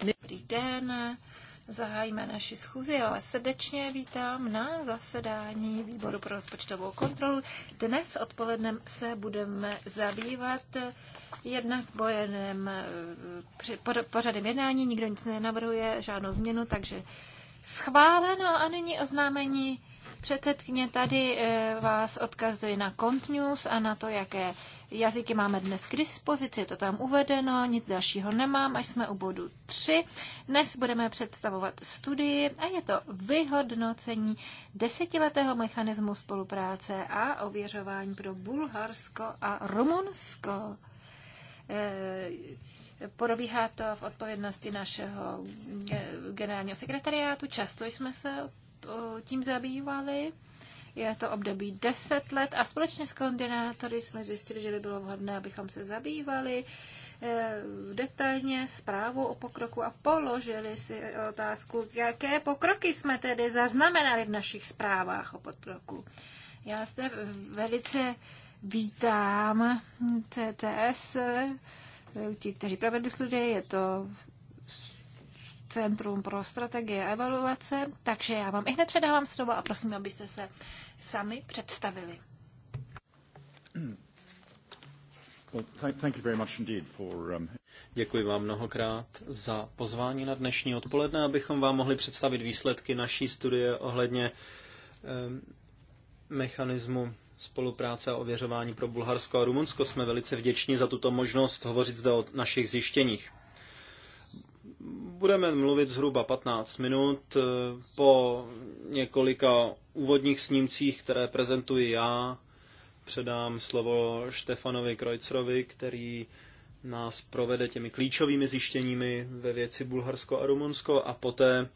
Dobrý den, zahájíme naši schůzi. a vás srdečně vítám na zasedání výboru pro rozpočtovou kontrolu. Dnes odpoledne se budeme zabývat jednak bojeným eh, pořadem jednání. Nikdo nic nenavrhuje, žádnou změnu, takže schváleno a nyní oznámení předsedkyně, tady eh, vás odkazuje na Contnews a na to, jaké jazyky máme dnes k dispozici. Je to tam uvedeno, nic dalšího nemám, až jsme u bodu 3. Dnes budeme představovat studii a je to vyhodnocení desetiletého mechanismu spolupráce a ověřování pro Bulharsko a Rumunsko. Eh, probíhá to v odpovědnosti našeho eh, generálního sekretariátu. Často jsme se tím zabývali. Je to období 10 let a společně s koordinátory jsme zjistili, že by bylo vhodné, abychom se zabývali e, detailně zprávu o pokroku a položili si otázku, jaké pokroky jsme tedy zaznamenali v našich zprávách o pokroku. Já zde velice vítám CTS, ti, kteří provedli studie, je to Centrum pro strategie a evaluace, takže já vám i hned předávám slovo a prosím, abyste se sami představili. Um, Děkuji vám mnohokrát za pozvání na dnešní odpoledne, abychom vám mohli představit výsledky naší studie ohledně um, mechanismu spolupráce a ověřování pro Bulharsko a Rumunsko. Jsme velice vděční za tuto možnost hovořit zde o našich zjištěních budeme mluvit zhruba 15 minut. Eh, po několika úvodních snímcích, které prezentuji já, předám slovo Štefanovi Krojcerovi, který nás provede těmi klíčovými zjištěními ve věci Bulharsko a Rumunsko a poté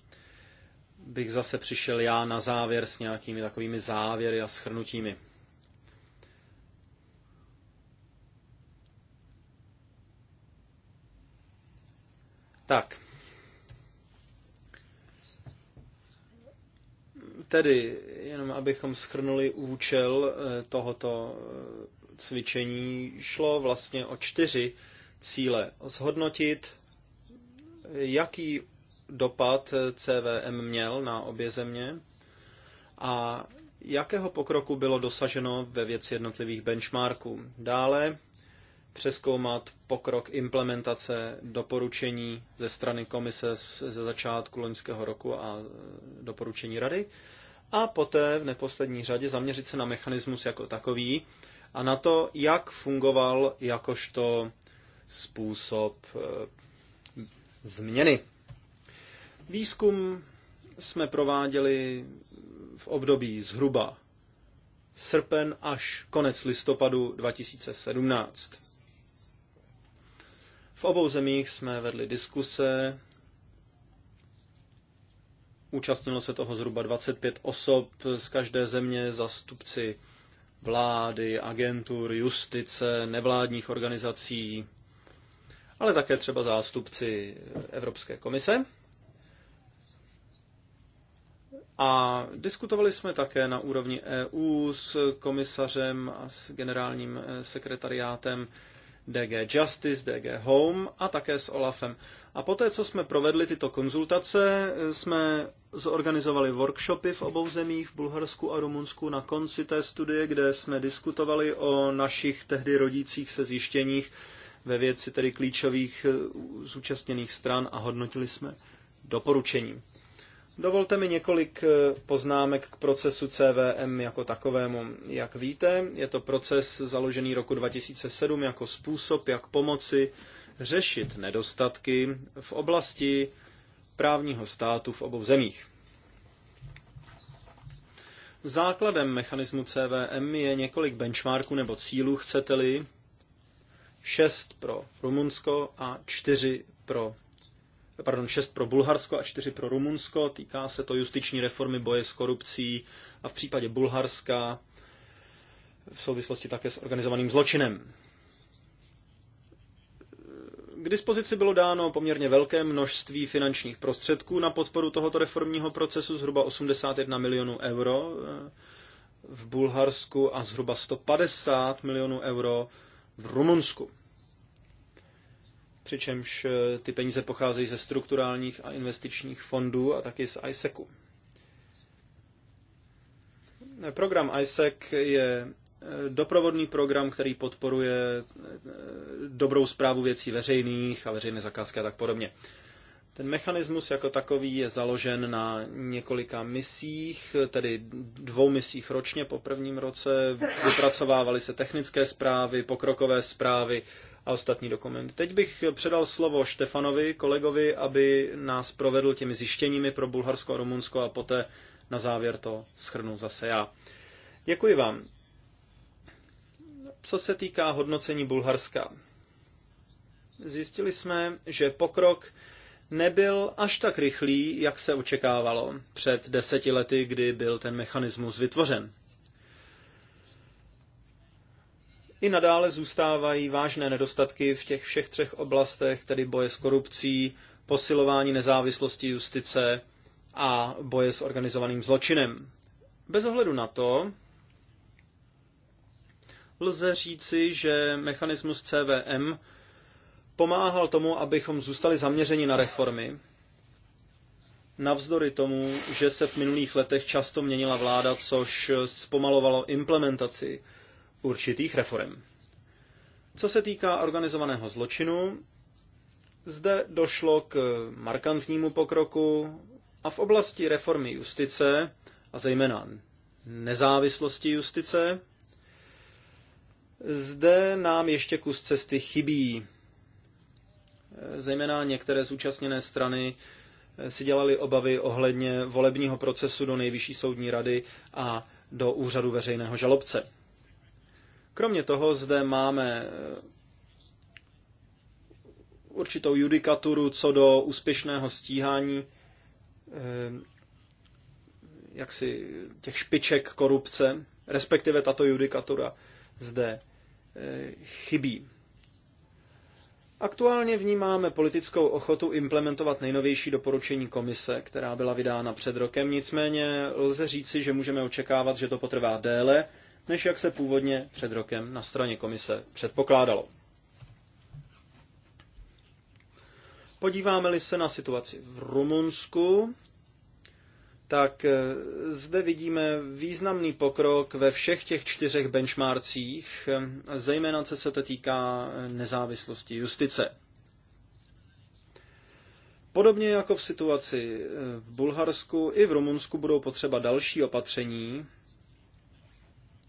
bych zase přišel já na závěr s nějakými takovými závěry a schrnutími. Tak. Tedy, jenom abychom schrnuli účel eh, tohoto eh, cvičení, šlo vlastně o čtyři cíle. Zhodnotit, jaký dopad eh, CVM měl na obě země a jakého pokroku bylo dosaženo ve věci jednotlivých benchmarků. Dále přeskoumat pokrok implementace doporučení ze strany komise ze začátku loňského roku a e, doporučení rady a poté v neposlední řadě zaměřit se na mechanismus jako takový a na to, jak fungoval jakožto způsob e, změny. Výzkum jsme prováděli v období zhruba srpen až konec listopadu 2017. V obou zemích jsme vedli diskuse, účastnilo se toho zhruba 25 osob z každé země, zastupci vlády, agentur, justice, nevládních organizací, ale také třeba zástupci Evropské komise. A diskutovali jsme také na úrovni EU s komisařem a s generálním sekretariátem DG Justice, DG Home a také s OLAFem. A poté, co jsme provedli tyto konzultace, jsme zorganizovali workshopy v obou zemích, v Bulharsku a Rumunsku, na konci té studie, kde jsme diskutovali o našich tehdy rodících se zjištěních ve věci tedy klíčových eh, zúčastněných stran a hodnotili jsme doporučení. Dovolte mi několik eh, poznámek k procesu CVM jako takovému. Jak víte, je to proces založený roku 2007 jako způsob, jak pomoci řešit nedostatky v oblasti právního státu v obou zemích. Základem mechanismu CVM je několik benchmarků nebo cílů, chcete-li, 6 pro Rumunsko a 4 pro pardon, šest pro Bulharsko a čtyři pro Rumunsko. Týká se to justiční reformy boje s korupcí a v případě Bulharska v souvislosti také s organizovaným zločinem. K dispozici bylo dáno poměrně velké množství finančních prostředků na podporu tohoto reformního procesu, zhruba 81 milionů euro eh, v Bulharsku a zhruba 150 milionů euro v Rumunsku přičemž eh, ty peníze pocházejí ze strukturálních a investičních fondů a taky z ISECu. Program ISEC je eh, doprovodný program, který podporuje eh, dobrou zprávu věcí veřejných a veřejné zakázky a tak podobně. Ten mechanismus jako takový je založen na několika misích, tedy dvou misích ročně po prvním roce. Vypracovávaly se technické zprávy, pokrokové zprávy, a ostatní dokumenty. Teď bych předal slovo Štefanovi, kolegovi, aby nás provedl těmi zjištěními pro Bulharsko a Rumunsko a poté na závěr to schrnu zase já. Děkuji vám. Co se týká hodnocení Bulharska, zjistili jsme, že pokrok nebyl až tak rychlý, jak se očekávalo před deseti lety, kdy byl ten mechanismus vytvořen. I nadále zůstávají vážné nedostatky v těch všech třech oblastech, tedy boje s korupcí, posilování nezávislosti justice a boje s organizovaným zločinem. Bez ohledu na to, lze říci, že mechanismus CVM pomáhal tomu, abychom zůstali zaměřeni na reformy, navzdory tomu, že se v minulých letech často měnila vláda, což zpomalovalo implementaci určitých reform. Co se týká organizovaného zločinu, zde došlo k markantnímu pokroku a v oblasti reformy justice, a zejména nezávislosti justice, zde nám ještě kus cesty chybí. Zejména některé zúčastněné strany si dělali obavy ohledně volebního procesu do Nejvyšší soudní rady a do úřadu veřejného žalobce. Kromě toho zde máme eh, určitou judikaturu co do úspěšného stíhání eh, jaksi těch špiček korupce, respektive tato judikatura zde eh, chybí. Aktuálně vnímáme politickou ochotu implementovat nejnovější doporučení komise, která byla vydána před rokem, nicméně lze říci, že můžeme očekávat, že to potrvá déle než jak se původně před rokem na straně komise předpokládalo. Podíváme-li se na situaci v Rumunsku, tak eh, zde vidíme významný pokrok ve všech těch čtyřech benchmarkcích, eh, zejména co se to týká eh, nezávislosti justice. Podobně jako v situaci v Bulharsku, i v Rumunsku budou potřeba další opatření,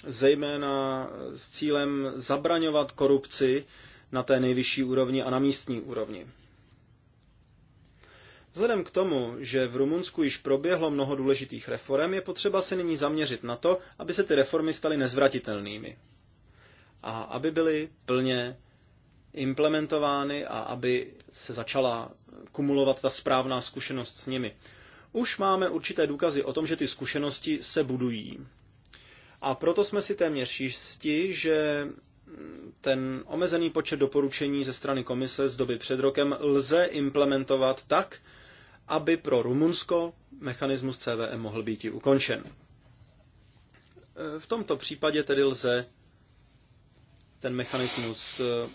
zejména s cílem zabraňovat korupci na té nejvyšší úrovni a na místní úrovni. Vzhledem k tomu, že v Rumunsku již proběhlo mnoho důležitých reform, je potřeba se nyní zaměřit na to, aby se ty reformy staly nezvratitelnými a aby byly plně implementovány a aby se začala kumulovat ta správná zkušenost s nimi. Už máme určité důkazy o tom, že ty zkušenosti se budují. A proto jsme si téměř jistí, že ten omezený počet doporučení ze strany komise z doby před rokem lze implementovat tak, aby pro Rumunsko mechanismus CVM e mohl být i ukončen. V tomto případě tedy lze ten mechanismus eh,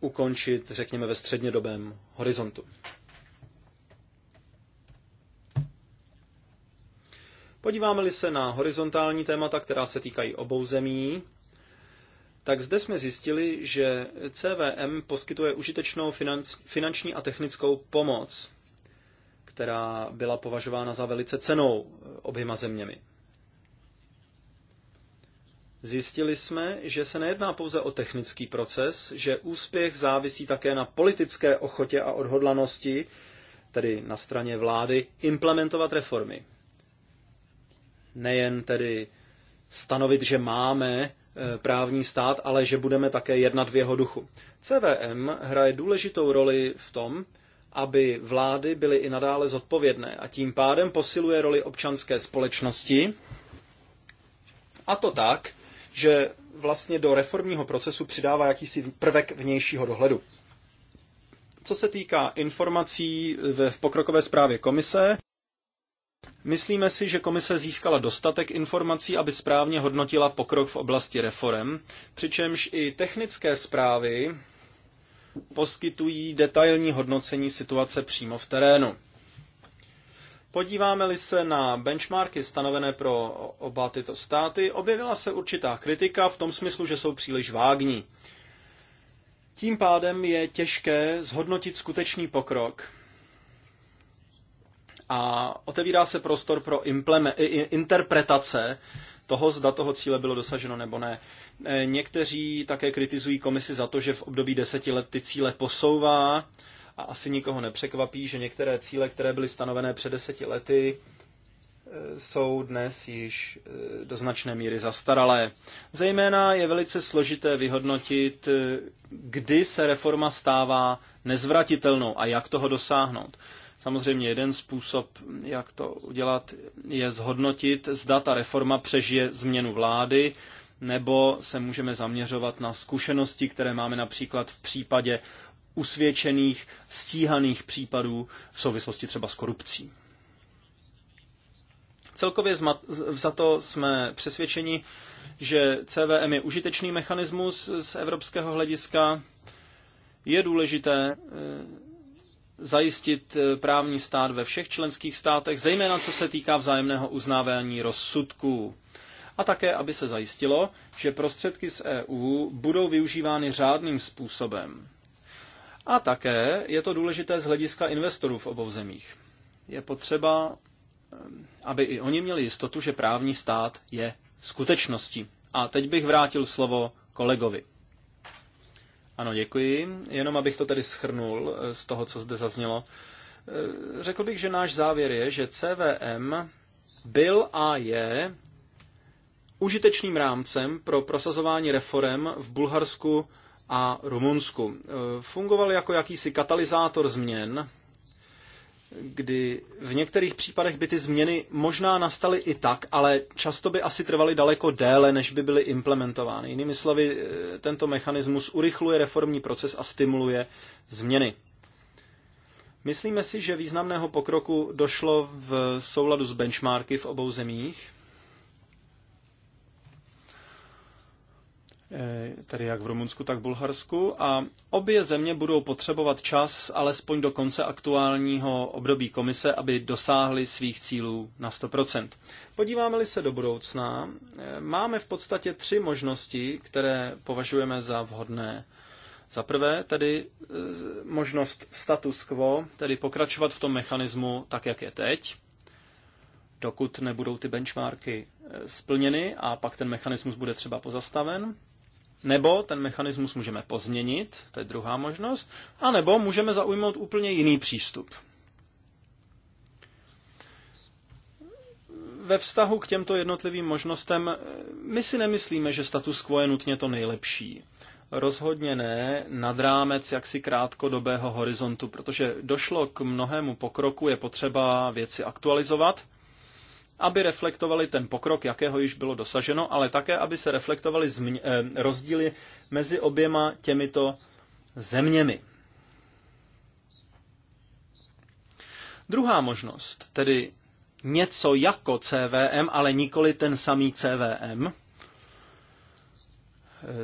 ukončit, řekněme, ve střednědobém horizontu. Podíváme-li se na horizontální témata, která se týkají obou zemí, tak zde jsme zjistili, že CVM poskytuje užitečnou finanční a technickou pomoc, která byla považována za velice cenou eh, oběma zeměmi. Zjistili jsme, že se nejedná pouze o technický proces, že úspěch závisí také na politické ochotě a odhodlanosti, tedy na straně vlády, implementovat reformy nejen tedy stanovit, že máme e, právní stát, ale že budeme také jednat v jeho duchu. CVM hraje důležitou roli v tom, aby vlády byly i nadále zodpovědné a tím pádem posiluje roli občanské společnosti. A to tak, že vlastně do reformního procesu přidává jakýsi prvek vnějšího dohledu. Co se týká informací v pokrokové zprávě komise, Myslíme si, že komise získala dostatek informací, aby správně hodnotila pokrok v oblasti reform, přičemž i technické zprávy poskytují detailní hodnocení situace přímo v terénu. Podíváme-li se na benchmarky stanovené pro oba tyto státy, objevila se určitá kritika v tom smyslu, že jsou příliš vágní. Tím pádem je těžké zhodnotit skutečný pokrok a otevírá se prostor pro interpretace toho, zda toho cíle bylo dosaženo nebo ne. E, někteří také kritizují komisi za to, že v období deseti let ty cíle posouvá a asi nikoho nepřekvapí, že některé cíle, které byly stanovené před deseti lety, e, jsou dnes již e, do značné míry zastaralé. Zejména je velice složité vyhodnotit, kdy se reforma stává nezvratitelnou a jak toho dosáhnout. Samozřejmě jeden způsob, jak to udělat, je zhodnotit, zda ta reforma přežije změnu vlády, nebo se můžeme zaměřovat na zkušenosti, které máme například v případě usvědčených, stíhaných případů v souvislosti třeba s korupcí. Celkově za to jsme přesvědčeni, že CVM je užitečný mechanismus z evropského hlediska. Je důležité eh, zajistit eh, právní stát ve všech členských státech, zejména co se týká vzájemného uznávání rozsudků. A také, aby se zajistilo, že prostředky z EU budou využívány řádným způsobem. A také je to důležité z hlediska investorů v obou zemích. Je potřeba, eh, aby i oni měli jistotu, že právní stát je skutečností. A teď bych vrátil slovo kolegovi. Ano, děkuji. Jenom abych to tedy schrnul eh, z toho, co zde zaznělo. Eh, řekl bych, že náš závěr je, že CVM byl a je užitečným rámcem pro prosazování reform v Bulharsku a Rumunsku. Eh, fungoval jako jakýsi katalyzátor změn kdy v některých případech by ty změny možná nastaly i tak, ale často by asi trvaly daleko déle, než by byly implementovány. Jinými slovy, eh, tento mechanismus urychluje reformní proces a stimuluje změny. Myslíme si, že významného pokroku došlo v souladu s benchmarky v obou zemích Eh, tedy jak v Rumunsku, tak v Bulharsku. A obě země budou potřebovat čas alespoň do konce aktuálního období komise, aby dosáhly svých cílů na 100%. Podíváme-li se do budoucna, eh, máme v podstatě tři možnosti, které považujeme za vhodné. Za prvé tedy eh, možnost status quo, tedy pokračovat v tom mechanismu tak, jak je teď, dokud nebudou ty benchmarky splněny a pak ten mechanismus bude třeba pozastaven. Nebo ten mechanismus můžeme pozměnit, to je druhá možnost, a nebo můžeme zaujmout úplně jiný přístup. Ve vztahu k těmto jednotlivým možnostem my si nemyslíme, že status quo je nutně to nejlepší. Rozhodně ne nad rámec jaksi krátkodobého horizontu, protože došlo k mnohému pokroku, je potřeba věci aktualizovat aby reflektovali ten pokrok, jakého již bylo dosaženo, ale také, aby se reflektovaly eh, rozdíly mezi oběma těmito zeměmi. Druhá možnost, tedy něco jako CVM, ale nikoli ten samý CVM, eh,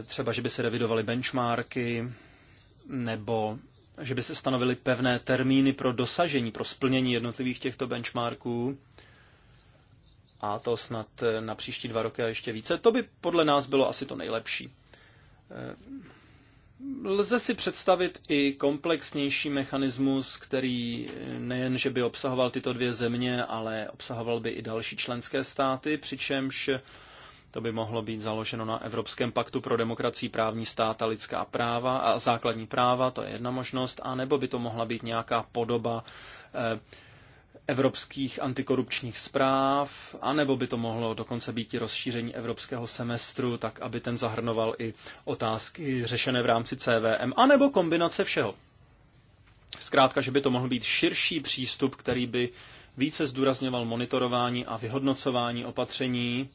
třeba, že by se revidovaly benchmarky, nebo že by se stanovily pevné termíny pro dosažení, pro splnění jednotlivých těchto benchmarků, a to snad eh, na příští dva roky a ještě více. To by podle nás bylo asi to nejlepší. Eh, lze si představit i komplexnější mechanismus, který eh, nejen, že by obsahoval tyto dvě země, ale obsahoval by i další členské státy, přičemž to by mohlo být založeno na Evropském paktu pro demokracii, právní stát a lidská práva a základní práva, to je jedna možnost, a nebo by to mohla být nějaká podoba eh, evropských antikorupčních zpráv, anebo by to mohlo dokonce být i rozšíření evropského semestru, tak aby ten zahrnoval i otázky řešené v rámci CVM, anebo kombinace všeho. Zkrátka, že by to mohl být širší přístup, který by více zdůrazňoval monitorování a vyhodnocování opatření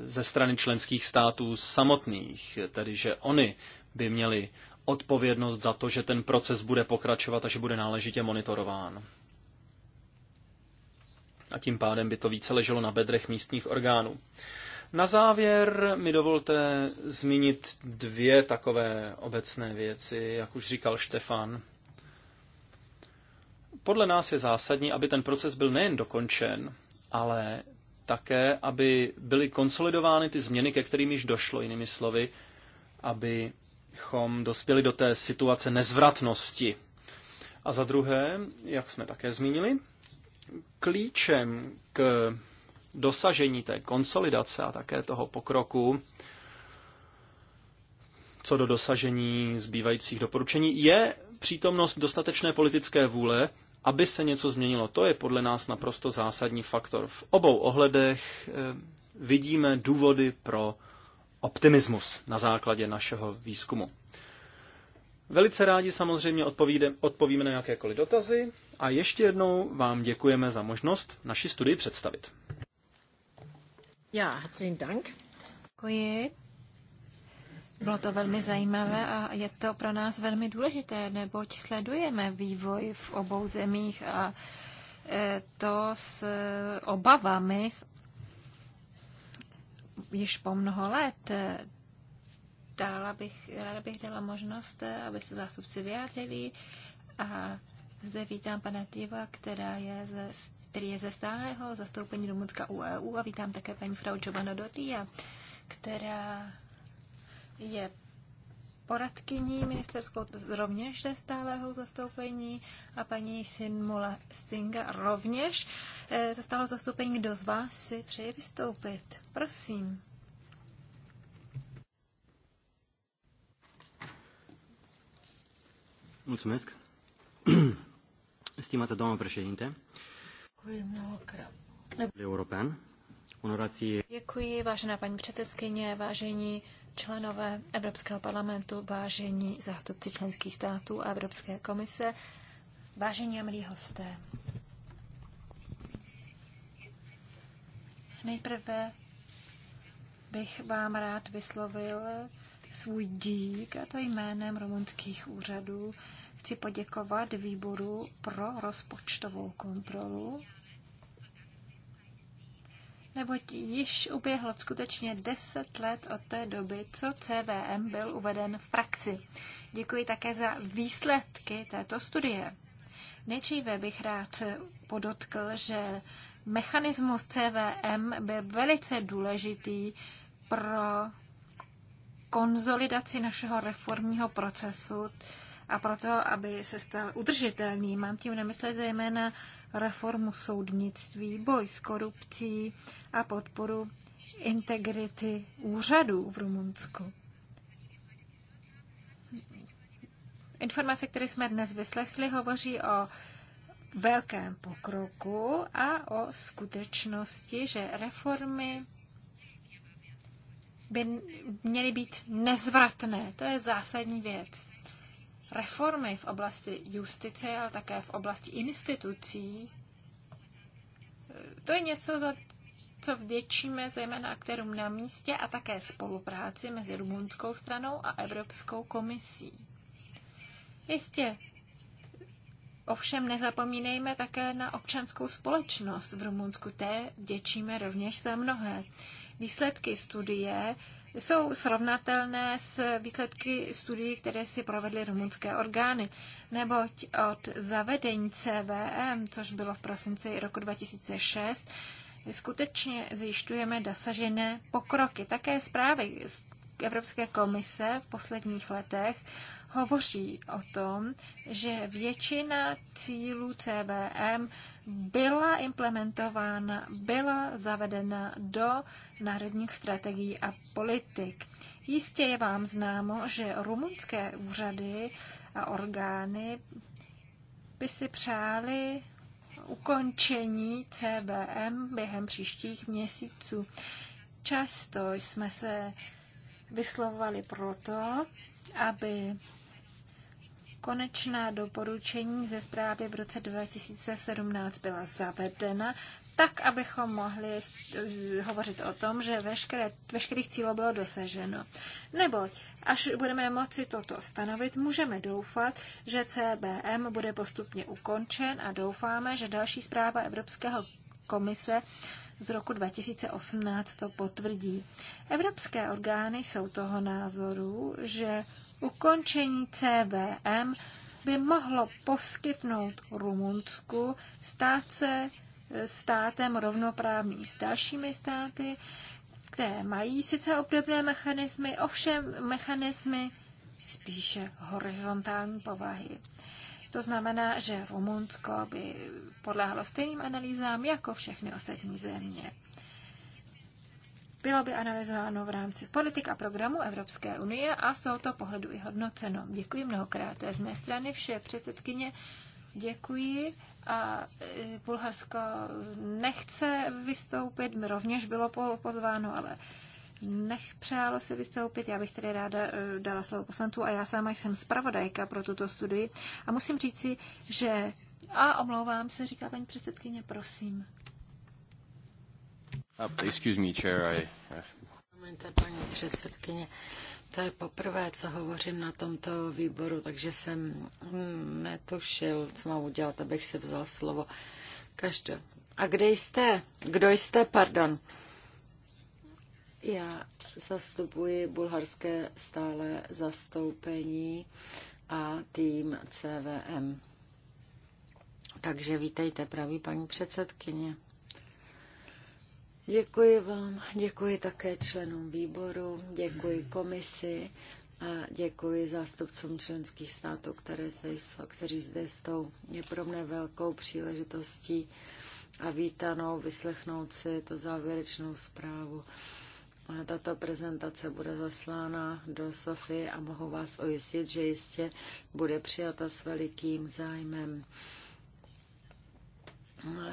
ze strany členských států samotných, tedy že oni by měli odpovědnost za to, že ten proces bude pokračovat a že bude náležitě monitorován. A tím pádem by to více leželo na bedrech místních orgánů. Na závěr mi dovolte zmínit dvě takové obecné věci, jak už říkal Štefan. Podle nás je zásadní, aby ten proces byl nejen dokončen, ale také, aby byly konsolidovány ty změny, ke kterým již došlo, jinými slovy, aby abychom dospěli do té situace nezvratnosti. A za druhé, jak jsme také zmínili, klíčem k dosažení té konsolidace a také toho pokroku co do dosažení zbývajících doporučení je přítomnost dostatečné politické vůle, aby se něco změnilo. To je podle nás naprosto zásadní faktor. V obou ohledech eh, vidíme důvody pro optimismus na základě našeho výzkumu. Velice rádi samozřejmě odpovíde, odpovíme na jakékoliv dotazy a ještě jednou vám děkujeme za možnost naši studii představit. Já, herzlichen Dank. Děkuji. Bylo to velmi zajímavé a je to pro nás velmi důležité, neboť sledujeme vývoj v obou zemích a e, to s e, obavami, s již po mnoho let. dála bych, ráda bych dala možnost, aby se zástupci vyjádřili a zde vítám pana Tiva, která je ze, který je ze stáleho zastoupení Rumunska u EU a vítám také paní Frau Giovanna Dotia, která je poradkyní ministerskou rovněž ze stáleho zastoupení a paní Sinmula Stinga rovněž Eh, zastalo zastoupení. Kdo z vás si přeje vystoupit? Prosím. Mulțumesc. Stimată doamnă președinte, European, Děkuji, vážená paní předsedkyně, vážení členové Evropského parlamentu, vážení zástupci členských států a Evropské komise, vážení a milí hosté. Nejprve bych vám rád vyslovil svůj dík, a to jménem rumunských úřadů. Chci poděkovat výboru pro rozpočtovou kontrolu, neboť již uběhlo skutečně 10 let od té doby, co CVM byl uveden v praxi. Děkuji také za výsledky této studie. Nejdříve bych rád podotkl, že mechanismus CVM byl velice důležitý pro konzolidaci našeho reformního procesu a proto, aby se stal udržitelný. Mám tím na mysli zejména reformu soudnictví, boj s korupcí a podporu integrity úřadů v Rumunsku. Informace, které jsme dnes vyslechli, hovoří o velkém pokroku a o skutečnosti, že reformy by měly být nezvratné. To je zásadní věc. Reformy v oblasti justice, ale také v oblasti institucí, to je něco, za co vděčíme zejména aktérům na místě a také spolupráci mezi rumunskou stranou a Evropskou komisí. Jistě Ovšem nezapomínejme také na občanskou společnost v Rumunsku. Té děčíme rovněž za mnohé. Výsledky studie jsou srovnatelné s výsledky studií, které si provedly rumunské orgány, neboť od zavedení CVM, což bylo v prosinci roku 2006, skutečně zjišťujeme dosažené pokroky. Také zprávy Evropské komise v posledních letech hovoří o tom, že většina cílů CBM byla implementována, byla zavedena do národních strategií a politik. Jistě je vám známo, že rumunské úřady a orgány by si přáli ukončení CBM během příštích měsíců. Často jsme se vyslovovali proto, aby konečná doporučení ze zprávy v roce 2017 byla zavedena, tak, abychom mohli hovořit o tom, že veškeré, veškerých cílů bylo dosaženo. Neboť až budeme moci toto stanovit, můžeme doufat, že CBM bude postupně ukončen a doufáme, že další zpráva Evropského komise z roku 2018 to potvrdí. Evropské orgány jsou toho názoru, že Ukončení CVM by mohlo poskytnout Rumunsku stát se eh, státem rovnoprávným s dalšími státy, které mají sice obdobné mechanismy, ovšem mechanismy spíše horizontální povahy. To znamená, že Rumunsko by podléhalo stejným analýzám jako všechny ostatní země bylo by analyzováno v rámci politik a programu Evropské unie a z tohoto pohledu i hodnoceno. Děkuji mnohokrát. To je z mé strany vše. Předsedkyně, děkuji. A e, Bulharsko nechce vystoupit, rovněž bylo pozváno, ale nech přálo se vystoupit. Já bych tedy ráda e, dala slovo poslantu a já sama jsem zpravodajka pro tuto studii. A musím říci, že... A omlouvám se, říká paní předsedkyně, prosím. Oh, excuse me, chair, I... Promiňte, paní předsedkyně, to je poprvé, co hovořím na tomto výboru, takže jsem netušil, co mám udělat, abych si vzal slovo. Každé. A kde jste? Kdo jste, pardon? Já zastupuji bulharské stále zastoupení a tým CVM. Takže vítejte, pravý paní předsedkyně. Děkuji vám, děkuji také členům výboru, děkuji komisi a děkuji zástupcům členských států, které zde jsou, kteří zde jsou. Je pro mne velkou příležitostí a vítanou vyslechnout si tu závěrečnou zprávu. A tato prezentace bude zaslána do Sofie a mohu vás ujistit, že jistě bude přijata s velikým zájmem.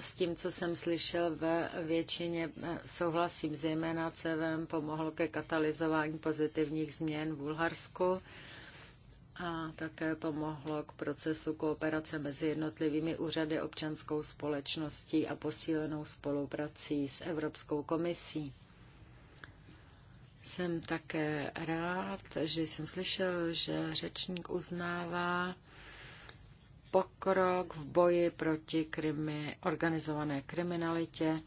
S tím, co jsem slyšel, ve většině eh, souhlasím, zejména CVM pomohlo ke katalyzování pozitivních změn v Bulharsku a také pomohlo k procesu kooperace mezi jednotlivými úřady občanskou společností a posílenou spoluprací s Evropskou komisí. Jsem také rád, že jsem slyšel, že řečník uznává, pokrok v boji proti krimi, organizované kriminalitě.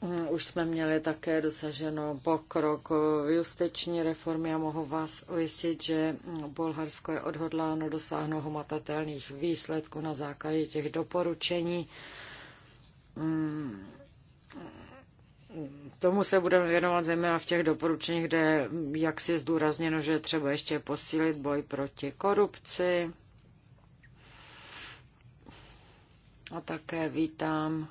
Mm, už jsme měli také dosaženo pokrok justiční reformy a mohu vás ujistit, že Bulharsko je odhodláno dosáhnout hmatatelných výsledků na základě těch doporučení mm, tomu se budeme věnovat zejména v těch doporučeních, kde jak si zdůrazněno, že třeba ještě posílit boj proti korupci. A také vítám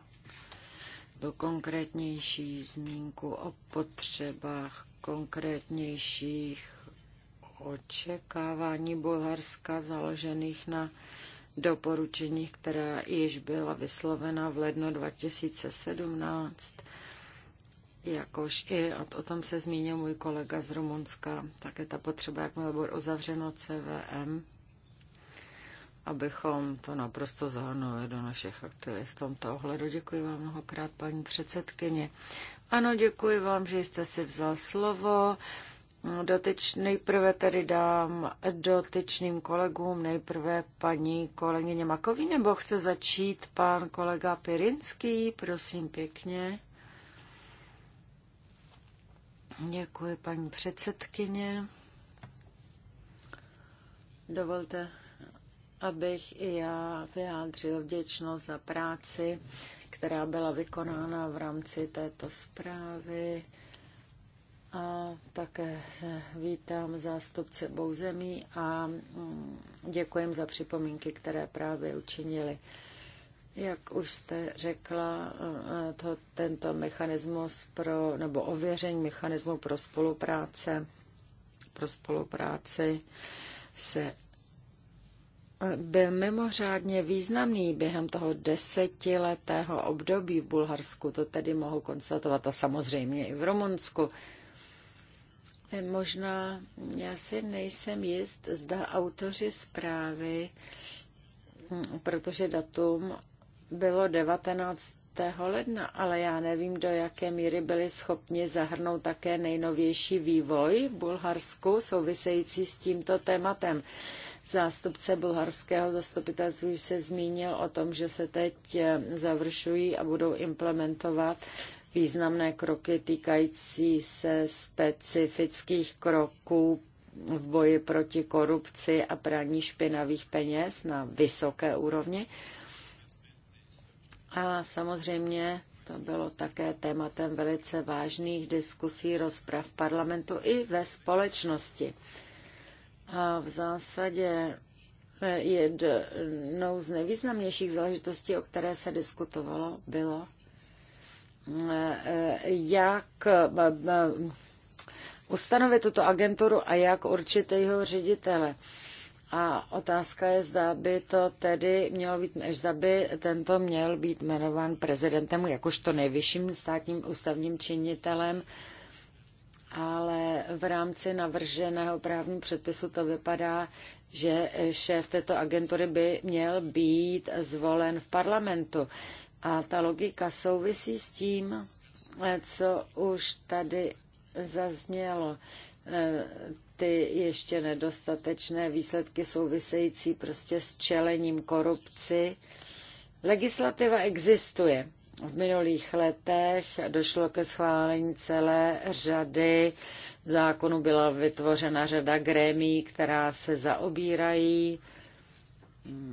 do konkrétnější zmínku o potřebách konkrétnějších očekávání Bulharska založených na doporučeních, která již byla vyslovena v lednu 2017 jakož i, a o tom se zmínil můj kolega z Rumunska, tak je ta potřeba, jakmile bude uzavřeno CVM, abychom to naprosto zahrnuli do našich aktivit. V tomto ohledu děkuji vám mnohokrát, paní předsedkyně. Ano, děkuji vám, že jste si vzal slovo. No, dotyč, nejprve tedy dám dotyčným kolegům, nejprve paní kolegyně Makový, nebo chce začít pan kolega Pirinský, prosím pěkně. Děkuji, paní předsedkyně. Dovolte, abych i já vyjádřil vděčnost za práci, která byla vykonána v rámci této zprávy. A také vítám zástupce obou zemí a mm, děkuji za připomínky, které právě učinili. Jak už jste řekla, eh, to, tento mechanismus pro, nebo ověření mechanismu pro spolupráce, pro spolupráci se eh, byl mimořádně významný během toho desetiletého období v Bulharsku, to tedy mohu konstatovat a samozřejmě i v Rumunsku. Eh, možná já si nejsem jist, zda autoři zprávy, hm, protože datum bylo 19. ledna, ale já nevím, do jaké míry byli schopni zahrnout také nejnovější vývoj v Bulharsku související s tímto tématem. Zástupce bulharského zastupitelství už se zmínil o tom, že se teď eh, završují a budou implementovat významné kroky týkající se specifických kroků v boji proti korupci a praní špinavých peněz na vysoké úrovni. A samozřejmě to bylo také tématem velice vážných diskusí, rozprav v parlamentu i ve společnosti. A v zásadě eh, jednou z nejvýznamnějších záležitostí, o které se diskutovalo, bylo, eh, eh, jak ustanovit tuto agenturu a jak určit jeho ředitele. A otázka je, zda by to tedy mělo být, zda by tento měl být jmenován prezidentem jakožto nejvyšším státním ústavním činitelem, ale v rámci navrženého právního předpisu to vypadá, že šéf této agentury by měl být zvolen v parlamentu. A ta logika souvisí s tím, co už tady zaznělo, ty ještě nedostatečné výsledky související prostě s čelením korupci. Legislativa existuje. V minulých letech došlo ke schválení celé řady zákonů. Byla vytvořena řada grémí, která se zaobírají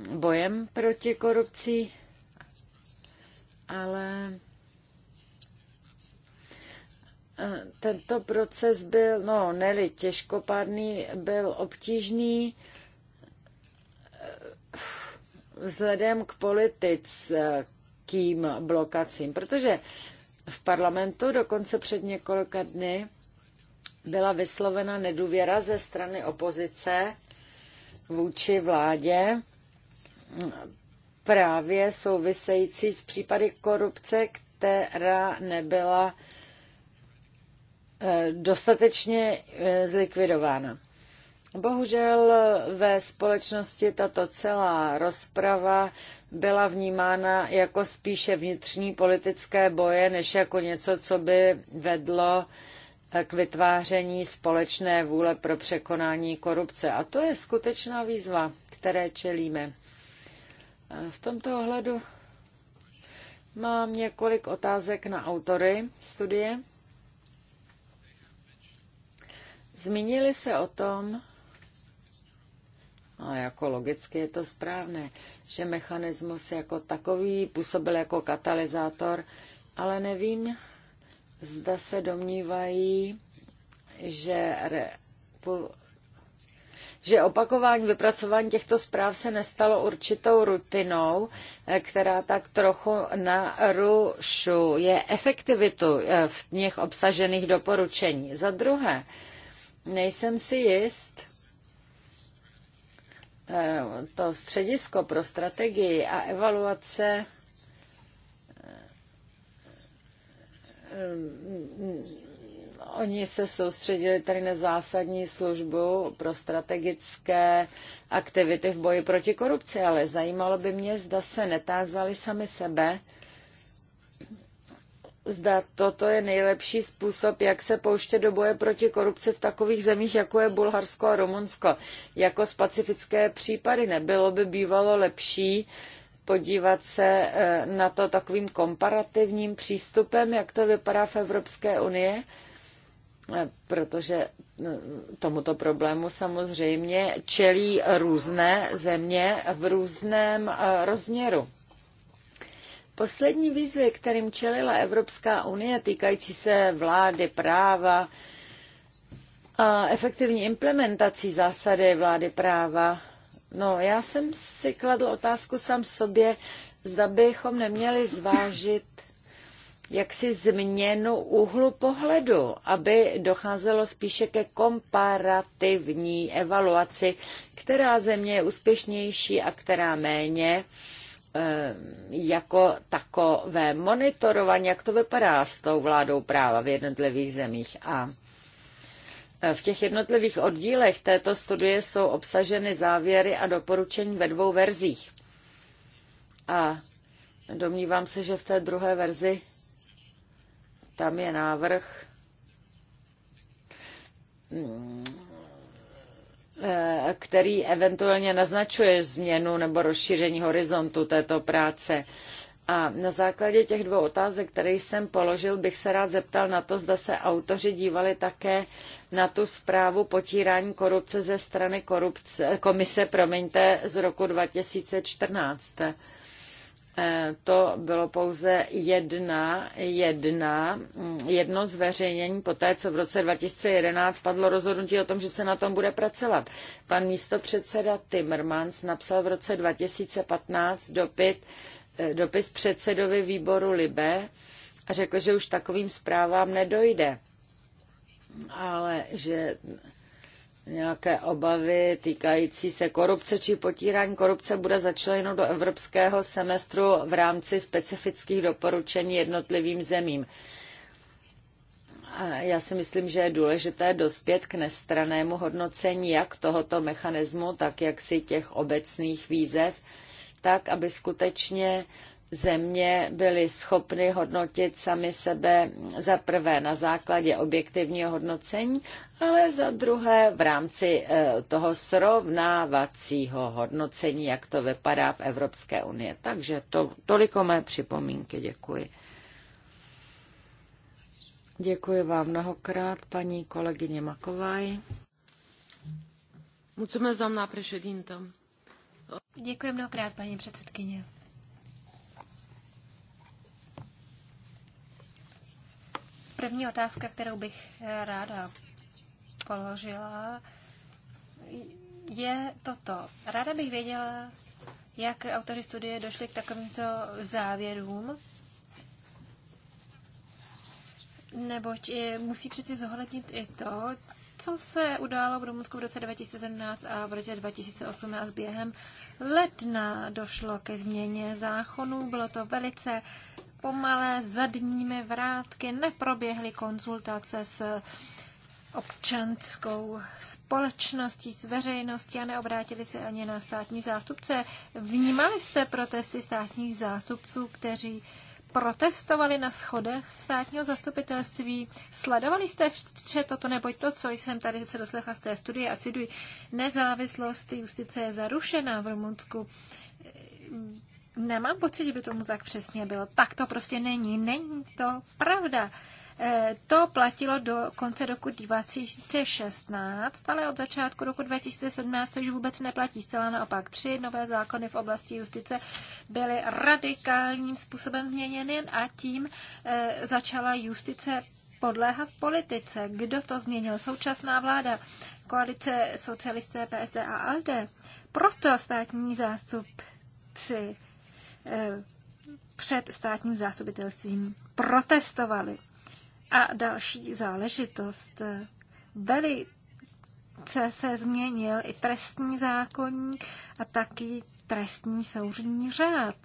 bojem proti korupci, ale tento proces byl, no, neli těžkopádný, byl obtížný vzhledem k politickým blokacím, protože v parlamentu dokonce před několika dny byla vyslovena nedůvěra ze strany opozice vůči vládě právě související s případy korupce, která nebyla dostatečně eh, zlikvidována. Bohužel ve společnosti tato celá rozprava byla vnímána jako spíše vnitřní politické boje, než jako něco, co by vedlo eh, k vytváření společné vůle pro překonání korupce. A to je skutečná výzva, které čelíme. Eh, v tomto ohledu mám několik otázek na autory studie. Zmínili se o tom, a jako logicky je to správné, že mechanismus jako takový působil jako katalyzátor, ale nevím, zda se domnívají, že, re, po, že opakování vypracování těchto zpráv se nestalo určitou rutinou, eh, která tak trochu narušuje efektivitu eh, v nich obsažených doporučení. Za druhé, Nejsem si jist, eh, to středisko pro strategii a evaluace eh, mm, Oni se soustředili tady na zásadní službu pro strategické aktivity v boji proti korupci, ale zajímalo by mě, zda se netázali sami sebe, zda toto je nejlepší způsob, jak se pouštět do boje proti korupci v takových zemích, jako je Bulharsko a Rumunsko, jako specifické případy. Nebylo by bývalo lepší podívat se eh, na to takovým komparativním přístupem, jak to vypadá v Evropské unii, eh, protože eh, tomuto problému samozřejmě čelí různé země v různém rozměru. Poslední výzvy, kterým čelila Evropská unie, týkající se vlády práva a efektivní implementací zásady vlády práva, no já jsem si kladl otázku sám sobě, zda bychom neměli zvážit jaksi změnu úhlu pohledu, aby docházelo spíše ke komparativní evaluaci, která země je úspěšnější a která méně Eh, jako takové monitorování, jak to vypadá s tou vládou práva v jednotlivých zemích. A eh, v těch jednotlivých oddílech této studie jsou obsaženy závěry a doporučení ve dvou verzích. A domnívám se, že v té druhé verzi tam je návrh mm, Eh, který eventuálně naznačuje změnu nebo rozšíření horizontu této práce. A na základě těch dvou otázek, které jsem položil, bych se rád zeptal na to, zda se autoři dívali také na tu zprávu potírání korupce ze strany korupce, komise promiňte, z roku 2014. Eh, to bylo pouze jedna, jedna, mm, jedno zveřejnění po té, co v roce 2011 padlo rozhodnutí o tom, že se na tom bude pracovat. Pan místopředseda Timmermans napsal v roce 2015 dopis, eh, dopis předsedovi výboru Libe a řekl, že už takovým zprávám nedojde. Ale že nějaké obavy týkající se korupce či potírání korupce bude začleněno do evropského semestru v rámci specifických doporučení jednotlivým zemím. A já si myslím, že je důležité dospět k nestranému hodnocení jak tohoto mechanismu, tak jak si těch obecných výzev, tak aby skutečně země byly schopny hodnotit sami sebe za prvé na základě objektivního hodnocení, ale za druhé v rámci eh, toho srovnávacího hodnocení, jak to vypadá v Evropské unii. Takže to, toliko mé připomínky. Děkuji. Děkuji vám mnohokrát, paní kolegyně Makovaj. Děkuji mnohokrát, paní předsedkyně. První otázka, kterou bych eh, ráda položila, je toto. Ráda bych věděla, jak autory studie došli k takovýmto závěrům, neboť eh, musí přeci zohlednit i to, co se událo v Rumunsku v roce 2017 a v roce 2018 během ledna došlo ke změně záchonu. Bylo to velice pomalé zadními vrátky neproběhly konzultace s občanskou společností, s veřejností a neobrátili se ani na státní zástupce. Vnímali jste protesty státních zástupců, kteří protestovali na schodech státního zastupitelství. Sledovali jste vše toto, neboť to, co jsem tady se doslechla z té studie a cituji, nezávislost justice je zarušená v Rumunsku Nemám pocit, že by tomu tak přesně bylo. Tak to prostě není. Není to pravda. Eh, to platilo do konce roku 2016, ale od začátku roku 2017 to už vůbec neplatí. Zcela naopak tři nové zákony v oblasti justice byly radikálním způsobem změněny a tím eh, začala justice podléhat politice. Kdo to změnil? Současná vláda, koalice socialisté PSD a ALDE. Proto státní zástupci Eh, před státním zástupitelstvím protestovali. A další záležitost. Velice se změnil i trestní zákonník a taky trestní soudní řád.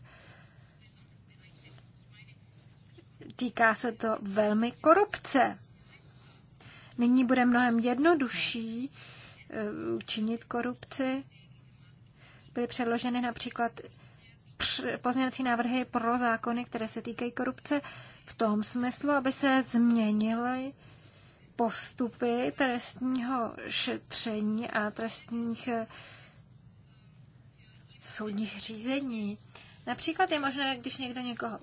Týká se to velmi korupce. Nyní bude mnohem jednodušší eh, činit korupci. Byly předloženy například pozměňovací návrhy pro zákony, které se týkají korupce, v tom smyslu, aby se změnily postupy trestního šetření a trestních eh, soudních řízení. Například je možné, když někdo někoho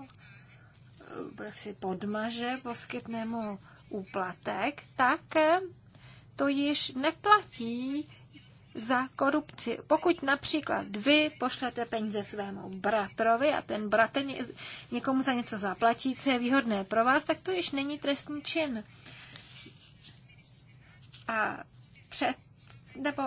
eh, jak si podmaže, poskytne mu úplatek, tak eh, to již neplatí za korupci. Pokud například vy pošlete peníze svému bratrovi a ten bratr někomu za něco zaplatí, co je výhodné pro vás, tak to již není trestný čin. A před nebo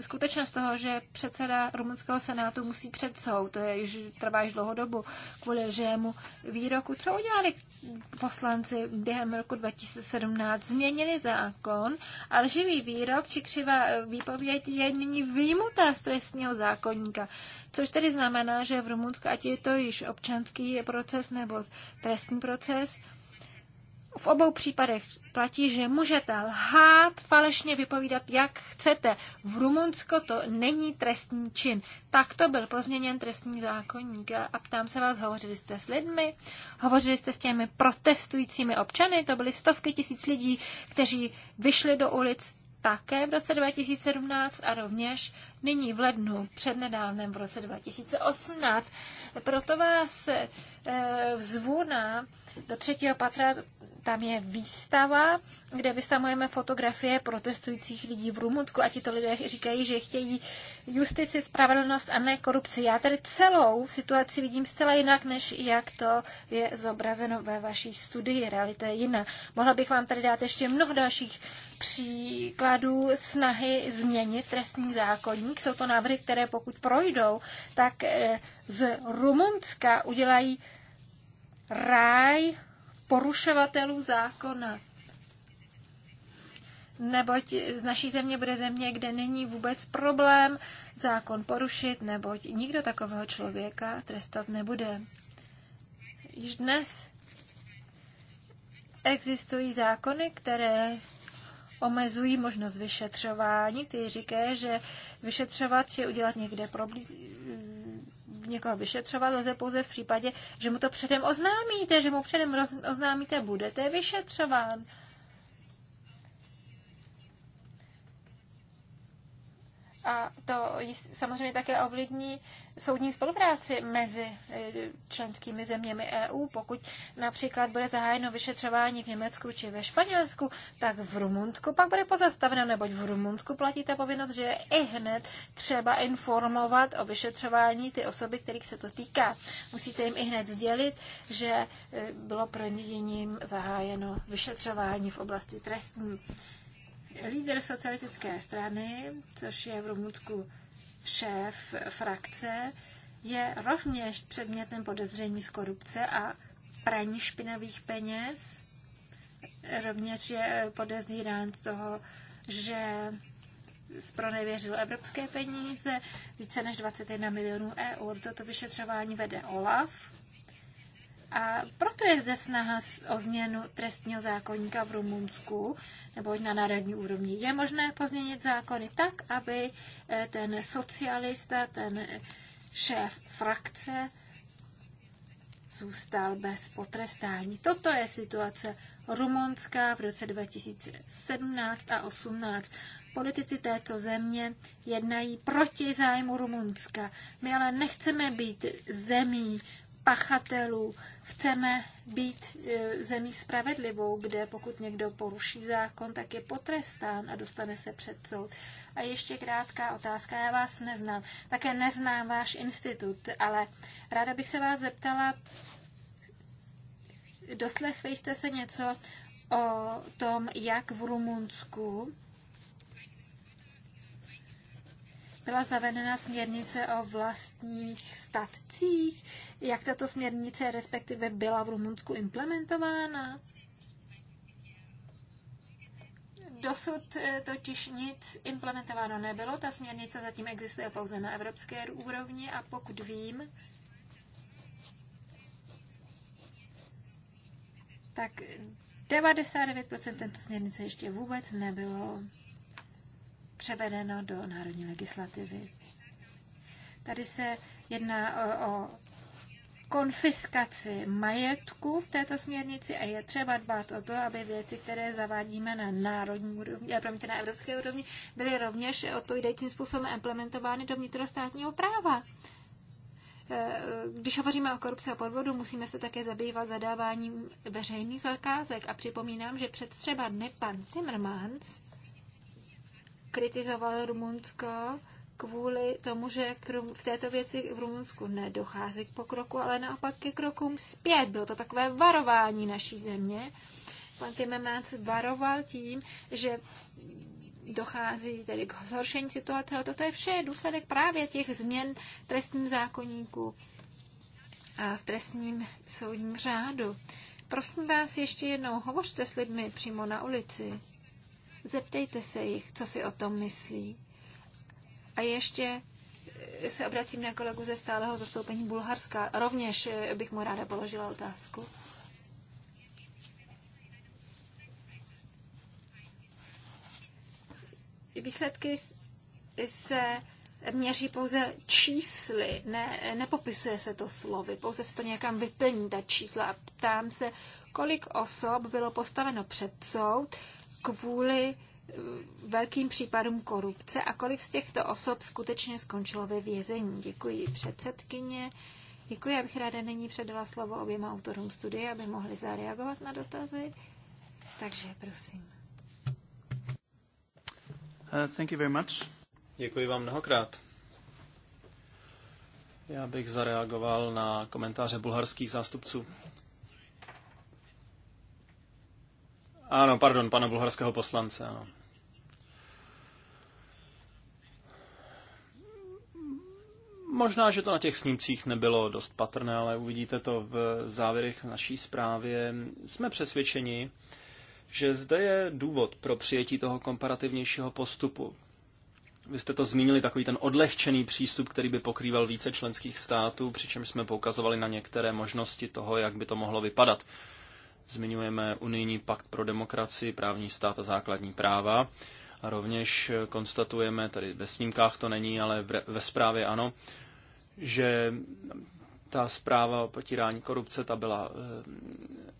skutečnost toho, že předseda rumunského senátu musí před soud, to je, již, trvá již dlouho dobu, kvůli lžému výroku. Co udělali poslanci během roku 2017? Změnili zákon a živý výrok či křivá eh, výpověď je nyní výjimutá z trestního zákonníka. Což tedy znamená, že v Rumunsku, ať je to již občanský proces nebo trestní proces, v obou případech platí, že můžete lhát, falešně vypovídat, jak chcete. V Rumunsko to není trestní čin. Takto byl pozměněn trestní zákonník. A ptám se vás, hovořili jste s lidmi? Hovořili jste s těmi protestujícími občany? To byly stovky tisíc lidí, kteří vyšli do ulic také v roce 2017 a rovněž nyní v lednu přednedávném v roce 2018. Proto vás e, eh, vzvu do třetího patra tam je výstava, kde vystavujeme fotografie protestujících lidí v Rumunsku a tito lidé říkají, že chtějí justici, spravedlnost a ne korupci. Já tady celou situaci vidím zcela jinak, než jak to je zobrazeno ve vaší studii. Realita je jiná. Mohla bych vám tady dát ještě mnoho dalších příkladů snahy změnit trestní zákonník. Jsou to návrhy, které pokud projdou, tak eh, z Rumunska udělají ráj porušovatelů zákona. Neboť z naší země bude země, kde není vůbec problém zákon porušit, neboť nikdo takového člověka trestat nebude. Již dnes existují zákony, které omezují možnost vyšetřování. Ty říká, že vyšetřovat je udělat někde problém, mm, někoho vyšetřovat lze pouze v případě, že mu to předem oznámíte, že mu předem oznámíte, budete vyšetřován. A to samozřejmě také ovlivní soudní spolupráci mezi e, členskými zeměmi EU. Pokud například bude zahájeno vyšetřování v Německu či ve Španělsku, tak v Rumunsku pak bude pozastaveno, neboť v Rumunsku platí ta povinnost, že je i hned třeba informovat o vyšetřování ty osoby, kterých se to týká. Musíte jim i hned sdělit, že e, bylo pro ním zahájeno vyšetřování v oblasti trestní. Líder socialistické strany, což je v Rumunsku šéf frakce, je rovněž předmětem podezření z korupce a praní špinavých peněz. Rovněž je podezírán z toho, že nevěřil evropské peníze, více než 21 milionů eur. Toto vyšetřování vede OLAF a proto je zde snaha o změnu trestního zákonníka v Rumunsku nebo na národní úrovni. Je možné pozměnit zákony tak, aby eh, ten socialista, ten eh, šéf frakce zůstal bez potrestání. Toto je situace rumunská v roce 2017 a 18. Politici této země jednají proti zájmu Rumunska. My ale nechceme být zemí, pachatelů. Chceme být e, zemí spravedlivou, kde pokud někdo poruší zákon, tak je potrestán a dostane se před soud. A ještě krátká otázka, já vás neznám. Také neznám váš institut, ale ráda bych se vás zeptala, doslechli jste se něco o tom, jak v Rumunsku byla zavedena směrnice o vlastních statcích. Jak tato směrnice respektive byla v Rumunsku implementována? Dosud eh, totiž nic implementováno nebylo, ta směrnice zatím existuje pouze na evropské úrovni a pokud vím, tak 99% této směrnice ještě vůbec nebylo převedeno do národní legislativy. Tady se jedná o, o konfiskaci majetku v této směrnici a je třeba dbát o to, aby věci, které zavádíme na národní úrovni, eh, promiňte, na evropské úrovni, byly rovněž odpovídajícím způsobem implementovány do vnitrostátního práva. Eh, když hovoříme o korupci a podvodu, musíme se také zabývat zadáváním veřejných zakázek a připomínám, že před třeba dny pan Timmermans kritizoval Rumunsko kvůli tomu, že v této věci v Rumunsku nedochází k pokroku, ale naopak ke krokům zpět. Bylo to takové varování naší země. Pan Timmermans varoval tím, že dochází tedy k zhoršení situace, ale toto je vše důsledek právě těch změn v trestním zákonníku a v trestním soudním řádu. Prosím vás ještě jednou, hovořte s lidmi přímo na ulici. Zeptejte se jich, co si o tom myslí. A ještě se obracím na kolegu ze stáleho zastoupení Bulharska. Rovněž bych mu ráda položila otázku. Výsledky se měří pouze čísly, ne, nepopisuje se to slovy, pouze se to někam vyplní, ta čísla. A ptám se, kolik osob bylo postaveno před soud kvůli eh, velkým případům korupce a kolik z těchto osob skutečně skončilo ve vězení. Děkuji předsedkyně. Děkuji, abych ráda nyní předala slovo oběma autorům studie, aby mohli zareagovat na dotazy. Takže prosím. Uh, thank you very much. Děkuji vám mnohokrát. Já bych zareagoval na komentáře bulharských zástupců. Ano, pardon, pana bulharského poslance, ano. Možná, že to na těch snímcích nebylo dost patrné, ale uvidíte to v závěrech naší zprávě. Jsme přesvědčeni, že zde je důvod pro přijetí toho komparativnějšího postupu. Vy jste to zmínili, takový ten odlehčený přístup, který by pokrýval více členských států, přičemž jsme poukazovali na některé možnosti toho, jak by to mohlo vypadat. Zmiňujeme unijní pakt pro demokracii, právní stát a základní práva. A rovněž konstatujeme, tady ve snímkách to není, ale ve zprávě ano, že ta zpráva o potírání korupce, ta byla eh,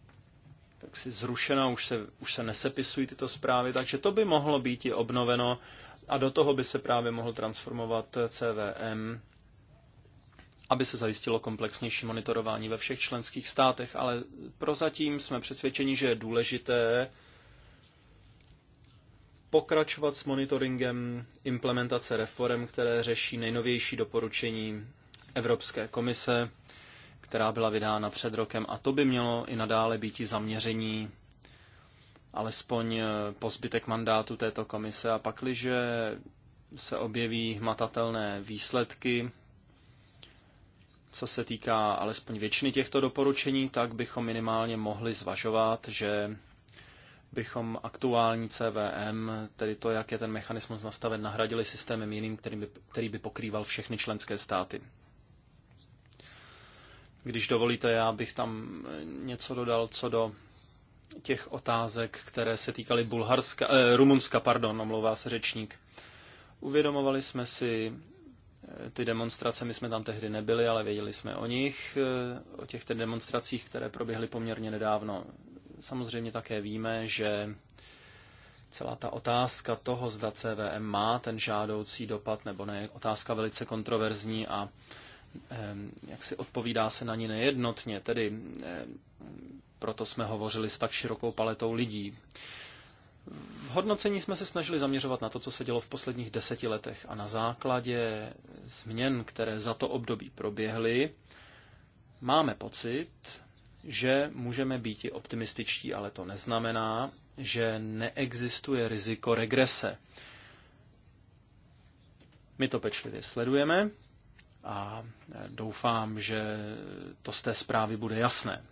jaksi zrušena, už se, už se nesepisují tyto zprávy, takže to by mohlo být i obnoveno a do toho by se právě mohl transformovat CVM aby se zajistilo komplexnější monitorování ve všech členských státech, ale prozatím jsme přesvědčeni, že je důležité pokračovat s monitoringem implementace reform, které řeší nejnovější doporučení Evropské komise, která byla vydána před rokem a to by mělo i nadále být i zaměření alespoň eh, po zbytek mandátu této komise a pakliže se objeví hmatatelné výsledky, co se týká alespoň většiny těchto doporučení, tak bychom minimálně mohli zvažovat, že bychom aktuální CVM, tedy to, jak je ten mechanismus nastaven, nahradili systémem jiným, který by, který by pokrýval všechny členské státy. Když dovolíte, já bych tam něco dodal co do těch otázek, které se týkaly Bulharska, eh, Rumunska, pardon, omlouvá se řečník. Uvědomovali jsme si, ty demonstrace, my jsme tam tehdy nebyli, ale věděli jsme o nich, eh, o těch demonstracích, které proběhly poměrně nedávno. Samozřejmě také víme, že celá ta otázka toho, zda CVM má ten žádoucí dopad nebo ne, otázka velice kontroverzní a eh, jak si odpovídá se na ní nejednotně, tedy eh, proto jsme hovořili s tak širokou paletou lidí. V hodnocení jsme se snažili zaměřovat na to, co se dělo v posledních deseti letech a na základě změn, které za to období proběhly, máme pocit, že můžeme být i optimističtí, ale to neznamená, že neexistuje riziko regrese. My to pečlivě sledujeme a doufám, že to z té zprávy bude jasné.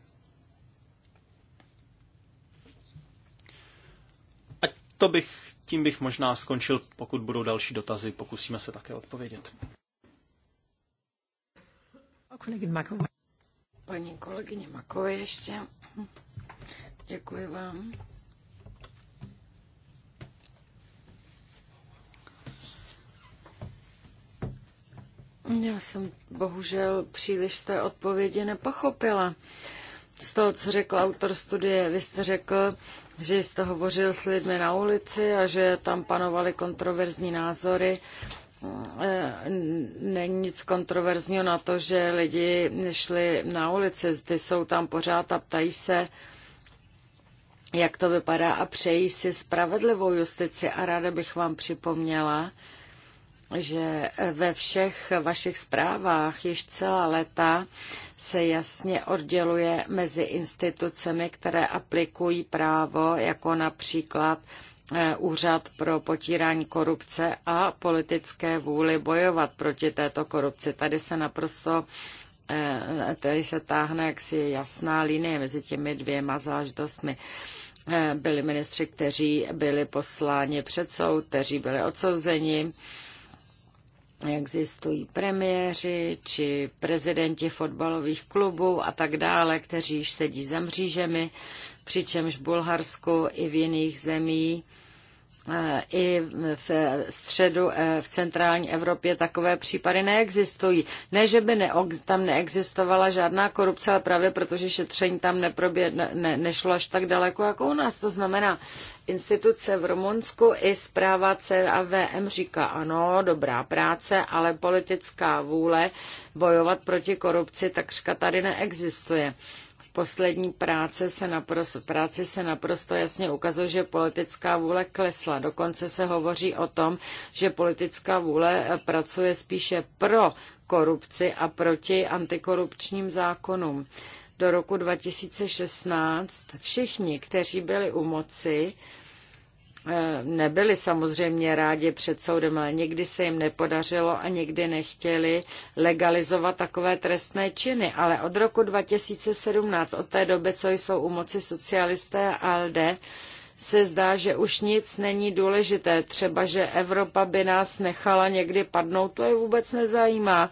to bych, tím bych možná skončil, pokud budou další dotazy, pokusíme se také odpovědět. Paní kolegyně Makové ještě. Děkuji vám. Já jsem bohužel příliš té odpovědi nepochopila. Z toho, co řekl autor studie, vy jste řekl, že jste hovořil s lidmi na ulici a že tam panovaly kontroverzní názory. Eh, není nic kontroverzního na to, že lidi šli na ulici, ty jsou tam pořád a ptají se, jak to vypadá a přejí si spravedlivou justici. A ráda bych vám připomněla, že ve všech vašich zprávách již celá léta se jasně odděluje mezi institucemi, které aplikují právo, jako například eh, Úřad pro potírání korupce a politické vůli bojovat proti této korupci. Tady se naprosto eh, tady se táhne jaksi jasná linie mezi těmi dvěma záležitostmi eh, byli ministři, kteří byli posláni před soud, kteří byli odsouzeni existují premiéři či prezidenti fotbalových klubů a tak dále, kteří již sedí za mřížemi, přičemž v Bulharsku i v jiných zemích i v středu, e, v centrální Evropě takové případy neexistují. Ne, že by ne, tam neexistovala žádná korupce, ale právě protože šetření tam neprobě, ne, nešlo až tak daleko, jako u nás. To znamená, instituce v Rumunsku i zpráva CAVM říká, ano, dobrá práce, ale politická vůle bojovat proti korupci takřka tady neexistuje poslední práce se naprosto, práci se naprosto jasně ukazuje, že politická vůle klesla. Dokonce se hovoří o tom, že politická vůle eh, pracuje spíše pro korupci a proti antikorupčním zákonům. Do roku 2016 všichni, kteří byli u moci, Eh, nebyli samozřejmě rádi před soudem, ale někdy se jim nepodařilo a někdy nechtěli legalizovat takové trestné činy. Ale od roku 2017, od té doby, co jsou u moci socialisté a ALDE, se zdá, že už nic není důležité. Třeba, že Evropa by nás nechala někdy padnout, to je vůbec nezajímá.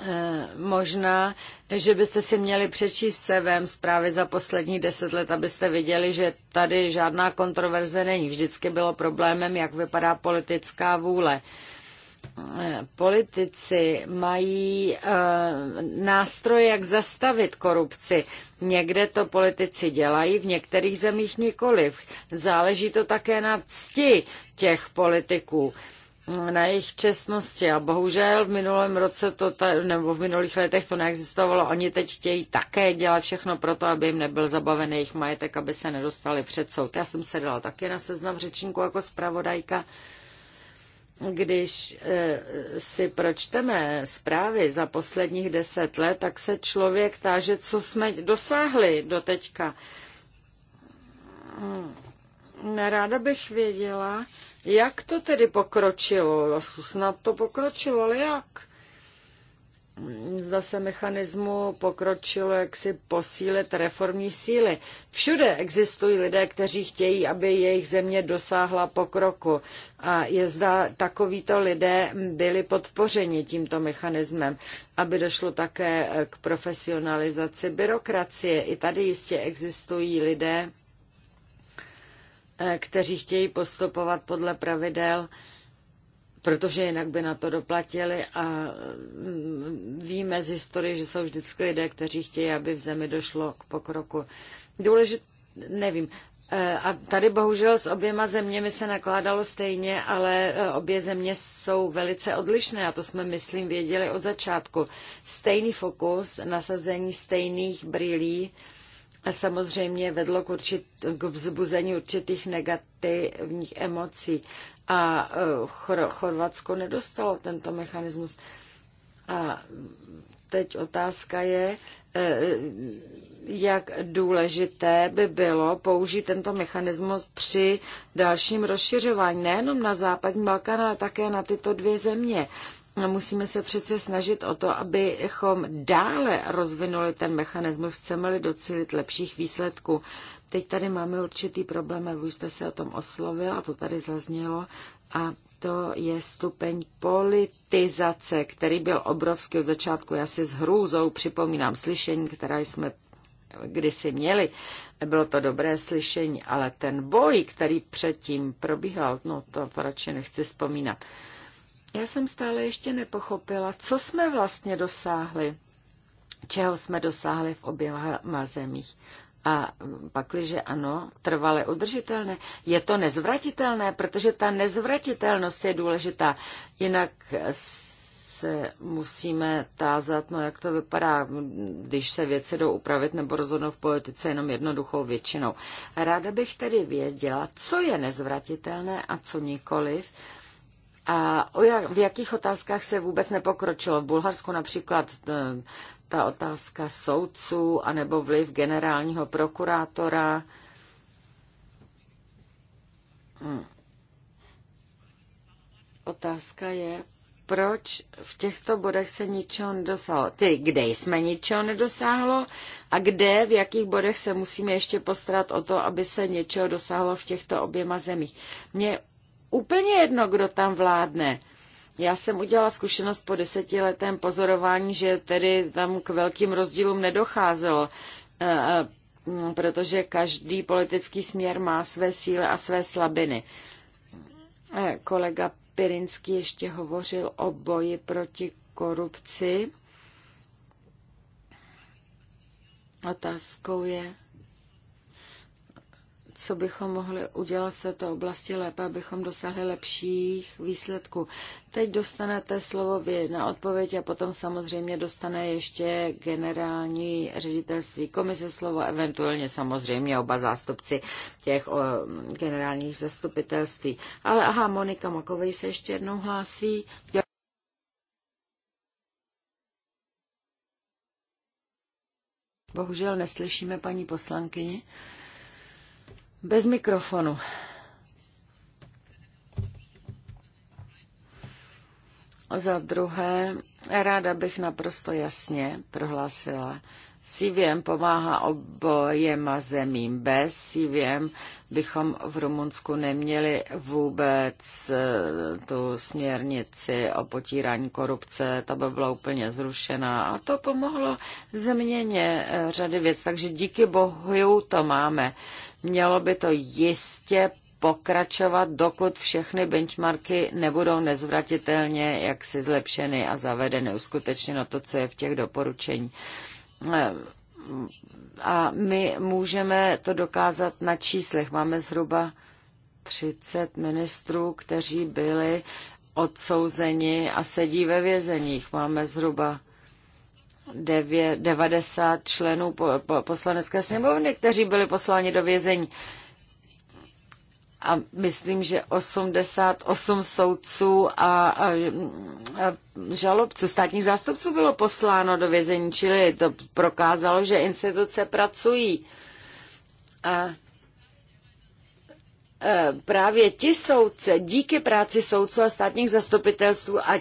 Eh, možná, že byste si měli přečíst sevem zprávy za poslední deset let, abyste viděli, že tady žádná kontroverze není. Vždycky bylo problémem, jak vypadá politická vůle. Eh, politici mají eh, nástroje, jak zastavit korupci. Někde to politici dělají, v některých zemích nikoliv. Záleží to také na cti těch politiků na jejich čestnosti a bohužel v minulém roce to ta, nebo v minulých letech to neexistovalo. Oni teď chtějí také dělat všechno pro to, aby jim nebyl zabaven jejich majetek, aby se nedostali před soud. Já jsem se dala také na seznam řečníku jako zpravodajka. Když e, si pročteme zprávy za posledních deset let, tak se člověk táže, co jsme dosáhli do teďka. Hmm. Ráda bych věděla, jak to tedy pokročilo? Snad to pokročilo, ale jak? Zda se mechanismu pokročilo, jak si posílit reformní síly. Všude existují lidé, kteří chtějí, aby jejich země dosáhla pokroku. A je zda takovýto lidé byli podpořeni tímto mechanismem, aby došlo také k profesionalizaci byrokracie. I tady jistě existují lidé, Eh, kteří chtějí postupovat podle pravidel, protože jinak by na to doplatili a mm, víme z historie, že jsou vždycky lidé, kteří chtějí, aby v zemi došlo k pokroku. Důležité, nevím, eh, a tady bohužel s oběma zeměmi se nakládalo stejně, ale eh, obě země jsou velice odlišné a to jsme, myslím, věděli od začátku. Stejný fokus, nasazení stejných brýlí, samozřejmě vedlo k, určit, k vzbuzení určitých negativních emocí. A e, Chor- Chorvatsko nedostalo tento mechanismus. A teď otázka je, e, jak důležité by bylo použít tento mechanismus při dalším rozšiřování, nejenom na západní Balkán, ale také na tyto dvě země musíme se přece snažit o to, abychom dále rozvinuli ten mechanismus, chceme-li docílit lepších výsledků. Teď tady máme určitý problém, jak už jste se o tom oslovil a to tady zaznělo a to je stupeň politizace, který byl obrovský od začátku. Já si s hrůzou připomínám slyšení, které jsme kdysi měli. Bylo to dobré slyšení, ale ten boj, který předtím probíhal, no to radši nechci vzpomínat. Já jsem stále ještě nepochopila, co jsme vlastně dosáhli, čeho jsme dosáhli v oběma zemích. A pakliže ano, trvale udržitelné, je to nezvratitelné, protože ta nezvratitelnost je důležitá. Jinak se musíme tázat, no jak to vypadá, když se věci jdou upravit nebo rozhodnou v politice jenom jednoduchou většinou. Ráda bych tedy věděla, co je nezvratitelné a co nikoliv, a o jak, v jakých otázkách se vůbec nepokročilo? V Bulharsku například eh, ta otázka soudců anebo vliv generálního prokurátora. Hm. Otázka je, proč v těchto bodech se ničeho nedosáhlo. Ty, kde jsme ničeho nedosáhlo a kde, v jakých bodech se musíme ještě postarat o to, aby se něčeho dosáhlo v těchto oběma zemích. Mě úplně jedno, kdo tam vládne. Já jsem udělala zkušenost po desetiletém pozorování, že tedy tam k velkým rozdílům nedocházelo, eh, eh, protože každý politický směr má své síly a své slabiny. Eh, kolega Pirinský ještě hovořil o boji proti korupci. Otázkou je, co bychom mohli udělat v této oblasti lépe, abychom dosáhli lepších výsledků. Teď dostanete slovo vy na odpověď a potom samozřejmě dostane ještě generální ředitelství komise slovo, eventuálně samozřejmě oba zástupci těch o, generálních zastupitelství. Ale aha, Monika Makovej se ještě jednou hlásí. Bohužel neslyšíme paní poslankyni. Bez mikrofonu. Za druhé, ráda bych naprosto jasně prohlásila, CVM pomáhá obojema zemím. Bez CVM bychom v Rumunsku neměli vůbec eh, tu směrnici o potírání korupce, ta by byla úplně zrušená a to pomohlo změně eh, řady věc, takže díky bohu to máme. Mělo by to jistě pokračovat, dokud všechny benchmarky nebudou nezvratitelně jaksi zlepšeny a zavedeny, uskutečněno to, co je v těch doporučení. Eh, a my můžeme to dokázat na číslech. Máme zhruba 30 ministrů, kteří byli odsouzeni a sedí ve vězeních. Máme zhruba 9, 90 členů po, po, poslanecké sněmovny, kteří byli posláni do vězení a myslím, že 88 soudců a, a, a žalobců, státních zástupců bylo posláno do vězení, čili to prokázalo, že instituce pracují. A e, právě ti soudce, díky práci soudců a státních zastupitelstvů a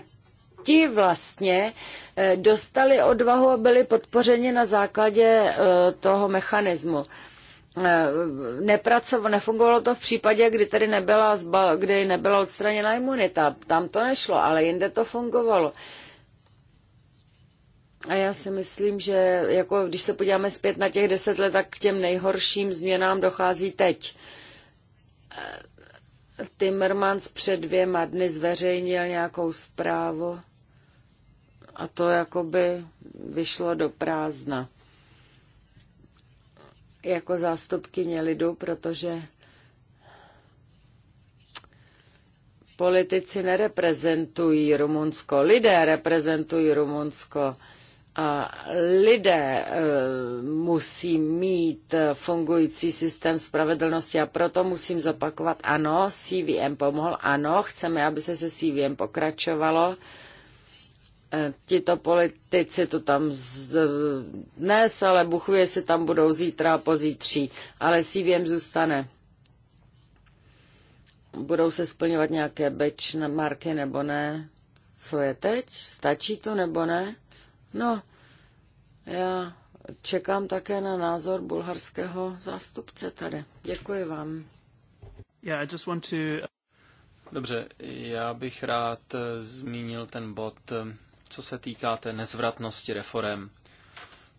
ti vlastně e, dostali odvahu a byli podpořeni na základě e, toho mechanismu. Eh, nepracovalo, nefungovalo to v případě, kdy tady nebyla, zba, kdy nebyla odstraněna imunita. Tam to nešlo, ale jinde to fungovalo. A já si myslím, že jako když se podíváme zpět na těch deset let, tak k těm nejhorším změnám dochází teď. Eh, Timmermans před dvěma dny zveřejnil nějakou zprávu a to jakoby vyšlo do prázdna jako zástupkyně lidu, protože politici nereprezentují Rumunsko, lidé reprezentují Rumunsko. A lidé eh, musí mít fungující systém spravedlnosti a proto musím zopakovat, ano, CVM pomohl, ano, chceme, aby se se CVM pokračovalo Eh, tito politici to tam dnes, ale buchuje se tam budou zítra a pozítří, ale CVM zůstane. Budou se splňovat nějaké beč marky nebo ne? Co je teď? Stačí to nebo ne? No, já čekám také na názor bulharského zástupce tady. Děkuji vám. Yeah, I just want to... Dobře, já bych rád eh, zmínil ten bod eh, co se týká té nezvratnosti reform.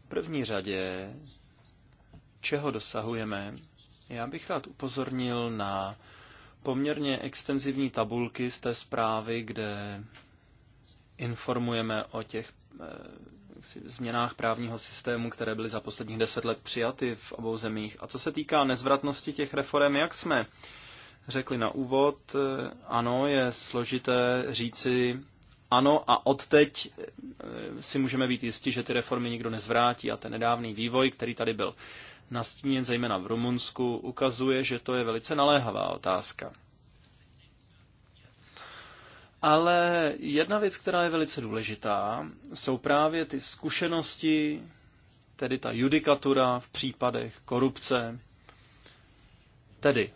V první řadě, čeho dosahujeme, já bych rád upozornil na poměrně extenzivní tabulky z té zprávy, kde informujeme o těch eh, změnách právního systému, které byly za posledních deset let přijaty v obou zemích. A co se týká nezvratnosti těch reform, jak jsme řekli na úvod, eh, ano, je složité říci, ano, a odteď eh, si můžeme být jistí, že ty reformy nikdo nezvrátí a ten nedávný vývoj, který tady byl nastíněn zejména v Rumunsku, ukazuje, že to je velice naléhavá otázka. Ale jedna věc, která je velice důležitá, jsou právě ty zkušenosti, tedy ta judikatura v případech korupce. Tedy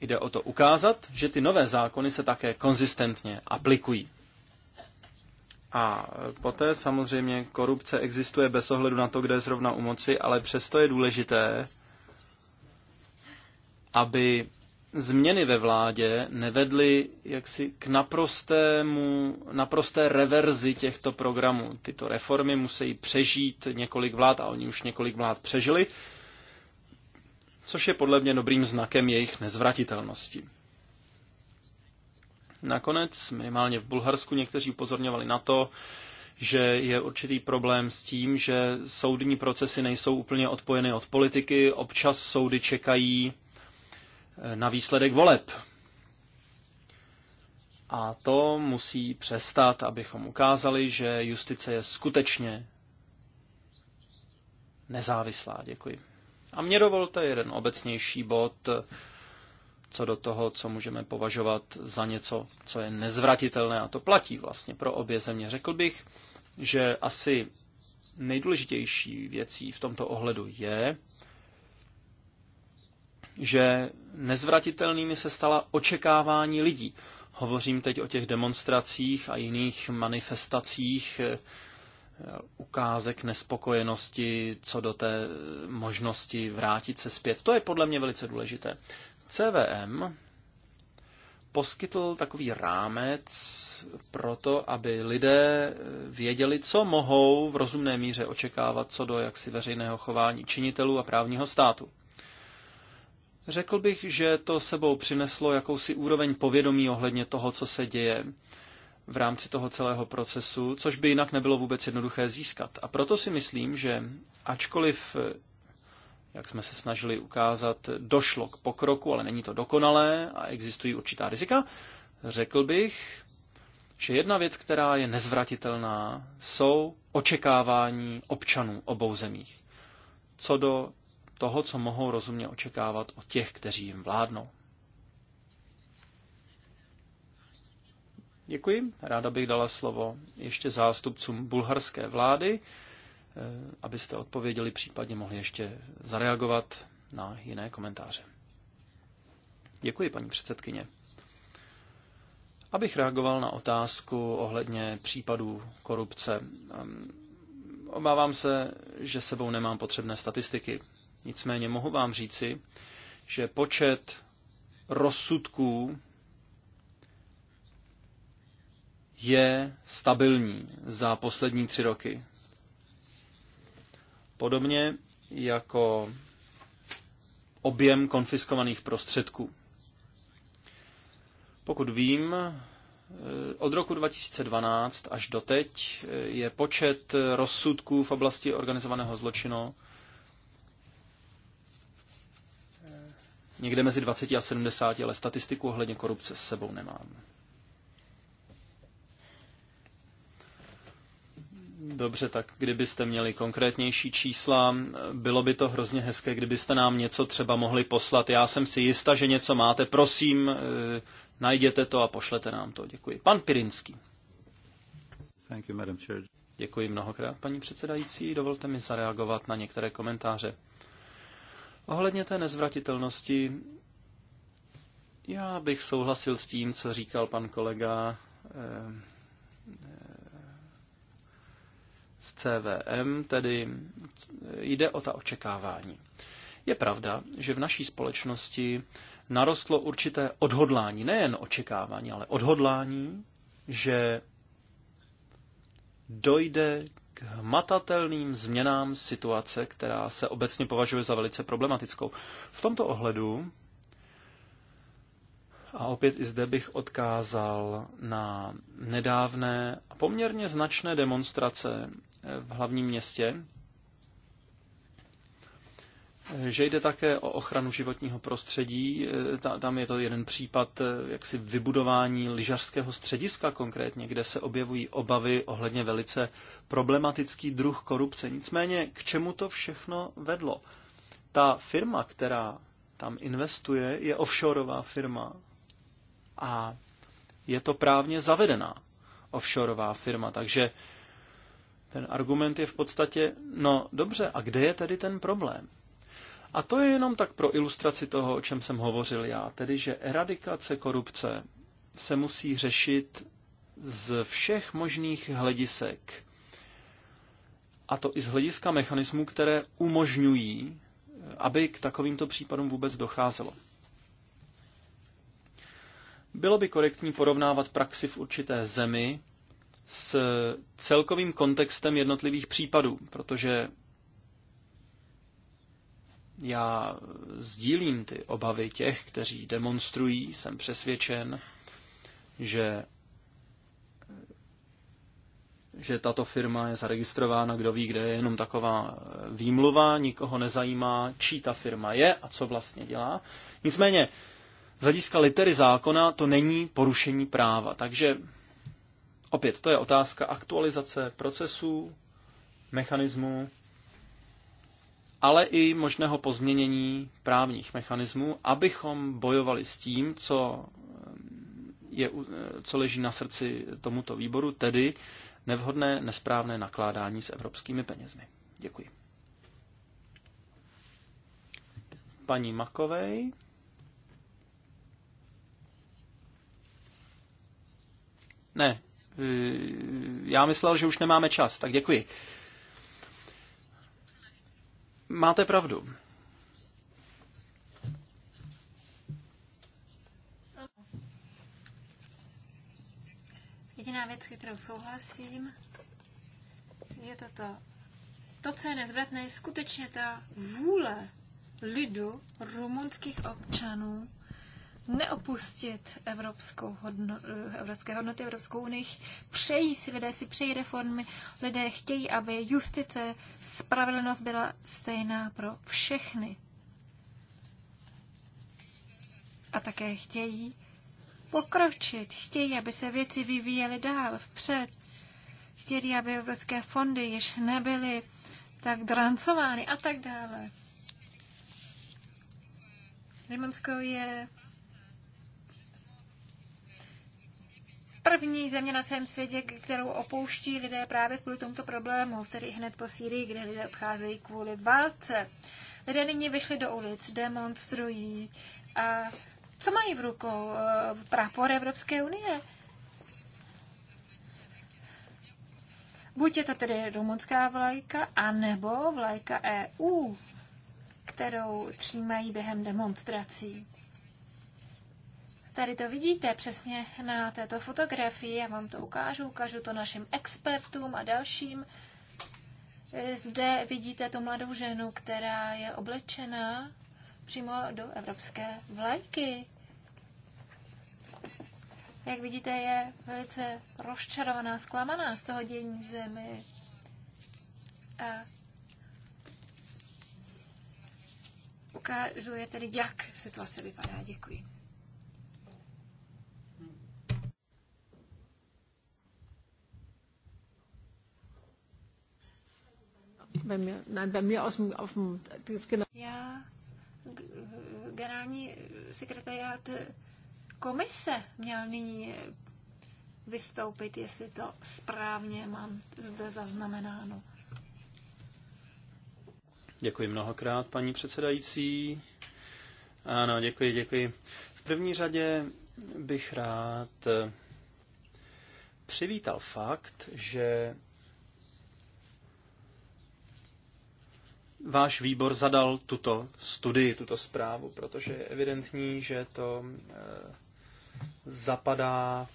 Jde o to ukázat, že ty nové zákony se také konzistentně aplikují. A poté samozřejmě korupce existuje bez ohledu na to, kde je zrovna u moci, ale přesto je důležité, aby změny ve vládě nevedly jaksi k naprostému, naprosté reverzi těchto programů. Tyto reformy musí přežít několik vlád a oni už několik vlád přežili což je podle mě dobrým znakem jejich nezvratitelnosti. Nakonec, minimálně v Bulharsku, někteří upozorňovali na to, že je určitý problém s tím, že soudní procesy nejsou úplně odpojeny od politiky, občas soudy čekají eh, na výsledek voleb. A to musí přestat, abychom ukázali, že justice je skutečně nezávislá. Děkuji. A mě dovolte jeden obecnější bod, co do toho, co můžeme považovat za něco, co je nezvratitelné, a to platí vlastně pro obě země. Řekl bych, že asi nejdůležitější věcí v tomto ohledu je, že nezvratitelnými se stala očekávání lidí. Hovořím teď o těch demonstracích a jiných manifestacích, ukázek nespokojenosti co do té možnosti vrátit se zpět. To je podle mě velice důležité. CVM poskytl takový rámec pro to, aby lidé věděli, co mohou v rozumné míře očekávat co do jaksi veřejného chování činitelů a právního státu. Řekl bych, že to sebou přineslo jakousi úroveň povědomí ohledně toho, co se děje v rámci toho celého procesu, což by jinak nebylo vůbec jednoduché získat. A proto si myslím, že ačkoliv, jak jsme se snažili ukázat, došlo k pokroku, ale není to dokonalé a existují určitá rizika, řekl bych, že jedna věc, která je nezvratitelná, jsou očekávání občanů obou zemích. Co do toho, co mohou rozumně očekávat od těch, kteří jim vládnou. Děkuji. Ráda bych dala slovo ještě zástupcům bulharské vlády, eh, abyste odpověděli, případně mohli ještě zareagovat na jiné komentáře. Děkuji, paní předsedkyně. Abych reagoval na otázku ohledně případů korupce. Ehm, obávám se, že sebou nemám potřebné statistiky. Nicméně mohu vám říci, že počet rozsudků je stabilní za poslední tři roky. Podobně jako objem konfiskovaných prostředků. Pokud vím, eh, od roku 2012 až doteď eh, je počet rozsudků v oblasti organizovaného zločinu eh, někde mezi 20 a 70, ale statistiku ohledně korupce s sebou nemám. Dobře, tak kdybyste měli konkrétnější čísla, bylo by to hrozně hezké, kdybyste nám něco třeba mohli poslat. Já jsem si jista, že něco máte. Prosím, eh, najděte to a pošlete nám to. Děkuji. Pan Pirinský. Thank you, Madam Chair. Děkuji mnohokrát, paní předsedající. Dovolte mi zareagovat na některé komentáře. Ohledně té nezvratitelnosti, já bych souhlasil s tím, co říkal pan kolega eh, z CVM, tedy jde o ta očekávání. Je pravda, že v naší společnosti narostlo určité odhodlání, nejen očekávání, ale odhodlání, že dojde k hmatatelným změnám situace, která se obecně považuje za velice problematickou. V tomto ohledu, a opět i zde bych odkázal na nedávné a poměrně značné demonstrace v hlavním městě, že jde také o ochranu životního prostředí. Tam je to jeden případ eh, jaksi vybudování lyžařského střediska konkrétně, kde se objevují obavy ohledně velice problematický druh korupce. Nicméně, k čemu to všechno vedlo? Ta firma, která tam investuje, je offshoreová firma a je to právně zavedená offshoreová firma, takže ten argument je v podstatě, no dobře, a kde je tedy ten problém? A to je jenom tak pro ilustraci toho, o čem jsem hovořil já, tedy že eradikace korupce se musí řešit z všech možných hledisek. A to i z hlediska mechanismů, které umožňují, aby k takovýmto případům vůbec docházelo. Bylo by korektní porovnávat praxi v určité zemi s celkovým kontextem jednotlivých případů, protože já sdílím ty obavy těch, kteří demonstrují, jsem přesvědčen, že že tato firma je zaregistrována, kdo ví, kde je jenom taková výmluva, nikoho nezajímá, čí ta firma je a co vlastně dělá. Nicméně, z hlediska litery zákona to není porušení práva, takže Opět, to je otázka aktualizace procesů, mechanismů, ale i možného pozměnění právních mechanismů, abychom bojovali s tím, co, eh, je, eh, co leží na srdci tomuto výboru, tedy nevhodné, nesprávné nakládání s evropskými penězmi. Děkuji. Paní Makovej. Ne, Eh, já myslel, že už nemáme čas, tak děkuji. Máte pravdu. Jediná věc, kterou souhlasím, je toto. To, co je nezvratné, je skutečně ta vůle lidu rumunských občanů neopustit evropskou hodno, evropské hodnoty, Evropskou unii. Přejí si lidé, si přejí reformy. Lidé chtějí, aby justice, spravedlnost byla stejná pro všechny. A také chtějí pokročit. Chtějí, aby se věci vyvíjely dál, vpřed. Chtějí, aby evropské fondy již nebyly tak drancovány a tak dále. Rimonsko je první země na celém světě, kterou opouští lidé právě kvůli tomuto problému, který hned po Sýrii, kde lidé odcházejí kvůli válce. Lidé nyní vyšli do ulic, demonstrují a co mají v rukou? Eh, Prapor Evropské unie? Buď je to tedy rumunská vlajka, anebo vlajka EU, kterou třímají během demonstrací. Tady to vidíte přesně na této fotografii, já vám to ukážu, ukážu to našim expertům a dalším. Zde vidíte tu mladou ženu, která je oblečená přímo do evropské vlajky. Jak vidíte, je velice rozčarovaná, zklamaná z toho dění v zemi. A ukážu je tedy, jak situace vypadá. Děkuji. Bei mir, nein, bei mir aus dem, auf dem, das genau. Já, generální sekretariát komise měl nyní vystoupit, jestli to správně mám zde zaznamenáno. Děkuji mnohokrát, paní předsedající. Ano, děkuji, děkuji. V první řadě bych rád přivítal fakt, že váš výbor zadal tuto studii, tuto zprávu, protože je evidentní, že to eh, zapadá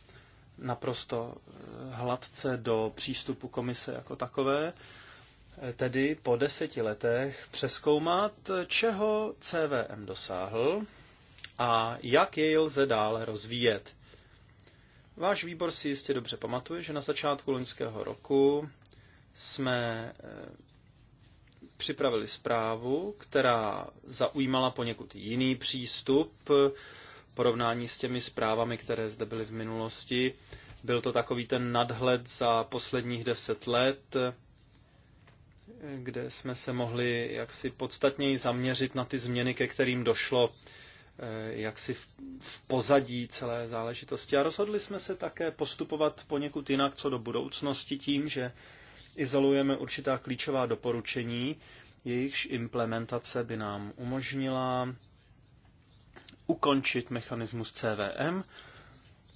naprosto eh, hladce do přístupu komise jako takové, eh, tedy po deseti letech přeskoumat, čeho CVM dosáhl a jak jej lze dále rozvíjet. Váš výbor si jistě dobře pamatuje, že na začátku loňského roku jsme připravili zprávu, která zaujímala poněkud jiný přístup v porovnání s těmi zprávami, které zde byly v minulosti. Byl to takový ten nadhled za posledních deset let, kde jsme se mohli jaksi podstatněji zaměřit na ty změny, ke kterým došlo eh, jaksi v pozadí celé záležitosti. A rozhodli jsme se také postupovat poněkud jinak co do budoucnosti tím, že izolujeme určitá klíčová doporučení, jejichž implementace by nám umožnila ukončit mechanismus CVM,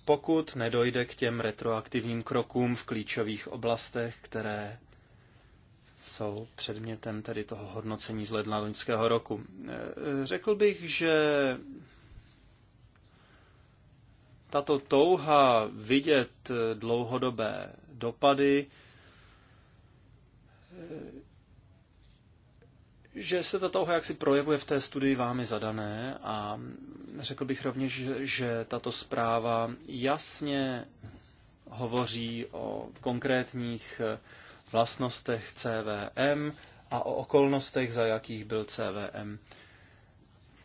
pokud nedojde k těm retroaktivním krokům v klíčových oblastech, které jsou předmětem tedy toho hodnocení z ledna loňského roku. E, řekl bych, že tato touha vidět dlouhodobé dopady že se ta touha jaksi projevuje v té studii vámi zadané a řekl bych rovněž, že tato zpráva jasně hovoří o konkrétních vlastnostech CVM a o okolnostech, za jakých byl CVM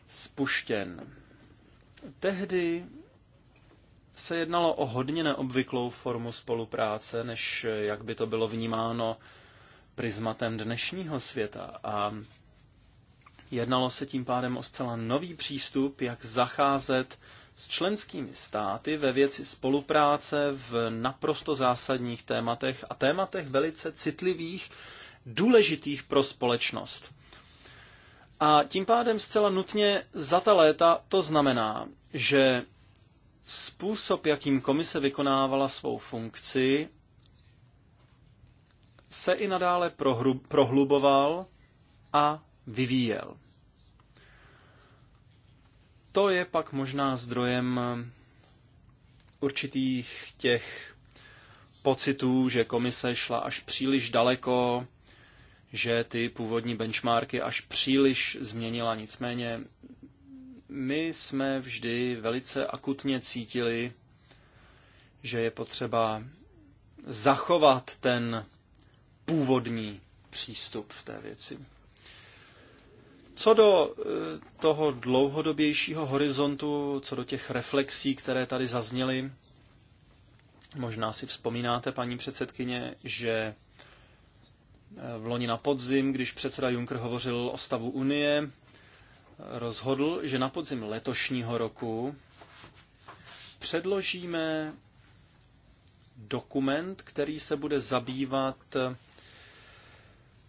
spuštěn. Tehdy se jednalo o hodně neobvyklou formu spolupráce, než jak by to bylo vnímáno prismatem dnešního světa a jednalo se tím pádem o zcela nový přístup, jak zacházet s členskými státy ve věci spolupráce v naprosto zásadních tématech a tématech velice citlivých, důležitých pro společnost. A tím pádem zcela nutně za ta léta to znamená, že způsob, jakým komise vykonávala svou funkci, se i nadále prohru, prohluboval a vyvíjel. To je pak možná zdrojem eh, určitých těch pocitů, že komise šla až příliš daleko, že ty původní benchmarky až příliš změnila. Nicméně my jsme vždy velice akutně cítili, že je potřeba zachovat ten původní přístup v té věci. Co do eh, toho dlouhodobějšího horizontu, co do těch reflexí, které tady zazněly, možná si vzpomínáte, paní předsedkyně, že eh, v loni na podzim, když předseda Juncker hovořil o stavu Unie, rozhodl, že na podzim letošního roku předložíme dokument, který se bude zabývat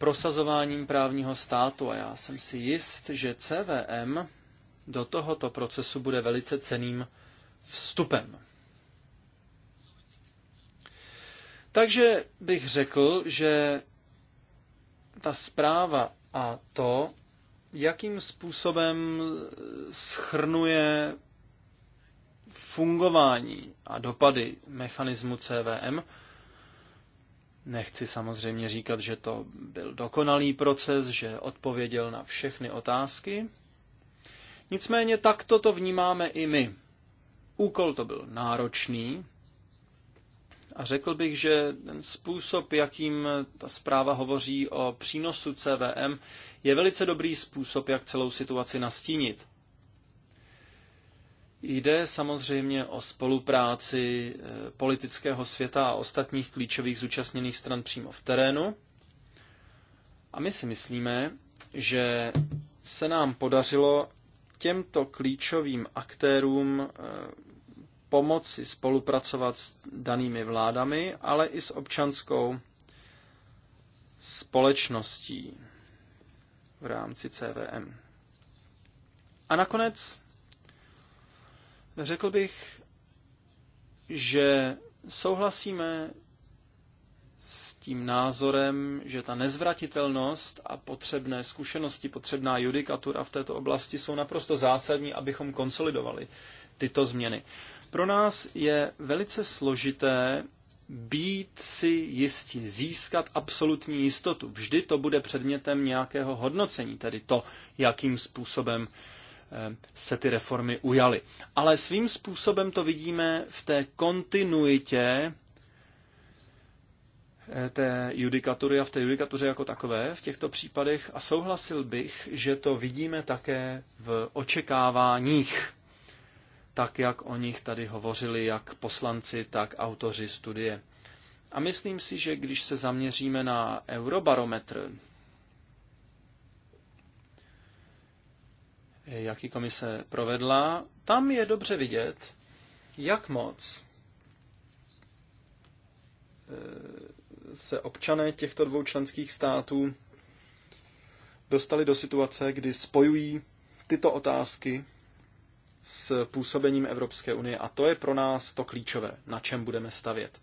prosazováním právního státu a já jsem si jist, že CVM do tohoto procesu bude velice ceným vstupem. Takže bych řekl, že ta zpráva a to, jakým způsobem schrnuje fungování a dopady mechanismu CVM, Nechci samozřejmě říkat, že to byl dokonalý proces, že odpověděl na všechny otázky. Nicméně takto to vnímáme i my. Úkol to byl náročný a řekl bych, že ten způsob, jakým ta zpráva hovoří o přínosu CVM, je velice dobrý způsob, jak celou situaci nastínit. Jde samozřejmě o spolupráci eh, politického světa a ostatních klíčových zúčastněných stran přímo v terénu. A my si myslíme, že se nám podařilo těmto klíčovým aktérům eh, pomoci spolupracovat s danými vládami, ale i s občanskou společností v rámci CVM. A nakonec Řekl bych, že souhlasíme s tím názorem, že ta nezvratitelnost a potřebné zkušenosti, potřebná judikatura v této oblasti jsou naprosto zásadní, abychom konsolidovali tyto změny. Pro nás je velice složité být si jistí, získat absolutní jistotu. Vždy to bude předmětem nějakého hodnocení, tedy to, jakým způsobem Eh, se ty reformy ujaly. Ale svým způsobem to vidíme v té kontinuitě eh, té judikatury a v té judikatuře jako takové v těchto případech a souhlasil bych, že to vidíme také v očekáváních, tak jak o nich tady hovořili jak poslanci, tak autoři studie. A myslím si, že když se zaměříme na eurobarometr, jaký komise provedla, tam je dobře vidět, jak moc eh, se občané těchto dvou členských států dostali do situace, kdy spojují tyto otázky s působením Evropské unie. A to je pro nás to klíčové, na čem budeme stavět.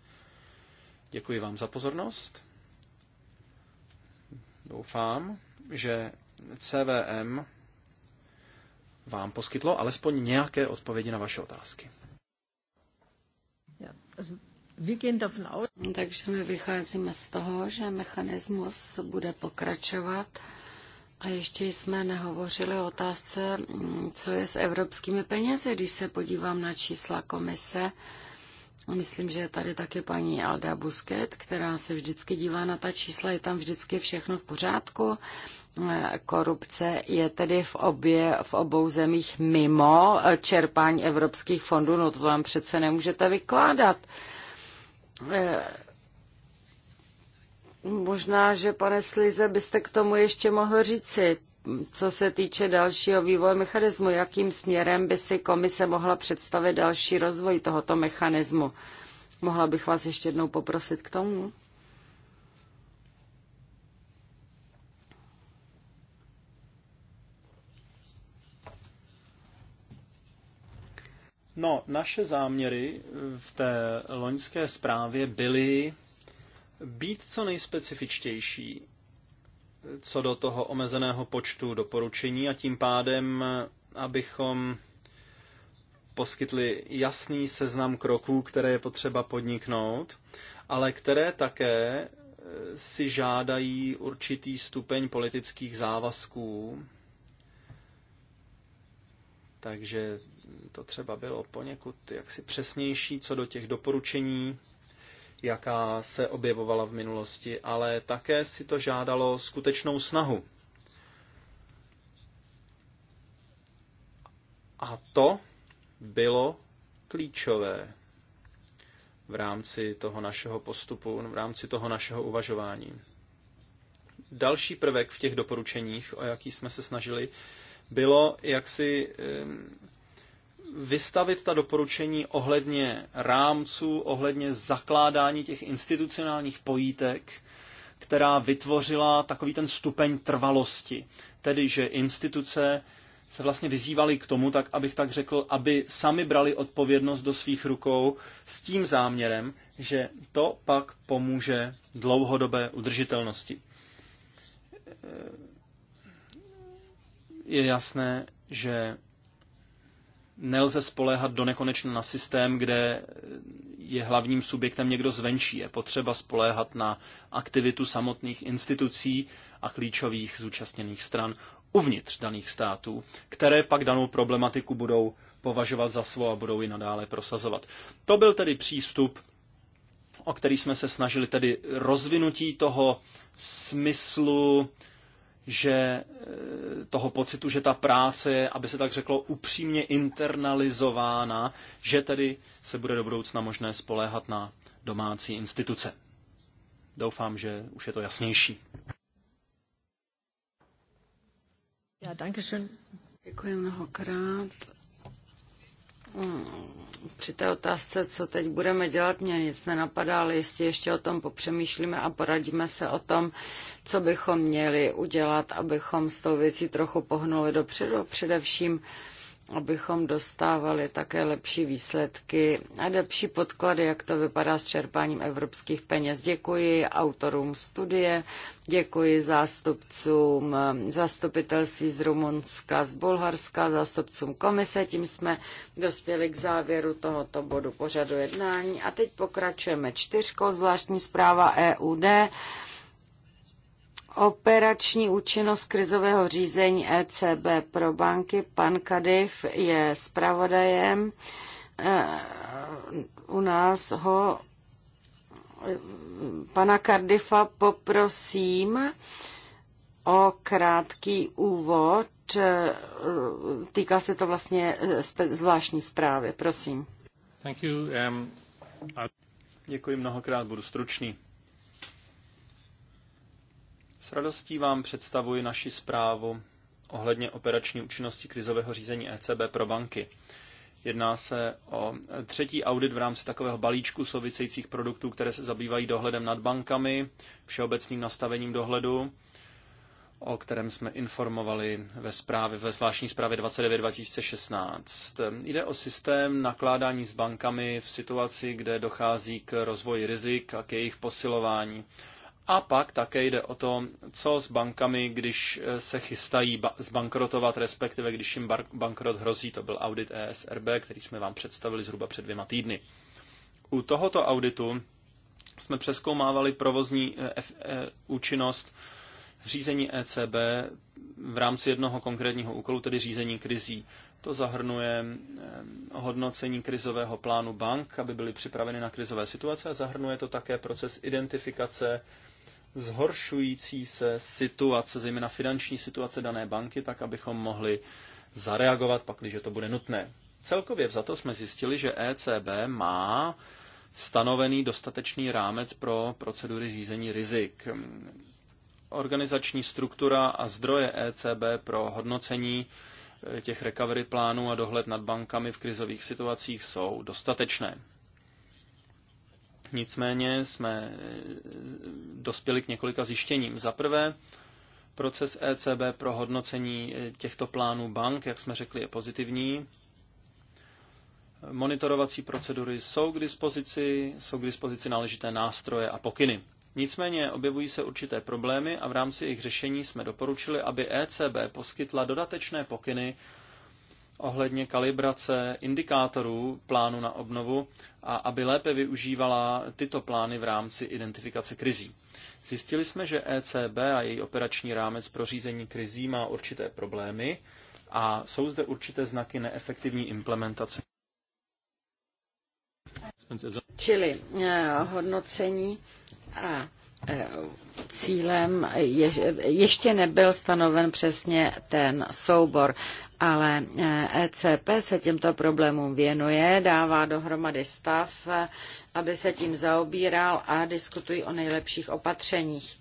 Děkuji vám za pozornost. Doufám, že CVM vám poskytlo alespoň nějaké odpovědi na vaše otázky. Takže my vycházíme z toho, že mechanismus bude pokračovat a ještě jsme nehovořili o otázce, co je s evropskými penězi. Když se podívám na čísla komise, myslím, že je tady taky paní Alda Busket, která se vždycky dívá na ta čísla, je tam vždycky všechno v pořádku. Korupce je tedy v, obě, v obou zemích mimo eh, čerpání evropských fondů, no to vám přece nemůžete vykládat. Eh, možná, že pane Slize, byste k tomu ještě mohl říci, co se týče dalšího vývoje mechanismu, jakým směrem by si komise mohla představit další rozvoj tohoto mechanismu. Mohla bych vás ještě jednou poprosit k tomu? No, naše záměry eh, v té loňské zprávě byly být co nejspecifičtější eh, co do toho omezeného počtu doporučení a tím pádem, eh, abychom poskytli jasný seznam kroků, které je potřeba podniknout, ale které také si žádají určitý stupeň politických závazků. Takže to třeba bylo poněkud jaksi přesnější co do těch doporučení, jaká se objevovala v minulosti, ale také si to žádalo skutečnou snahu. A to bylo klíčové v rámci toho našeho postupu, v rámci toho našeho uvažování. Další prvek v těch doporučeních, o jaký jsme se snažili, bylo jaksi um, vystavit ta doporučení ohledně rámců, ohledně zakládání těch institucionálních pojítek, která vytvořila takový ten stupeň trvalosti. Tedy, že instituce se vlastně vyzývaly k tomu, tak abych tak řekl, aby sami brali odpovědnost do svých rukou s tím záměrem, že to pak pomůže dlouhodobé udržitelnosti. Je jasné, že nelze spoléhat do nekonečna na systém, kde je hlavním subjektem někdo zvenčí. Je potřeba spoléhat na aktivitu samotných institucí a klíčových zúčastněných stran uvnitř daných států, které pak danou problematiku budou považovat za svou a budou ji nadále prosazovat. To byl tedy přístup, o který jsme se snažili, tedy rozvinutí toho smyslu že eh, toho pocitu, že ta práce je, aby se tak řeklo, upřímně internalizována, že tedy se bude do budoucna možné spoléhat na domácí instituce. Doufám, že už je to jasnější. Ja, danke schön. Děkuji mnohokrát. Mm, při té otázce, co teď budeme dělat, mě nic nenapadá, ale jistě ještě o tom popřemýšlíme a poradíme se o tom, co bychom měli udělat, abychom s tou věcí trochu pohnuli dopředu. Především uh, abychom dostávali také lepší výsledky a lepší podklady, jak to vypadá s čerpáním evropských peněz. Děkuji autorům studie, děkuji zástupcům zastupitelství z Rumunska, z Bulharska, zástupcům komise. Tím jsme dospěli k závěru tohoto bodu pořadu jednání. A teď pokračujeme čtyřkou, zvláštní zpráva EUD Operační účinnost krizového řízení ECB pro banky. Pan Kadiv je zpravodajem. Eh, u nás ho eh, pana Kardifa poprosím o krátký úvod. Eh, týká se to vlastně zvláštní zprávy. Prosím. Thank you. Um, Děkuji mnohokrát, budu stručný. S radostí vám představuji naši zprávu ohledně operační účinnosti krizového řízení ECB pro banky. Jedná se o třetí audit v rámci takového balíčku souvisejících produktů, které se zabývají dohledem nad bankami, všeobecným nastavením dohledu, o kterém jsme informovali ve, zprávě, ve zvláštní zprávě 29 2016. Jde o systém nakládání s bankami v situaci, kde dochází k rozvoji rizik a k jejich posilování. A pak také jde o to, co s bankami, když eh, se chystají ba- zbankrotovat, respektive když jim bankrot hrozí. To byl audit ESRB, který jsme vám představili zhruba před dvěma týdny. U tohoto auditu jsme přeskoumávali provozní eh, eh, účinnost řízení ECB v rámci jednoho konkrétního úkolu, tedy řízení krizí. To zahrnuje hodnocení krizového plánu bank, aby byly připraveny na krizové situace a zahrnuje to také proces identifikace zhoršující se situace, zejména finanční situace dané banky, tak abychom mohli zareagovat, pakliže to bude nutné. Celkově vzato jsme zjistili, že ECB má stanovený dostatečný rámec pro procedury řízení rizik. Organizační struktura a zdroje ECB pro hodnocení eh, těch recovery plánů a dohled nad bankami v krizových situacích jsou dostatečné. Nicméně jsme eh, dospěli k několika zjištěním. Za prvé, proces ECB pro hodnocení eh, těchto plánů bank, jak jsme řekli, je pozitivní. Monitorovací procedury jsou k dispozici, jsou k dispozici náležité nástroje a pokyny. Nicméně objevují se určité problémy a v rámci jejich řešení jsme doporučili, aby ECB poskytla dodatečné pokyny ohledně kalibrace indikátorů plánu na obnovu a aby lépe využívala tyto plány v rámci identifikace krizí. Zjistili jsme, že ECB a její operační rámec pro řízení krizí má určité problémy a jsou zde určité znaky neefektivní implementace. Čili eh, hodnocení a Eh, cílem je, ještě nebyl stanoven přesně ten soubor, ale ECP eh, e se těmto problémům věnuje, dává dohromady stav, eh, aby se tím zaobíral a diskutují o nejlepších opatřeních.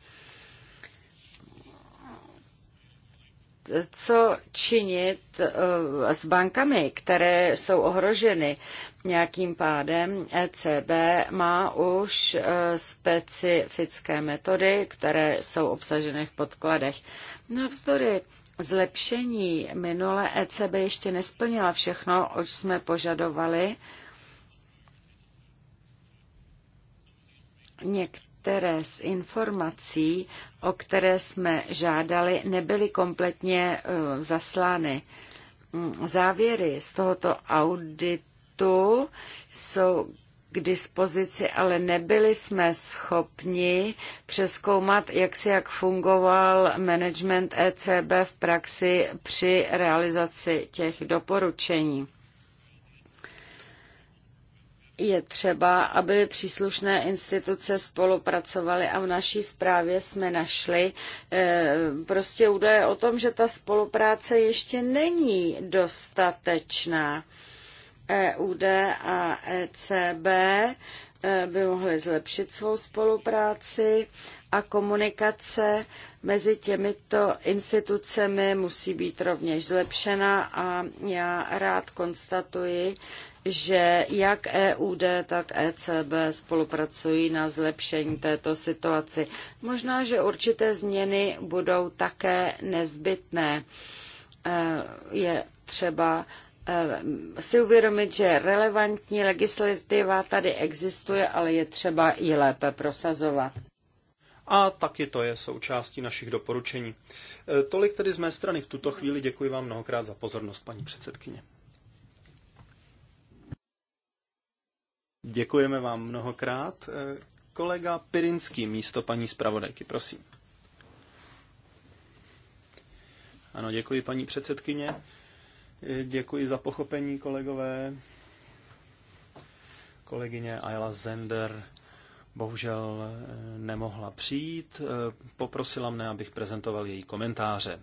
co činit eh, s bankami, které jsou ohroženy nějakým pádem. ECB má už eh, specifické metody, které jsou obsaženy v podkladech. Navzdory zlepšení minule ECB ještě nesplnila všechno, oč jsme požadovali. Některé některé z informací, o které jsme žádali, nebyly kompletně e, zaslány. Mm, závěry z tohoto auditu jsou k dispozici, ale nebyli jsme schopni přeskoumat, jak se jak fungoval management ECB v praxi při realizaci těch doporučení je třeba, aby příslušné instituce spolupracovaly a v naší zprávě jsme našli eh, prostě údaje o tom, že ta spolupráce ještě není dostatečná. EUD a ECB eh, by mohly zlepšit svou spolupráci a komunikace mezi těmito institucemi musí být rovněž zlepšena a já rád konstatuji, že jak EUD, tak ECB spolupracují na zlepšení této situaci. Možná, že určité změny budou také nezbytné. Eh, je třeba eh, si uvědomit, že relevantní legislativa tady existuje, ale je třeba ji lépe prosazovat. A taky to je součástí našich doporučení. Eh, tolik tedy z mé strany v tuto chvíli. Děkuji vám mnohokrát za pozornost, paní předsedkyně. Děkujeme vám mnohokrát. Eh, kolega Pirinský, místo paní zpravodajky, prosím. Ano, děkuji paní předsedkyně. Eh, děkuji za pochopení, kolegové. Kolegyně Ayla Zender bohužel eh, nemohla přijít. Poprosila mne, abych prezentoval její komentáře.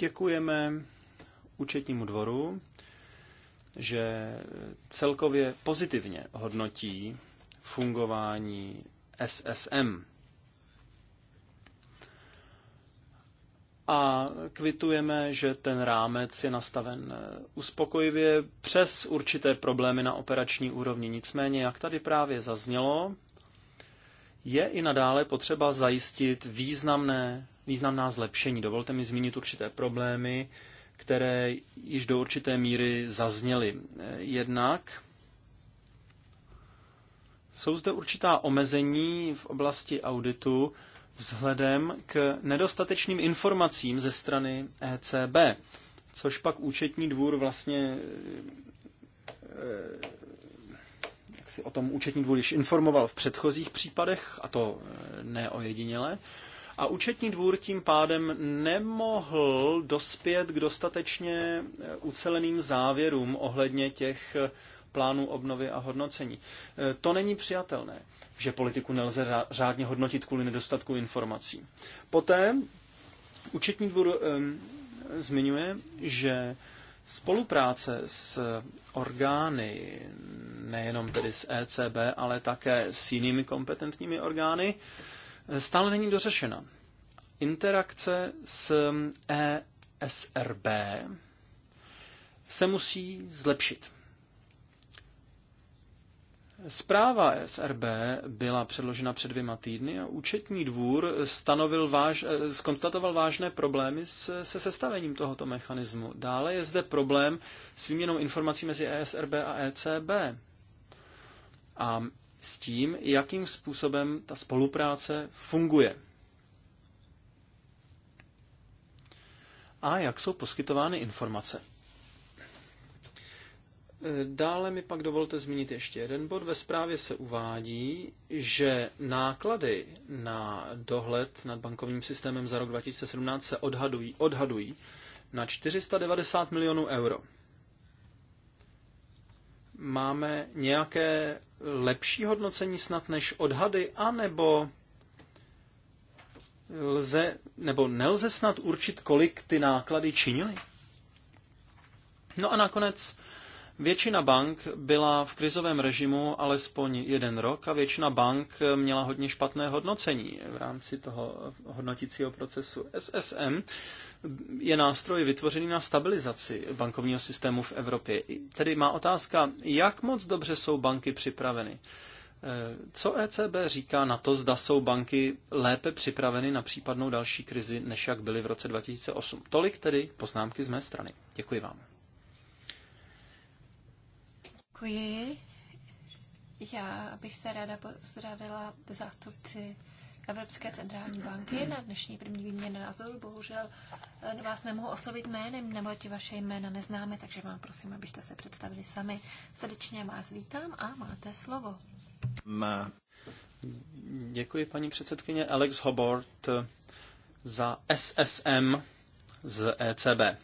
Děkujeme účetnímu dvoru, že celkově pozitivně hodnotí fungování SSM. A kvitujeme, že ten rámec je nastaven uspokojivě přes určité problémy na operační úrovni. Nicméně, jak tady právě zaznělo, je i nadále potřeba zajistit významné významná zlepšení. Dovolte mi zmínit určité problémy, které již do určité míry zazněly. Jednak jsou zde určitá omezení v oblasti auditu vzhledem k nedostatečným informacím ze strany ECB, což pak účetní dvůr vlastně eh, jak si o tom účetní dvůr již informoval v předchozích případech, a to eh, neojediněle, a účetní dvůr tím pádem nemohl dospět k dostatečně eh, uceleným závěrům ohledně těch eh, plánů obnovy a hodnocení. Eh, to není přijatelné, že politiku nelze řádně hodnotit kvůli nedostatku informací. Poté účetní dvůr um, zmiňuje, že Spolupráce s orgány, nejenom tedy s ECB, ale také s jinými kompetentními orgány, stále není dořešena. Interakce s ESRB se musí zlepšit. Zpráva e SRB byla předložena před dvěma týdny a účetní dvůr stanovil váž, skonstatoval eh, vážné problémy se, se sestavením tohoto mechanismu. Dále je zde problém s výměnou informací mezi ESRB a ECB. A s tím, jakým způsobem ta spolupráce funguje. A jak jsou poskytovány informace. Dále mi pak dovolte zmínit ještě jeden bod. Ve zprávě se uvádí, že náklady na dohled nad bankovním systémem za rok 2017 se odhadují, odhadují na 490 milionů euro. Máme nějaké lepší hodnocení snad než odhady, anebo lze, nebo nelze snad určit, kolik ty náklady činily? No a nakonec většina bank byla v krizovém režimu alespoň jeden rok a většina bank měla hodně špatné hodnocení v rámci toho hodnotícího procesu SSM je nástroj vytvořený na stabilizaci bankovního systému v Evropě. Tedy má otázka, jak moc dobře jsou banky připraveny. Eh, co ECB říká na to, zda jsou banky lépe připraveny na případnou další krizi, než jak byly v roce 2008? Tolik tedy poznámky z mé strany. Děkuji vám. Děkuji. Já bych se ráda pozdravila zástupci Evropské centrální banky na dnešní první výměně názoru. Bohužel eh, vás nemohu oslovit jménem, ti vaše jména neznáme, takže vám prosím, abyste se představili sami. Srdečně vás vítám a máte slovo. Má. Děkuji, paní předsedkyně. Alex Hobart eh, za SSM z ECB.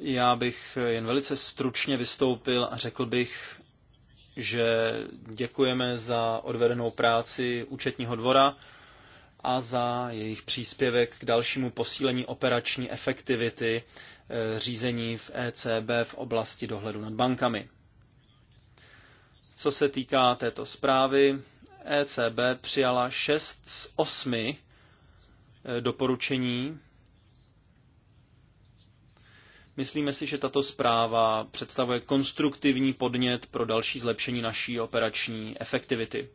Já bych jen velice stručně vystoupil a řekl bych, že děkujeme za odvedenou práci účetního dvora a za jejich příspěvek k dalšímu posílení operační efektivity eh, řízení v ECB v oblasti dohledu nad bankami. Co se týká této zprávy, ECB přijala 6 z 8 eh, doporučení Myslíme si, že tato zpráva představuje konstruktivní podnět pro další zlepšení naší operační efektivity.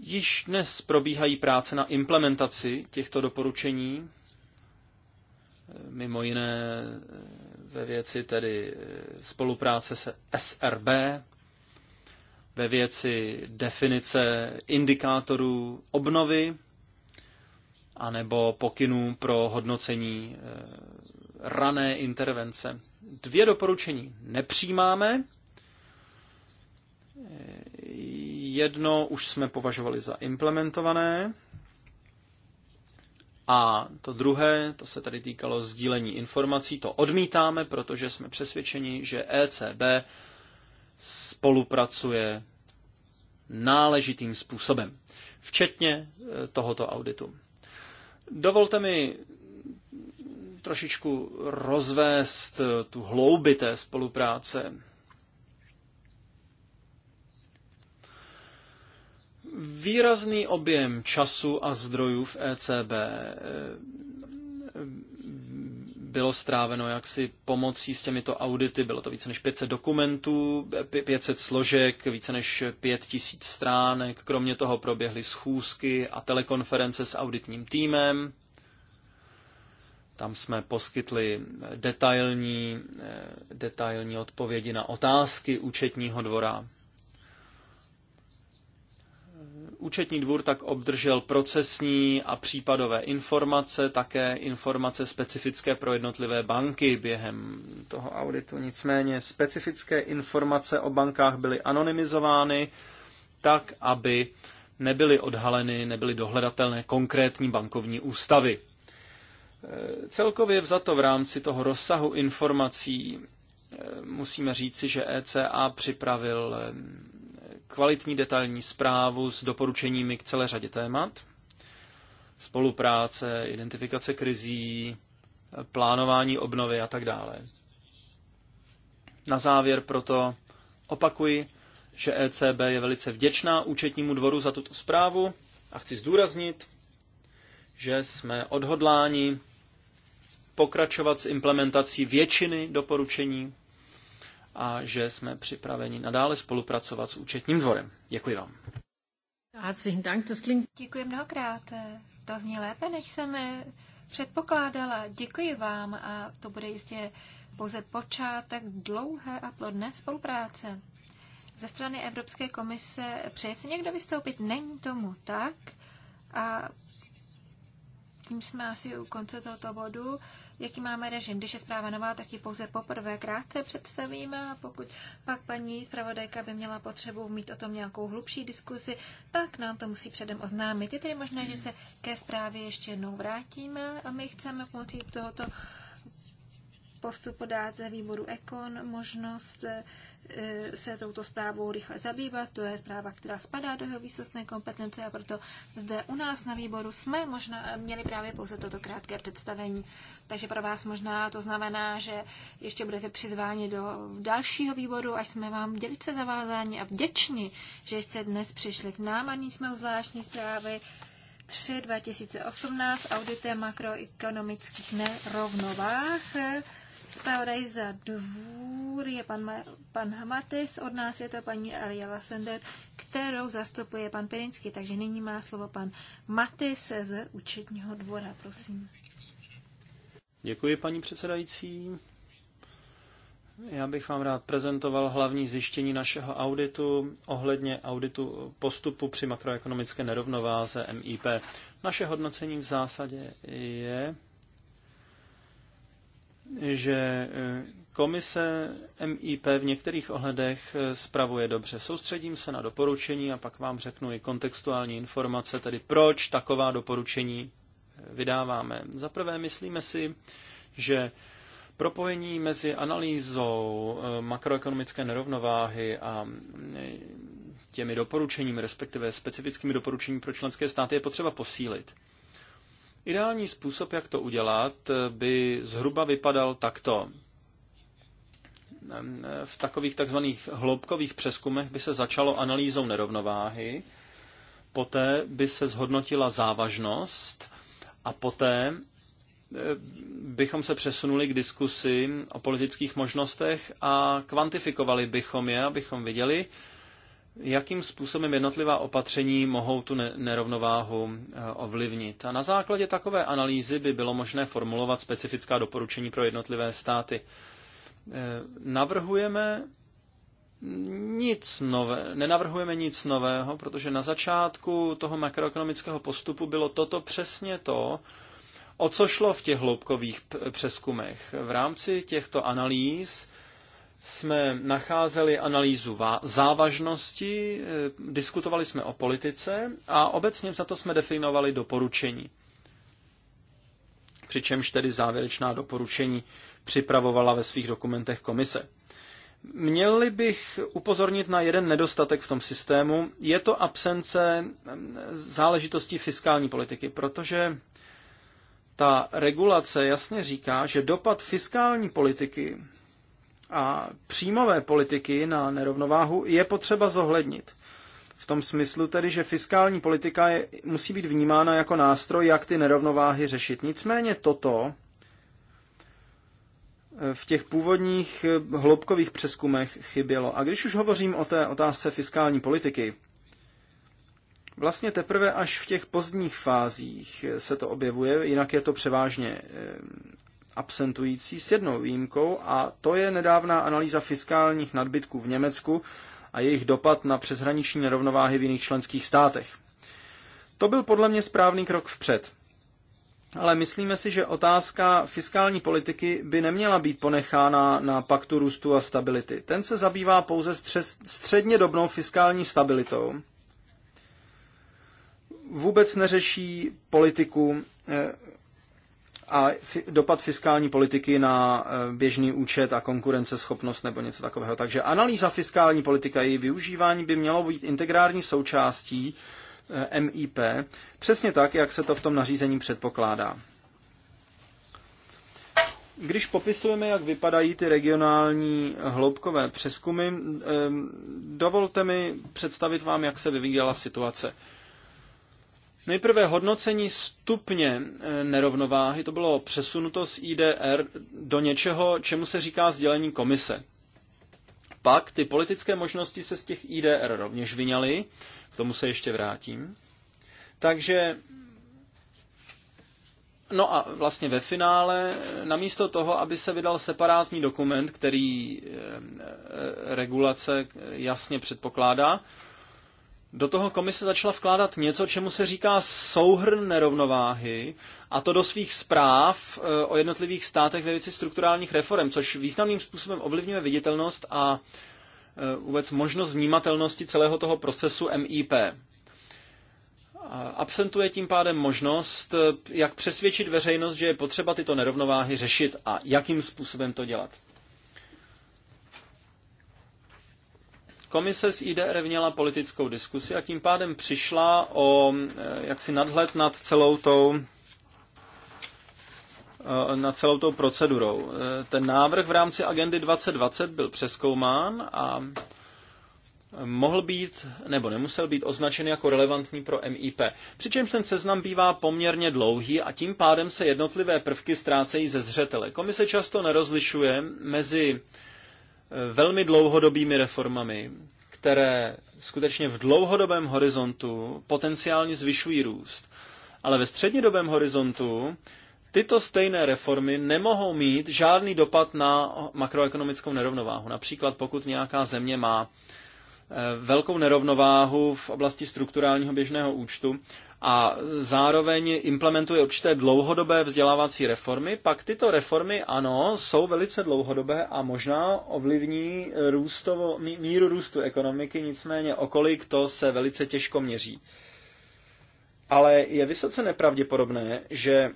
Již dnes probíhají práce na implementaci těchto doporučení, mimo jiné ve věci tedy spolupráce se SRB, ve věci definice indikátorů obnovy anebo pokynů pro hodnocení eh, rané intervence. Dvě doporučení nepřijímáme. Jedno už jsme považovali za implementované. A to druhé, to se tady týkalo sdílení informací, to odmítáme, protože jsme přesvědčeni, že ECB spolupracuje náležitým způsobem, včetně eh, tohoto auditu. Dovolte mi trošičku rozvést eh, tu hloubi té spolupráce. Výrazný objem času a zdrojů v ECB eh, bylo stráveno jaksi pomocí s těmito audity. Bylo to více než 500 dokumentů, 500 složek, více než 5000 stránek. Kromě toho proběhly schůzky a telekonference s auditním týmem. Tam jsme poskytli detailní, eh, detailní odpovědi na otázky účetního dvora. Účetní dvůr tak obdržel procesní a případové informace, také informace specifické pro jednotlivé banky během toho auditu. Nicméně specifické informace o bankách byly anonymizovány tak, aby nebyly odhaleny, nebyly dohledatelné konkrétní bankovní ústavy. Eh, celkově vzato v rámci toho rozsahu informací eh, musíme říci, že ECA připravil eh, kvalitní detailní zprávu s doporučeními k celé řadě témat. Spolupráce, identifikace krizí, plánování obnovy a tak dále. Na závěr proto opakuji, že ECB je velice vděčná účetnímu dvoru za tuto zprávu a chci zdůraznit, že jsme odhodláni pokračovat s implementací většiny doporučení a že jsme připraveni nadále spolupracovat s účetním dvorem. Děkuji vám. Děkuji mnohokrát. To zní lépe, než jsem předpokládala. Děkuji vám a to bude jistě pouze počátek dlouhé a plodné spolupráce. Ze strany Evropské komise přeje si někdo vystoupit? Není tomu tak. A tím jsme asi u konce tohoto bodu jaký máme režim. Když je zpráva nová, tak ji pouze poprvé krátce představíme a pokud pak paní zpravodajka by měla potřebu mít o tom nějakou hlubší diskusi, tak nám to musí předem oznámit. Je tedy možné, že se ke zprávě ještě jednou vrátíme a my chceme pomocí tohoto postupu podat výboru Ekon možnost e, se touto zprávou rychle zabývat. To je zpráva, která spadá do jeho výsostné kompetence a proto zde u nás na výboru jsme možná měli právě pouze toto krátké představení. Takže pro vás možná to znamená, že ještě budete přizváni do dalšího výboru, až jsme vám dělice zavázáni a vděční, že jste dnes přišli k nám a jsme u zvláštní zprávy 3 2018 auditem makroekonomických nerovnovách. Spravodaj za dvůr je pan, pan Hamatis, od nás je to paní Elia Sender, kterou zastupuje pan Pirinsky. Takže nyní má slovo pan Matis z účetního dvora, prosím. Děkuji, paní předsedající. Já bych vám rád prezentoval hlavní zjištění našeho auditu ohledně auditu postupu při makroekonomické nerovnováze MIP. Naše hodnocení v zásadě je, že eh, komise MIP v některých ohledech eh, spravuje dobře. Soustředím se na doporučení a pak vám řeknu i kontextuální informace, tedy proč taková doporučení eh, vydáváme. Za prvé myslíme si, že propojení mezi analýzou makroekonomické nerovnováhy a těmi doporučeními, respektive specifickými doporučeními pro členské státy je potřeba posílit. Ideální způsob, jak to udělat, by zhruba vypadal takto. V takových takzvaných hloubkových přeskumech by se začalo analýzou nerovnováhy, poté by se zhodnotila závažnost a poté eh, bychom se přesunuli k diskusi o politických možnostech a kvantifikovali bychom je, abychom viděli, jakým způsobem jednotlivá opatření mohou tu nerovnováhu eh, ovlivnit. A na základě takové analýzy by bylo možné formulovat specifická doporučení pro jednotlivé státy. Eh, navrhujeme nic nové, nenavrhujeme nic nového, protože na začátku toho makroekonomického postupu bylo toto přesně to, o co šlo v těch hloubkových přeskumech. V rámci těchto analýz jsme nacházeli analýzu závažnosti, eh, diskutovali jsme o politice a obecně za to jsme definovali doporučení. Přičemž tedy závěrečná doporučení připravovala ve svých dokumentech komise. Měli bych upozornit na jeden nedostatek v tom systému. Je to absence eh, záležitostí fiskální politiky, protože ta regulace jasně říká, že dopad fiskální politiky a příjmové politiky na nerovnováhu je potřeba zohlednit. V tom smyslu tedy, že fiskální politika je, musí být vnímána jako nástroj, jak ty nerovnováhy řešit. Nicméně toto eh, v těch původních eh, hloubkových přeskumech chybělo. A když už hovořím o té otázce fiskální politiky, vlastně teprve až v těch pozdních fázích eh, se to objevuje, jinak je to převážně absentující s jednou výjimkou a to je nedávná analýza fiskálních nadbytků v Německu a jejich dopad na přeshraniční nerovnováhy v jiných členských státech. To byl podle mě správný krok vpřed. Ale myslíme si, že otázka fiskální politiky by neměla být ponechána na paktu růstu a stability. Ten se zabývá pouze středně dobnou fiskální stabilitou. Vůbec neřeší politiku eh, a dopad fiskální politiky na e, běžný účet a konkurenceschopnost nebo něco takového. Takže analýza fiskální politiky a její využívání by mělo být integrální součástí e, MIP, přesně tak, jak se to v tom nařízení předpokládá. Když popisujeme, jak vypadají ty regionální hloubkové přeskumy, e, dovolte mi představit vám, jak se vyvíjela situace. Nejprve hodnocení stupně e, nerovnováhy, to bylo přesunuto z IDR do něčeho, čemu se říká sdělení komise. Pak ty politické možnosti se z těch IDR rovněž vyňaly, k tomu se ještě vrátím. Takže No a vlastně ve finále, namísto toho, aby se vydal separátní dokument, který e, e, regulace jasně předpokládá, do toho komise začala vkládat něco, čemu se říká souhrn nerovnováhy, a to do svých zpráv eh, o jednotlivých státech ve věci strukturálních reform, což významným způsobem ovlivňuje viditelnost a eh, vůbec možnost vnímatelnosti celého toho procesu MIP. Absentuje tím pádem možnost, eh, jak přesvědčit veřejnost, že je potřeba tyto nerovnováhy řešit a jakým způsobem to dělat. Komise s IDR měla politickou diskusi a tím pádem přišla o eh, jaksi nadhled nad celou tou eh, na celou tou procedurou. Eh, ten návrh v rámci agendy 2020 byl přeskoumán a mohl být nebo nemusel být označen jako relevantní pro MIP. Přičemž ten seznam bývá poměrně dlouhý a tím pádem se jednotlivé prvky ztrácejí ze zřetele. Komise často nerozlišuje mezi velmi dlouhodobými reformami, které skutečně v dlouhodobém horizontu potenciálně zvyšují růst. Ale ve střednědobém horizontu tyto stejné reformy nemohou mít žádný dopad na makroekonomickou nerovnováhu. Například pokud nějaká země má eh, velkou nerovnováhu v oblasti strukturálního běžného účtu a zároveň implementuje určité dlouhodobé vzdělávací reformy, pak tyto reformy, ano, jsou velice dlouhodobé a možná ovlivní růstovo, míru růstu ekonomiky, nicméně okolik to se velice těžko měří. Ale je vysoce nepravděpodobné, že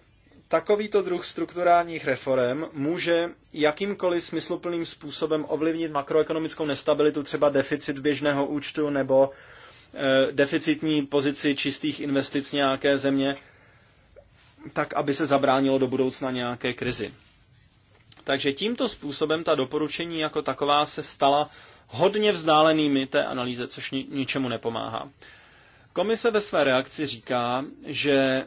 takovýto druh strukturálních reform může jakýmkoliv smysluplným způsobem ovlivnit makroekonomickou nestabilitu, třeba deficit běžného účtu nebo Eh, deficitní pozici čistých investic nějaké země, tak aby se zabránilo do budoucna nějaké krizi. Takže tímto způsobem ta doporučení jako taková se stala hodně vzdálenými té analýze, což ničemu nepomáhá. Komise ve své reakci říká, že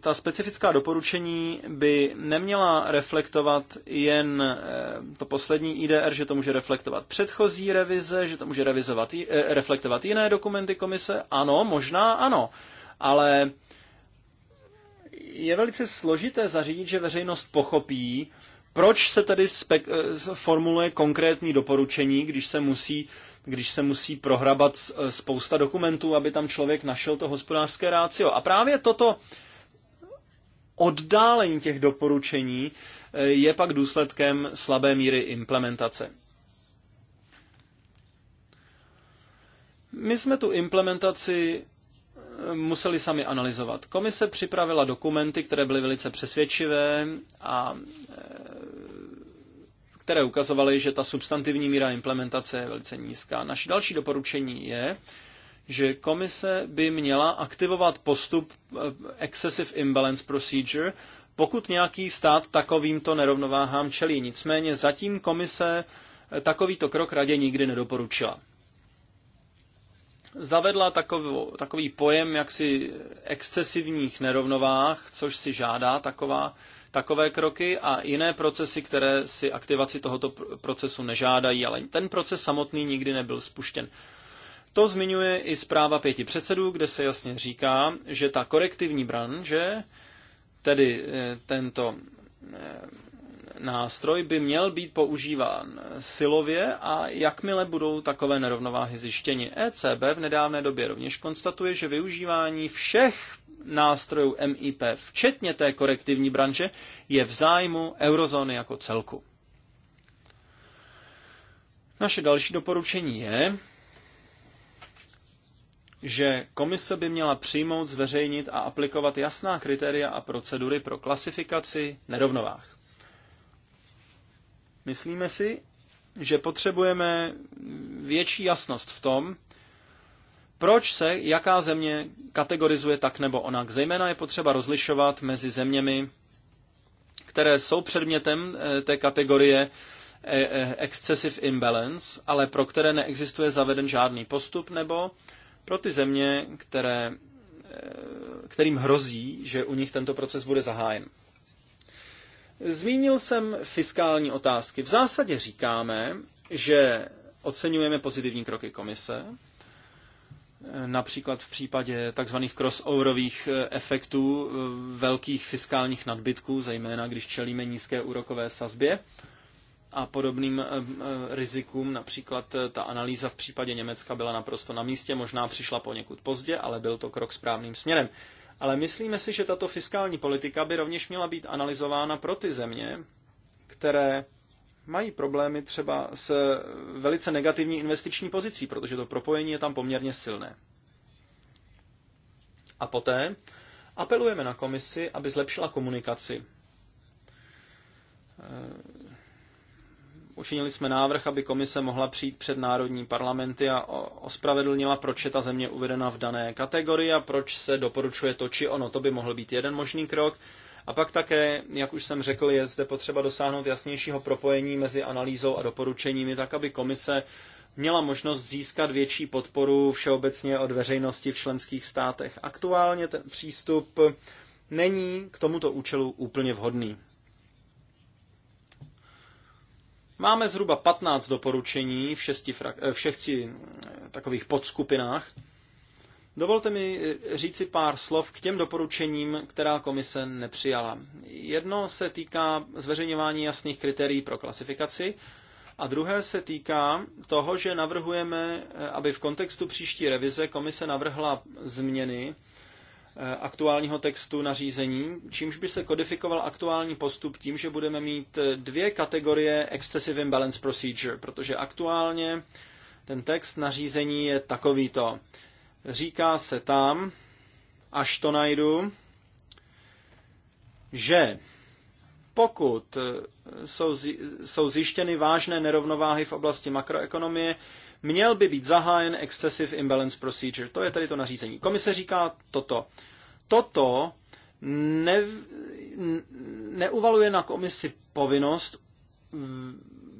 ta specifická doporučení by neměla reflektovat jen eh, to poslední IDR, že to může reflektovat předchozí revize, že to může revizovat, eh, reflektovat jiné dokumenty komise. Ano, možná ano, ale je velice složité zařídit, že veřejnost pochopí, proč se tady eh, formuluje konkrétní doporučení, když se musí když se musí prohrabat spousta dokumentů, aby tam člověk našel to hospodářské rácio. A právě toto oddálení těch doporučení eh, je pak důsledkem slabé míry implementace. My jsme tu implementaci eh, museli sami analyzovat. Komise připravila dokumenty, které byly velice přesvědčivé a eh, které ukazovaly, že ta substantivní míra implementace je velice nízká. Naše další doporučení je, že komise by měla aktivovat postup eh, Excessive Imbalance Procedure, pokud nějaký stát takovýmto nerovnováhám čelí. Nicméně zatím komise eh, takovýto krok radě nikdy nedoporučila. Zavedla takovou, takový pojem jaksi excesivních nerovnovách, což si žádá taková, takové kroky a jiné procesy, které si aktivaci tohoto procesu nežádají, ale ten proces samotný nikdy nebyl spuštěn. To zmiňuje i zpráva pěti předsedů, kde se jasně říká, že ta korektivní branže, tedy eh, tento eh, nástroj by měl být používán silově a jakmile budou takové nerovnováhy zjištěny. ECB v nedávné době rovněž konstatuje, že využívání všech nástrojů MIP, včetně té korektivní branže, je v zájmu eurozóny jako celku. Naše další doporučení je, že komise by měla přijmout, zveřejnit a aplikovat jasná kritéria a procedury pro klasifikaci nerovnovách. Myslíme si, že potřebujeme větší jasnost v tom, proč se jaká země kategorizuje tak nebo onak. Zejména je potřeba rozlišovat mezi zeměmi, které jsou předmětem eh, té kategorie eh, eh, excessive imbalance, ale pro které neexistuje zaveden žádný postup, nebo pro ty země, které, eh, kterým hrozí, že u nich tento proces bude zahájen. Zmínil jsem fiskální otázky. V zásadě říkáme, že oceňujeme pozitivní kroky komise, eh, například v případě tzv. crossoverových eh, efektů velkých fiskálních nadbytků, zejména když čelíme nízké úrokové sazbě a podobným eh, eh, rizikům. Například eh, ta analýza v případě Německa byla naprosto na místě, možná přišla poněkud pozdě, ale byl to krok správným směrem. Ale myslíme si, že tato fiskální politika by rovněž měla být analyzována pro ty země, které mají problémy třeba s velice negativní investiční pozicí, protože to propojení je tam poměrně silné. A poté apelujeme na komisi, aby zlepšila komunikaci Učinili jsme návrh, aby komise mohla přijít před národní parlamenty a ospravedlnila, proč je ta země uvedena v dané kategorii a proč se doporučuje to či ono. To by mohl být jeden možný krok. A pak také, jak už jsem řekl, je zde potřeba dosáhnout jasnějšího propojení mezi analýzou a doporučeními, tak aby komise měla možnost získat větší podporu všeobecně od veřejnosti v členských státech. Aktuálně ten přístup není k tomuto účelu úplně vhodný. Máme zhruba 15 doporučení v, šesti frak- eh, v šesti eh, takových podskupinách. Dovolte mi eh, říci pár slov k těm doporučením, která komise nepřijala. Jedno se týká zveřejňování jasných kritérií pro klasifikaci a druhé se týká toho, že navrhujeme, aby v kontextu příští revize komise navrhla změny Eh, aktuálního textu nařízení, čímž by se kodifikoval aktuální postup tím, že budeme mít eh, dvě kategorie Excessive Imbalance Procedure, protože aktuálně ten text nařízení je takovýto. Říká se tam, až to najdu, že pokud eh, jsou, jsou zjištěny vážné nerovnováhy v oblasti makroekonomie, měl by být zahájen Excessive Imbalance Procedure. To je tady to nařízení. Komise říká toto. Toto ne, neuvaluje na komisi povinnost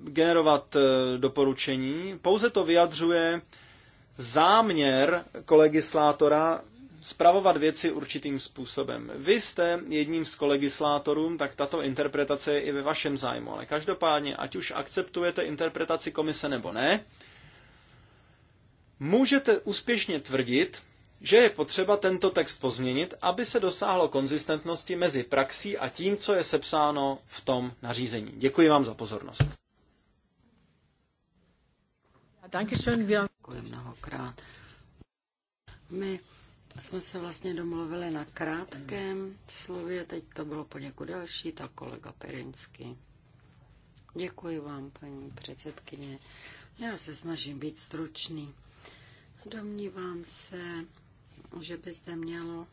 generovat eh, doporučení, pouze to vyjadřuje záměr kolegislátora spravovat věci určitým způsobem. Vy jste jedním z kolegislátorů, tak tato interpretace je i ve vašem zájmu, ale každopádně, ať už akceptujete interpretaci komise nebo ne, Můžete úspěšně tvrdit, že je potřeba tento text pozměnit, aby se dosáhlo konzistentnosti mezi praxí a tím, co je sepsáno v tom nařízení. Děkuji vám za pozornost. Děkuji mnohokrát. My jsme se vlastně domluvili na krátkém slově, teď to bylo poněkud další, tak kolega Perinsky. Děkuji vám, paní předsedkyně. Já se snažím být stručný. Domnívám se, že by zde mělo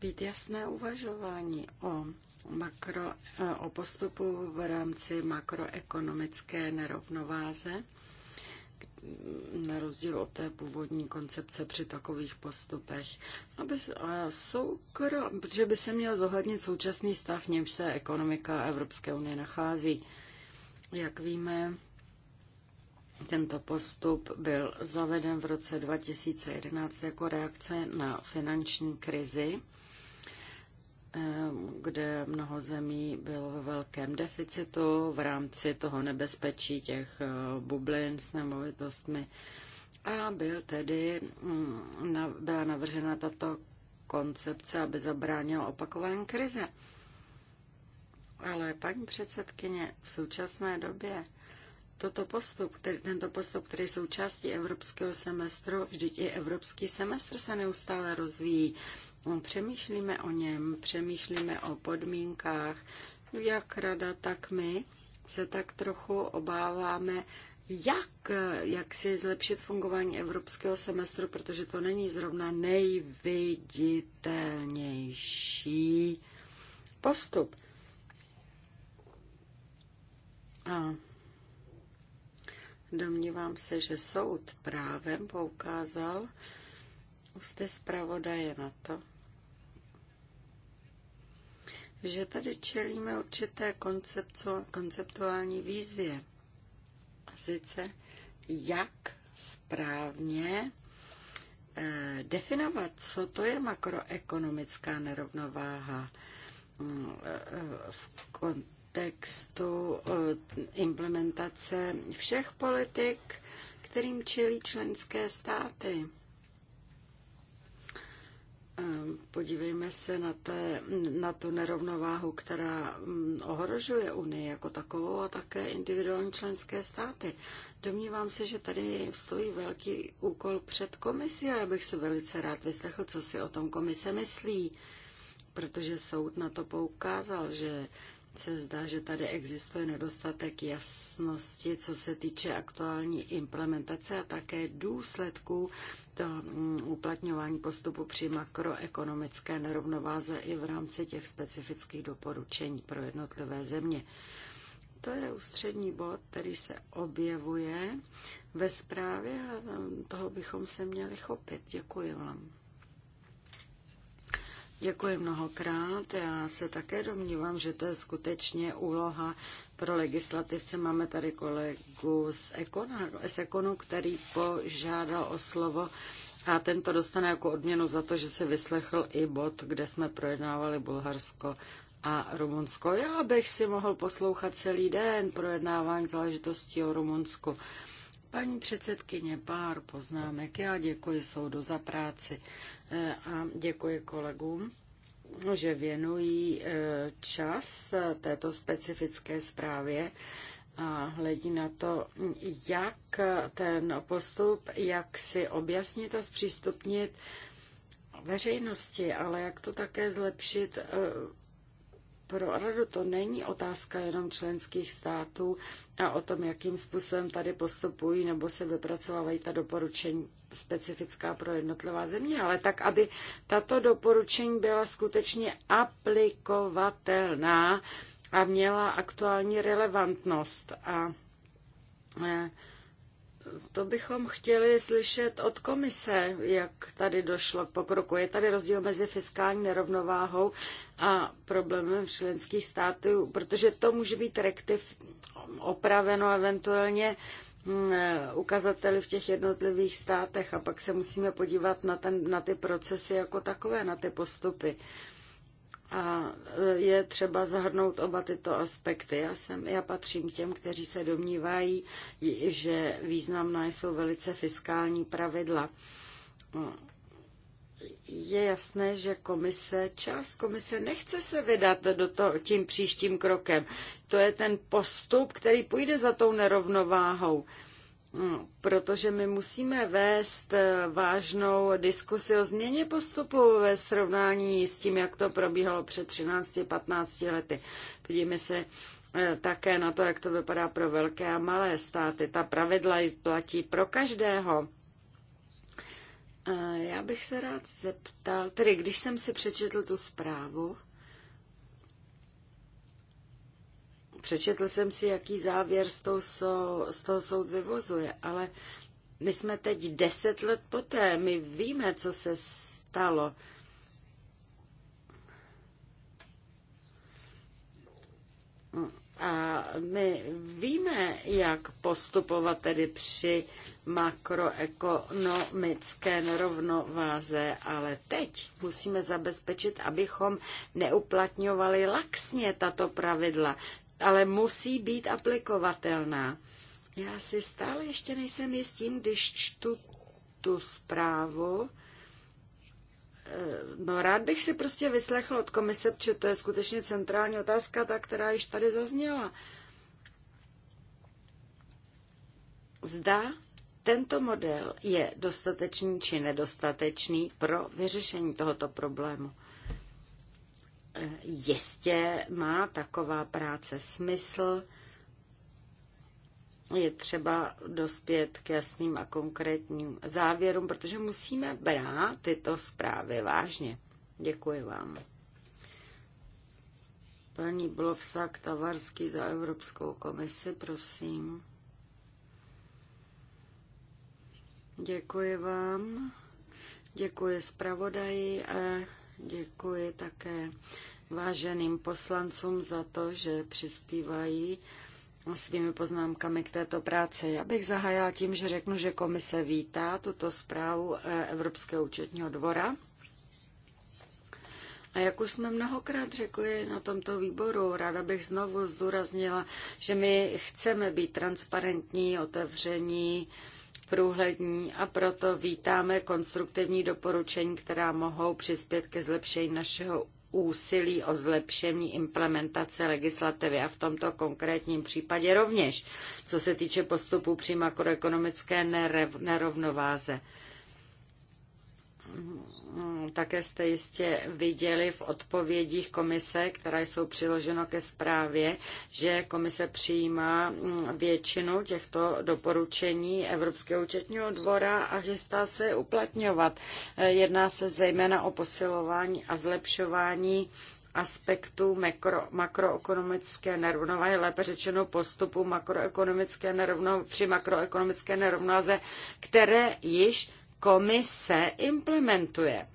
být jasné uvažování o, makro, eh, o postupu v rámci makroekonomické nerovnováze, na rozdíl od té původní koncepce při takových postupech, aby eh, soukro, protože by se měl zohlednit současný stav, v němž se ekonomika Evropské unie nachází. Jak víme, tento postup byl zaveden v roce 2011 jako reakce na finanční krizi, eh, kde mnoho zemí bylo ve velkém deficitu v rámci toho nebezpečí těch eh, bublin s nemovitostmi. A byl tedy, mm, byla navržena tato koncepce, aby zabránila opakování krize. Ale paní předsedkyně, v současné době toto postup, který, tento postup, který je součástí evropského semestru, vždyť i evropský semestr se neustále rozvíjí. Přemýšlíme o něm, přemýšlíme o podmínkách, jak rada, tak my se tak trochu obáváme, jak, jak si zlepšit fungování evropského semestru, protože to není zrovna nejviditelnější postup. A Domnívám se, že soud právem poukázal jste zpravodaje na to, že tady čelíme určité konceptuální výzvě. A sice, jak správně eh, definovat, co to je makroekonomická nerovnováha mm, eh, v kontextu kontextu eh, implementace všech politik, kterým čelí členské státy. Eh, podívejme se na, té, na tu nerovnováhu, která mm, ohrožuje Unii jako takovou a také individuální členské státy. Domnívám se, že tady stojí velký úkol před komisí a já bych se velice rád vyslechl, co si o tom komise myslí, protože soud na to poukázal, že se zdá, že tady existuje nedostatek jasnosti, co se týče aktuální implementace a také důsledků to mm, uplatňování postupu při makroekonomické nerovnováze i v rámci těch specifických doporučení pro jednotlivé země. To je ústřední bod, který se objevuje ve zprávě a mm, toho bychom se měli chopit. Děkuji vám. Děkuji mnohokrát. Já se také domnívám, že to je skutečně úloha pro legislativce. Máme tady kolegu z, Ekona, z Ekonu, který požádal o slovo a tento dostane jako odměnu za to, že se vyslechl i bod, kde jsme projednávali Bulharsko a Rumunsko. Já bych si mohl poslouchat celý den projednávání záležitostí o Rumunsku. Paní předsedkyně, pár poznámek. Já děkuji soudu za práci eh, a děkuji kolegům, že věnují eh, čas této specifické zprávě a hledí na to, jak ten postup, jak si objasnit a zpřístupnit veřejnosti, ale jak to také zlepšit eh, pro radu to není otázka jenom členských států a o tom, jakým způsobem tady postupují nebo se vypracovávají ta doporučení specifická pro jednotlivá země, ale tak, aby tato doporučení byla skutečně aplikovatelná a měla aktuální relevantnost. A, a eh, to bychom chtěli slyšet od komise, jak tady došlo k pokroku. Je tady rozdíl mezi fiskální nerovnováhou a problémem členských států, protože to může být rektiv opraveno eventuálně mm, ukazateli v těch jednotlivých státech a pak se musíme podívat na, ten, na ty procesy jako takové, na ty postupy. Uh, a e, je třeba zahrnout oba tyto aspekty. Já, jsem, já patřím k těm, kteří se domnívají, že významná jsou velice fiskální pravidla. No, je jasné, že komise, část komise nechce se vydat do to, tím příštím krokem. To je ten postup, který půjde za tou nerovnováhou. Uh, Mm, protože my musíme vést eh, vážnou diskusi o změně postupu ve srovnání s tím, jak to probíhalo před 13-15 lety. Podívejme se eh, také na to, jak to vypadá pro velké a malé státy. Ta pravidla platí pro každého. Eh, já bych se rád zeptal, tedy když jsem si přečetl tu zprávu, přečetl jsem si, jaký závěr z toho, z toho soud vyvozuje, ale my jsme teď deset let poté, my víme, co se stalo. A my víme, jak postupovat tedy při makroekonomické nerovnováze, ale teď musíme zabezpečit, abychom neuplatňovali laxně tato pravidla ale musí být aplikovatelná. Já si stále ještě nejsem jistím, když čtu tu zprávu. Eh, no rád bych si prostě vyslechl od komise, protože to je skutečně centrální otázka, ta, která již tady zazněla. Zda tento model je dostatečný či nedostatečný pro vyřešení tohoto problému jistě má taková práce smysl. Je třeba dospět k jasným a konkrétním závěrům, protože musíme brát tyto zprávy vážně. Děkuji vám. Paní Blovsak Tavarský za Evropskou komisi, prosím. Děkuji vám. Děkuji zpravodaji. A Děkuji také váženým poslancům za to, že přispívají svými poznámkami k této práci. Já bych zahájila tím, že řeknu, že komise vítá tuto zprávu eh, Evropského účetního dvora. A jak už jsme mnohokrát řekli na tomto výboru, ráda bych znovu zdůraznila, že my chceme být transparentní, otevření, průhlední a proto vítáme konstruktivní doporučení, která mohou přispět ke zlepšení našeho úsilí o zlepšení implementace legislativy a v tomto konkrétním případě rovněž, co se týče postupu při makroekonomické nerovnováze. Také jste jistě viděli v odpovědích komise, které jsou přiloženo ke zprávě, že komise přijímá mm, většinu těchto doporučení Evropského účetního dvora a že stá se uplatňovat. Eh, jedná se zejména o posilování a zlepšování aspektů makro, makroekonomické nerovnováhy, lépe řečeno postupu makroekonomické nerovno, při makroekonomické nerovnováze, které již komise implementuje.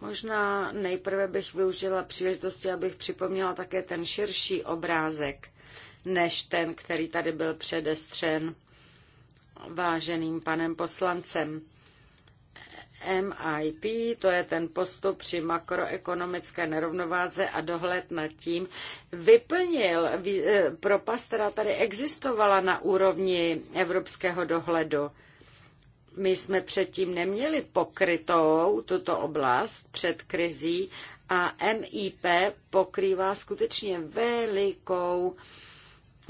Možná nejprve bych využila příležitosti, abych připomněla také ten širší obrázek, než ten, který tady byl předestřen váženým panem poslancem. MIP, to je ten postup při makroekonomické nerovnováze a dohled nad tím, vyplnil eh, propast, která tady existovala na úrovni evropského dohledu. My jsme předtím neměli pokrytou tuto oblast před krizí a MIP pokrývá skutečně velikou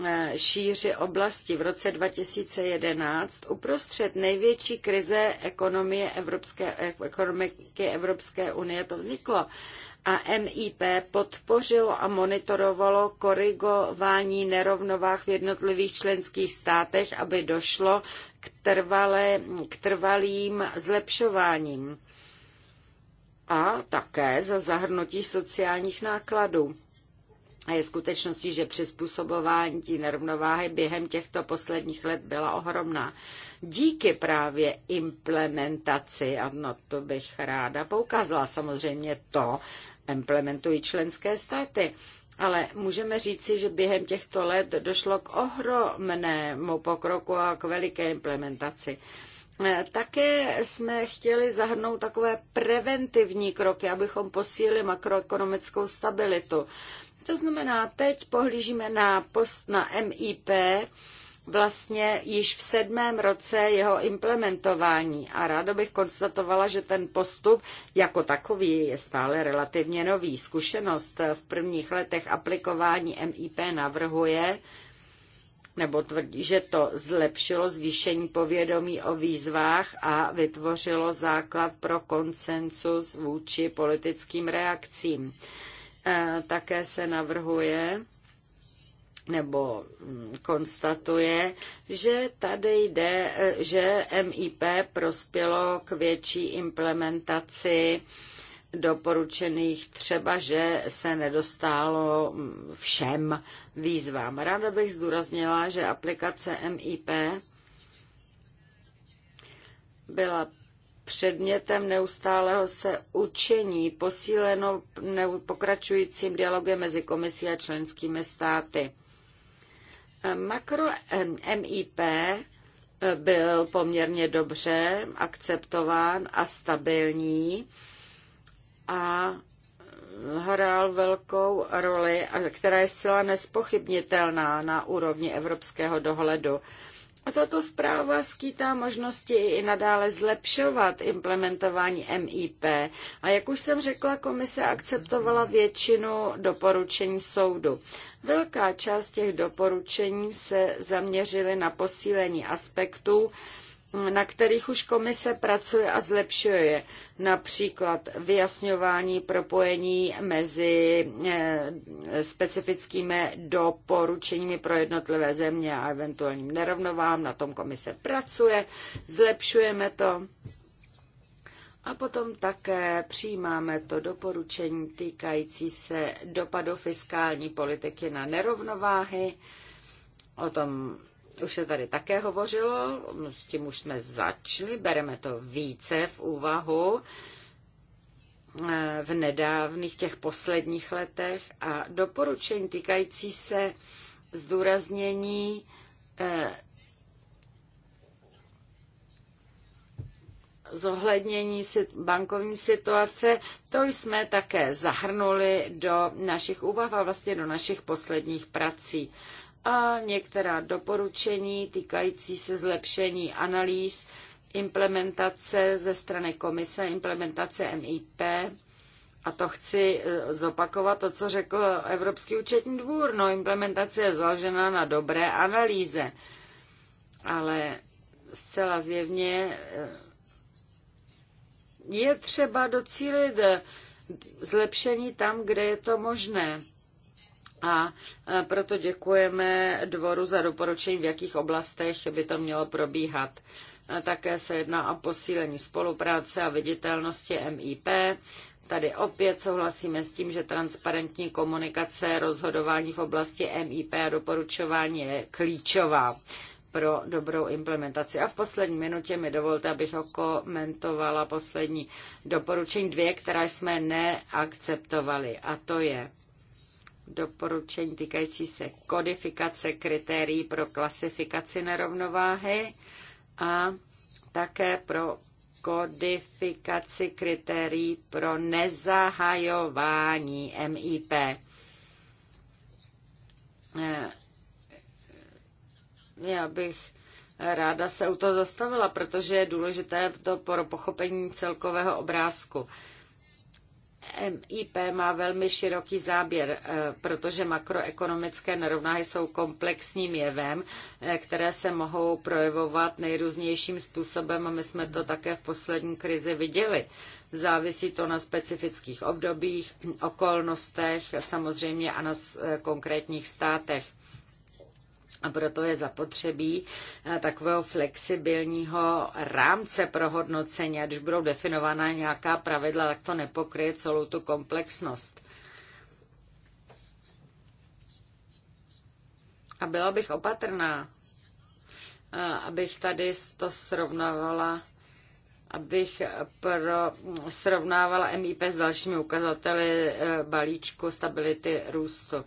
eh, šíři oblasti. V roce 2011 uprostřed největší krize ekonomie Evropské, ekonomiky Evropské unie to vzniklo a MIP podpořilo a monitorovalo korigování nerovnovách v jednotlivých členských státech, aby došlo k, trvalé, k trvalým zlepšováním a také za zahrnutí sociálních nákladů. A je skutečností, že přizpůsobování té nerovnováhy během těchto posledních let byla ohromná. Díky právě implementaci, a no to bych ráda poukázala samozřejmě to, implementují členské státy. Ale můžeme říci, že během těchto let došlo k ohromnému pokroku a k veliké implementaci. E, také jsme chtěli zahrnout takové preventivní kroky, abychom posílili makroekonomickou stabilitu. To znamená, teď pohlížíme na post na MIP vlastně již v sedmém roce jeho implementování a ráda bych konstatovala, že ten postup jako takový je stále relativně nový. Zkušenost v prvních letech aplikování MIP navrhuje, nebo tvrdí, že to zlepšilo zvýšení povědomí o výzvách a vytvořilo základ pro konsenzus vůči politickým reakcím. E, také se navrhuje, nebo mm, konstatuje, že tady jde, eh, že MIP prospělo k větší implementaci doporučených, třeba že se nedostálo mm, všem výzvám. Ráda bych zdůraznila, že aplikace MIP byla předmětem neustálého se učení, posíleno pokračujícím dialogem mezi komisí a členskými státy. Makro MIP eh, byl poměrně dobře akceptován a stabilní a eh, hrál velkou roli, která je zcela nespochybnitelná na úrovni evropského dohledu. A Tato zpráva skýtá možnosti i nadále zlepšovat implementování MIP a jak už jsem řekla, komise akceptovala většinu doporučení soudu. Velká část těch doporučení se zaměřily na posílení aspektů, na kterých už komise pracuje a zlepšuje. je, Například vyjasňování propojení mezi eh, specifickými doporučeními pro jednotlivé země a eventuálním nerovnovám. Na tom komise pracuje, zlepšujeme to. A potom také přijímáme to doporučení týkající se dopadu fiskální politiky na nerovnováhy. O tom už se tady také hovořilo, s tím už jsme začali, bereme to více v úvahu eh, v nedávných těch posledních letech a doporučení týkající se zdůraznění eh, zohlednění bankovní situace, to jsme také zahrnuli do našich úvah a vlastně do našich posledních prací a některá doporučení týkající se zlepšení analýz, implementace ze strany komise, implementace MIP. A to chci eh, zopakovat to, co řekl Evropský účetní dvůr. No, implementace je založena na dobré analýze. Ale zcela zjevně eh, je třeba docílit eh, zlepšení tam, kde je to možné. A proto děkujeme dvoru za doporučení, v jakých oblastech by to mělo probíhat. Také se jedná o posílení spolupráce a viditelnosti MIP. Tady opět souhlasíme s tím, že transparentní komunikace rozhodování v oblasti MIP a doporučování je klíčová pro dobrou implementaci. A v poslední minutě mi dovolte, abych komentovala poslední doporučení dvě, která jsme neakceptovali. A to je doporučení týkající se kodifikace kritérií pro klasifikaci nerovnováhy a také pro kodifikaci kritérií pro nezahajování MIP. Eh, já bych ráda se u toho zastavila, protože je důležité to pro pochopení celkového obrázku. MIP má velmi široký záběr, eh, protože makroekonomické nerovnáhy jsou komplexním jevem, eh, které se mohou projevovat nejrůznějším způsobem a my jsme to také v poslední krizi viděli. Závisí to na specifických obdobích, okolnostech samozřejmě a na eh, konkrétních státech. A proto je zapotřebí eh, takového flexibilního rámce pro hodnocení. A když budou definována nějaká pravidla, tak to nepokryje celou tu komplexnost. A byla bych opatrná, eh, abych tady to srovnávala abych pro, srovnávala MIP s dalšími ukazateli eh, balíčku stability růstu.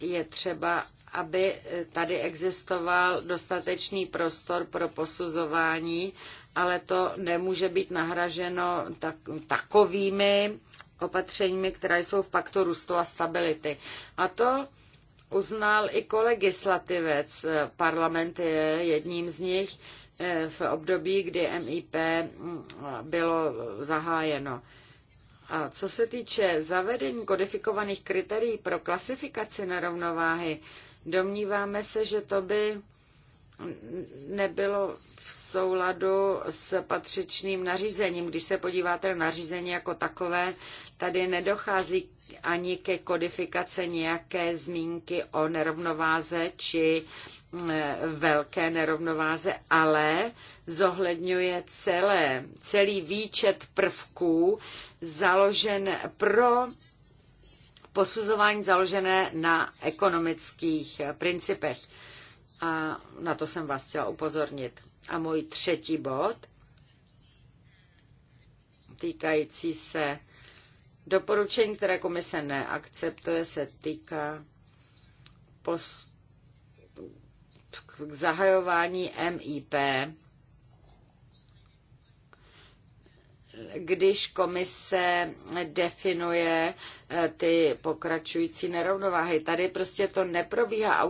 Je třeba aby eh, tady existoval dostatečný prostor pro posuzování, ale to nemůže být nahraženo tak, takovými opatřeními, která jsou v paktu růstu a stability. A to uznal i kolegislativec. Eh, parlament je jedním z nich eh, v období, kdy MIP mm, bylo zahájeno. A co se týče zavedení kodifikovaných kritérií pro klasifikaci nerovnováhy, Domníváme se, že to by nebylo v souladu s patřičným nařízením. Když se podíváte na nařízení jako takové, tady nedochází ani ke kodifikace nějaké zmínky o nerovnováze či eh, velké nerovnováze, ale zohledňuje celé, celý výčet prvků založen pro posuzování založené na ekonomických principech. A na to jsem vás chtěla upozornit. A můj třetí bod, týkající se doporučení, které komise neakceptuje, se týká post- k zahajování MIP když komise definuje eh, ty pokračující nerovnováhy. Tady prostě to neprobíhá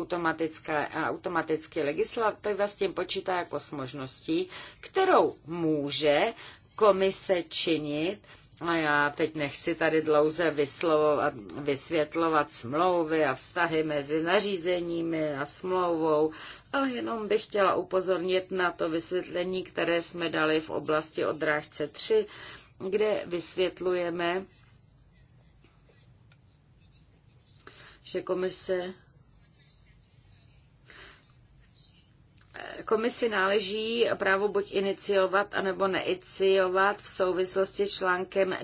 automaticky. Legislativa s tím počítá jako s možností, kterou může komise činit a já teď nechci tady dlouze vyslovovat, vysvětlovat smlouvy a vztahy mezi nařízeními a smlouvou, ale jenom bych chtěla upozornit na to vysvětlení, které jsme dali v oblasti odrážce 3, kde vysvětlujeme, že komise Komisi náleží právo buď iniciovat, anebo neiniciovat v souvislosti článkem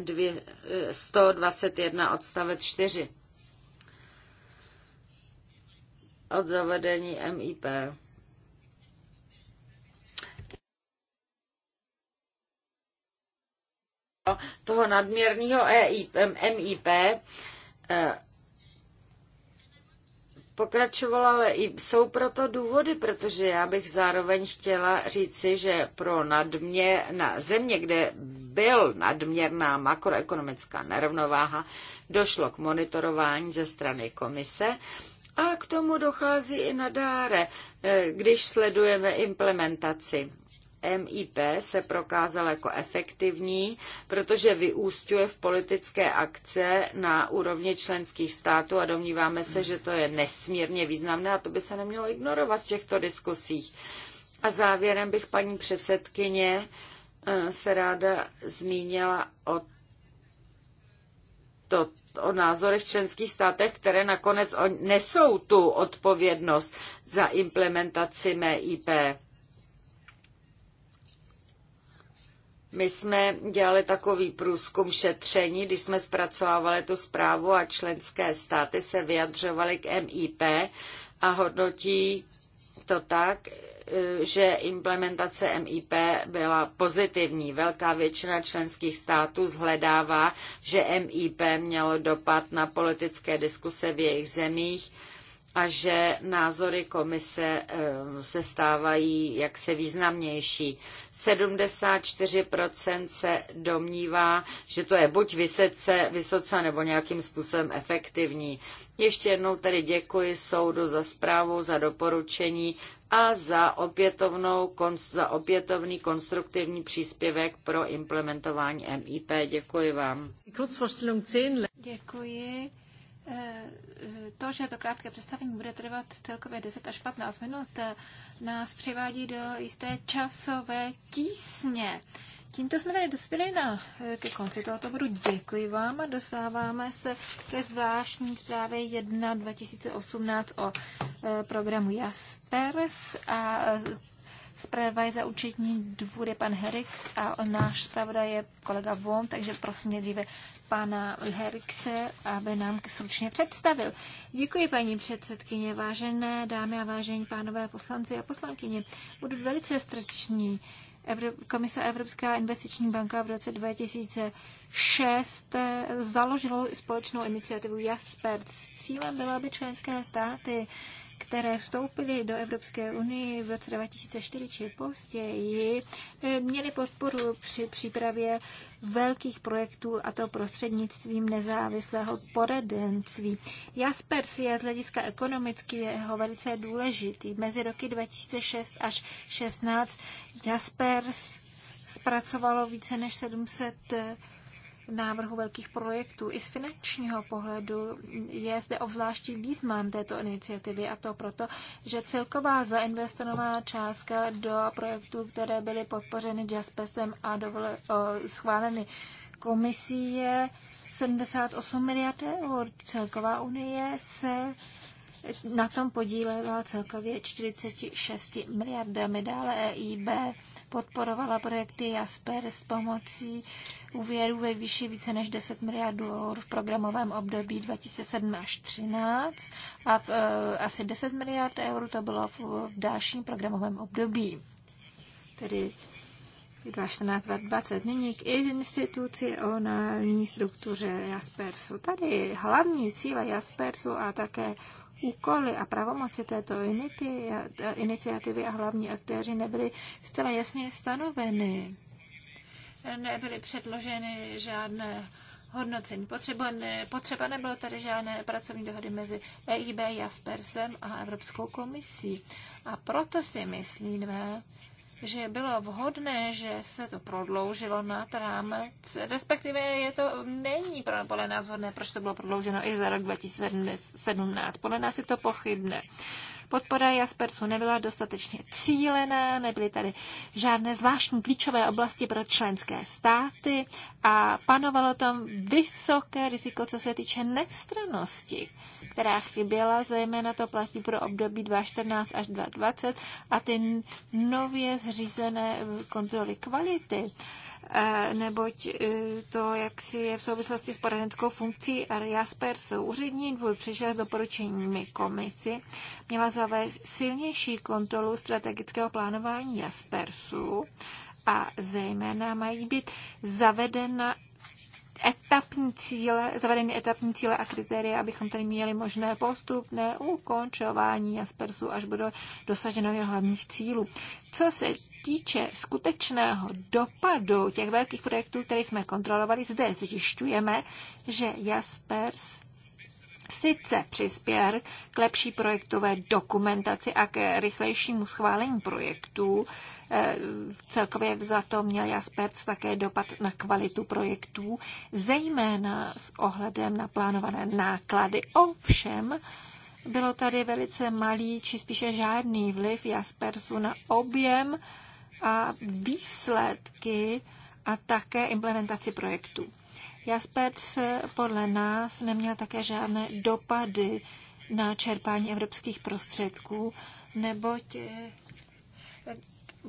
121 eh, odstavec 4 od zavedení MIP. toho nadměrného EIP, MIP eh, pokračovala, ale i jsou proto důvody, protože já bych zároveň chtěla říci, že pro nadmě, na země, kde byl nadměrná makroekonomická nerovnováha, došlo k monitorování ze strany komise a k tomu dochází i nadále, eh, když sledujeme implementaci MIP se prokázal jako efektivní, protože vyústňuje v politické akce na úrovni členských států a domníváme se, že to je nesmírně významné a to by se nemělo ignorovat v těchto diskusích. A závěrem bych paní předsedkyně eh, se ráda zmínila o to, o názorech členských státech, které nakonec nesou tu odpovědnost za implementaci MIP. My jsme dělali takový průzkum šetření, když jsme zpracovávali tu zprávu a členské státy se vyjadřovaly k MIP a hodnotí to tak, že implementace MIP byla pozitivní. Velká většina členských států zhledává, že MIP mělo dopad na politické diskuse v jejich zemích a že názory komise eh, se stávají jak se významnější. 74% se domnívá, že to je buď vysoce, vysoce nebo nějakým způsobem efektivní. Ještě jednou tedy děkuji soudu za zprávu, za doporučení a za, opětovnou, za opětovný konstruktivní příspěvek pro implementování MIP. Děkuji vám. Děkuji. Eh, to, že to krátké představení bude trvat celkově 10 až 15 minut, eh, nás přivádí do jisté časové tísně. Tímto jsme tady dospěli na, eh, ke konci tohoto bodu. Děkuji vám a dostáváme se ke zvláštní zprávě 1 2018 o e, programu Jaspers a zpravodaj za účetní dvůr je pan Herix a náš zpravodaj je kolega Von, takže prosím dříve pana Herkse, aby nám stručně představil. Děkuji, paní předsedkyně, vážené dámy a vážení pánové poslanci a poslankyně. Budu velice stručný. Komise Evropská investiční banka v roce 2006 založila společnou iniciativu Jasper. Cílem bylo, aby členské státy které vstoupily do Evropské unie v roce 2004 či později, eh, měly podporu při přípravě velkých projektů a to prostřednictvím nezávislého poradenství. Jaspers je z hlediska ekonomického velice důležitý. Mezi roky 2006 až 16 Jaspers zpracovalo více než 700 návrhu velkých projektů. I z finančního pohledu je zde obzvláště význam této iniciativy a to proto, že celková zainvestovaná částka do projektů, které byly podpořeny JASPESem a dovole, o, schváleny komisí je 78 miliard eur. Celková unie se na tom podílela celkově 46 miliardami. Dále EIB podporovala projekty Jasper s pomocí úvěrů ve výši více než 10 miliardů eur v programovém období 2007 až 2013 a v, e, asi 10 miliard eur to bylo v, v dalším programovém období, tedy 2014-2020. Nyní k institucionální struktuře Jaspersu. Tady hlavní cíle Jaspersu a také úkoly a pravomoci této iniciativy a hlavní aktéři nebyly zcela jasně stanoveny. Nebyly předloženy žádné hodnocení. Potřeba, ne, potřeba nebylo tady žádné pracovní dohody mezi EIB, Jaspersem a Evropskou komisí. A proto si myslíme, že bylo vhodné, že se to prodloužilo na rámec, respektive je to, není podle nás vhodné, proč to bylo prodlouženo i za rok 2017. Podle nás je to pochybné. Podpora Jaspersu nebyla dostatečně cílená, nebyly tady žádné zvláštní klíčové oblasti pro členské státy a panovalo tam vysoké riziko, co se týče nestranosti, která chyběla, zejména to platí pro období 2014 až 2020 a ty nově zřízené kontroly kvality. Eh, neboť eh, to, jak si je v souvislosti s poradenskou funkcí Jasper úřední dvůr přišel s doporučeními komisi, měla zavést silnější kontrolu strategického plánování Jaspersu a zejména mají být zavedena etapní cíle, zavedeny etapní cíle a kritéria, abychom tady měli možné postupné ukončování Jaspersu, až bude dosaženo jeho hlavních cílů. Co se týče skutečného dopadu těch velkých projektů, které jsme kontrolovali, zde zjišťujeme, že Jaspers sice přispěl k lepší projektové dokumentaci a k rychlejšímu schválení projektů. Eh, celkově za to měl Jaspers také dopad na kvalitu projektů, zejména s ohledem na plánované náklady. Ovšem, bylo tady velice malý, či spíše žádný vliv Jaspersu na objem a výsledky a také implementaci projektů. se podle nás neměl také žádné dopady na čerpání evropských prostředků, neboť eh,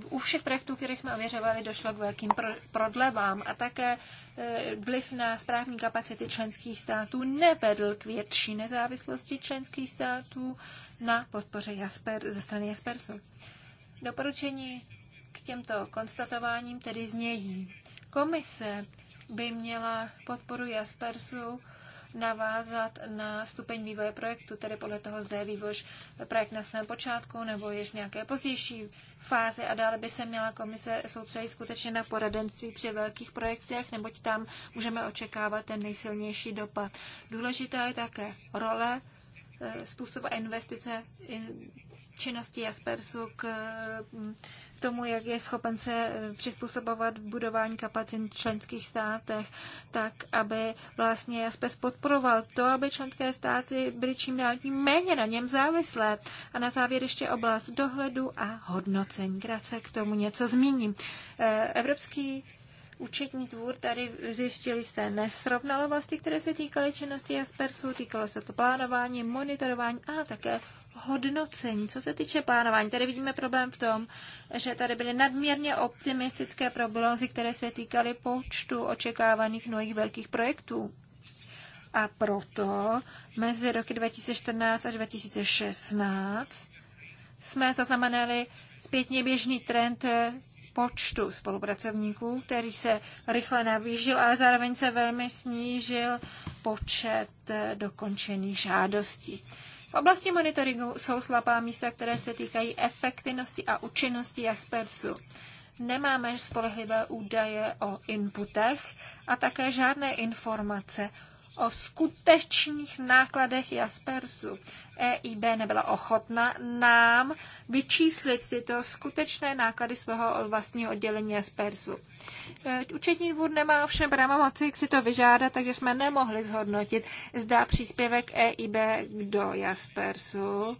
u všech projektů, které jsme ověřovali, došlo k velkým prodlevám a také eh, vliv na správní kapacity členských států nevedl k větší nezávislosti členských států na podpoře Jasper, ze strany Jaspersu. Doporučení k těmto konstatováním tedy znějí. Komise by měla podporu Jaspersu navázat na stupeň vývoje projektu, tedy podle toho zde vývoj eh, projekt na svém počátku nebo jež nějaké pozdější fáze a dále by se měla komise soustředit skutečně na poradenství při velkých projektech, neboť tam můžeme očekávat ten nejsilnější dopad. Důležitá je také role eh, způsob investice činnosti Jaspersu k eh, tomu, jak je schopen se eh, přizpůsobovat budování kapacit v členských státech, tak aby vlastně JASPES podporoval to, aby členské státy byly čím dál tím méně na něm závislé. A na závěr ještě oblast dohledu a hodnocení. Krátce k tomu něco zmíním. Eh, Evropský účetní dvůr tady zjistili se nesrovnalosti, které se týkaly činnosti Jaspersu, týkalo se to plánování, monitorování a také hodnocení. Co se týče plánování, tady vidíme problém v tom, že tady byly nadměrně optimistické prognózy, které se týkaly počtu očekávaných nových velkých projektů. A proto mezi roky 2014 až 2016 jsme zaznamenali zpětně běžný trend počtu spolupracovníků, který se rychle navýšil, ale zároveň se velmi snížil počet dokončených žádostí. V oblasti monitoringu jsou slabá místa, které se týkají efektivnosti a účinnosti Jaspersu. Nemáme spolehlivé údaje o inputech a také žádné informace o skutečných nákladech Jaspersu. EIB nebyla ochotna nám vyčíslit tyto skutečné náklady svého vlastního oddělení Jaspersu. Učetní e, dvůr nemá ovšem pravomoci si to vyžádat, takže jsme nemohli zhodnotit, zda příspěvek EIB do Jaspersu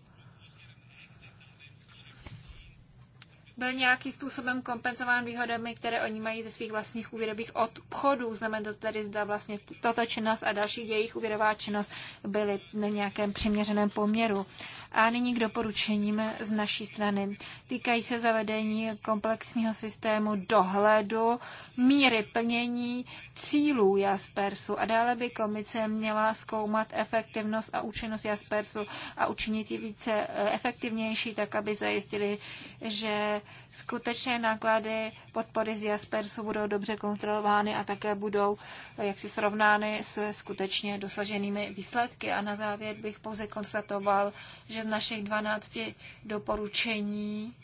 byl nějakým způsobem kompenzován výhodami, které oni mají ze svých vlastních úvěrových obchodů. Znamená to tedy, zda vlastně tato činnost a další jejich úvěrová činnost byly na nějakém přiměřeném poměru. A nyní k doporučením z naší strany. Týkají se zavedení komplexního systému dohledu, míry plnění cílů Jaspersu a dále by komice měla zkoumat efektivnost a účinnost Jaspersu a učinit ji více eh, efektivnější, tak aby zajistili, že skutečné náklady podpory z Jaspersu budou dobře kontrolovány a také budou eh, jaksi srovnány s skutečně dosaženými výsledky. A na závěr bych pouze konstatoval, že z našich 12 doporučení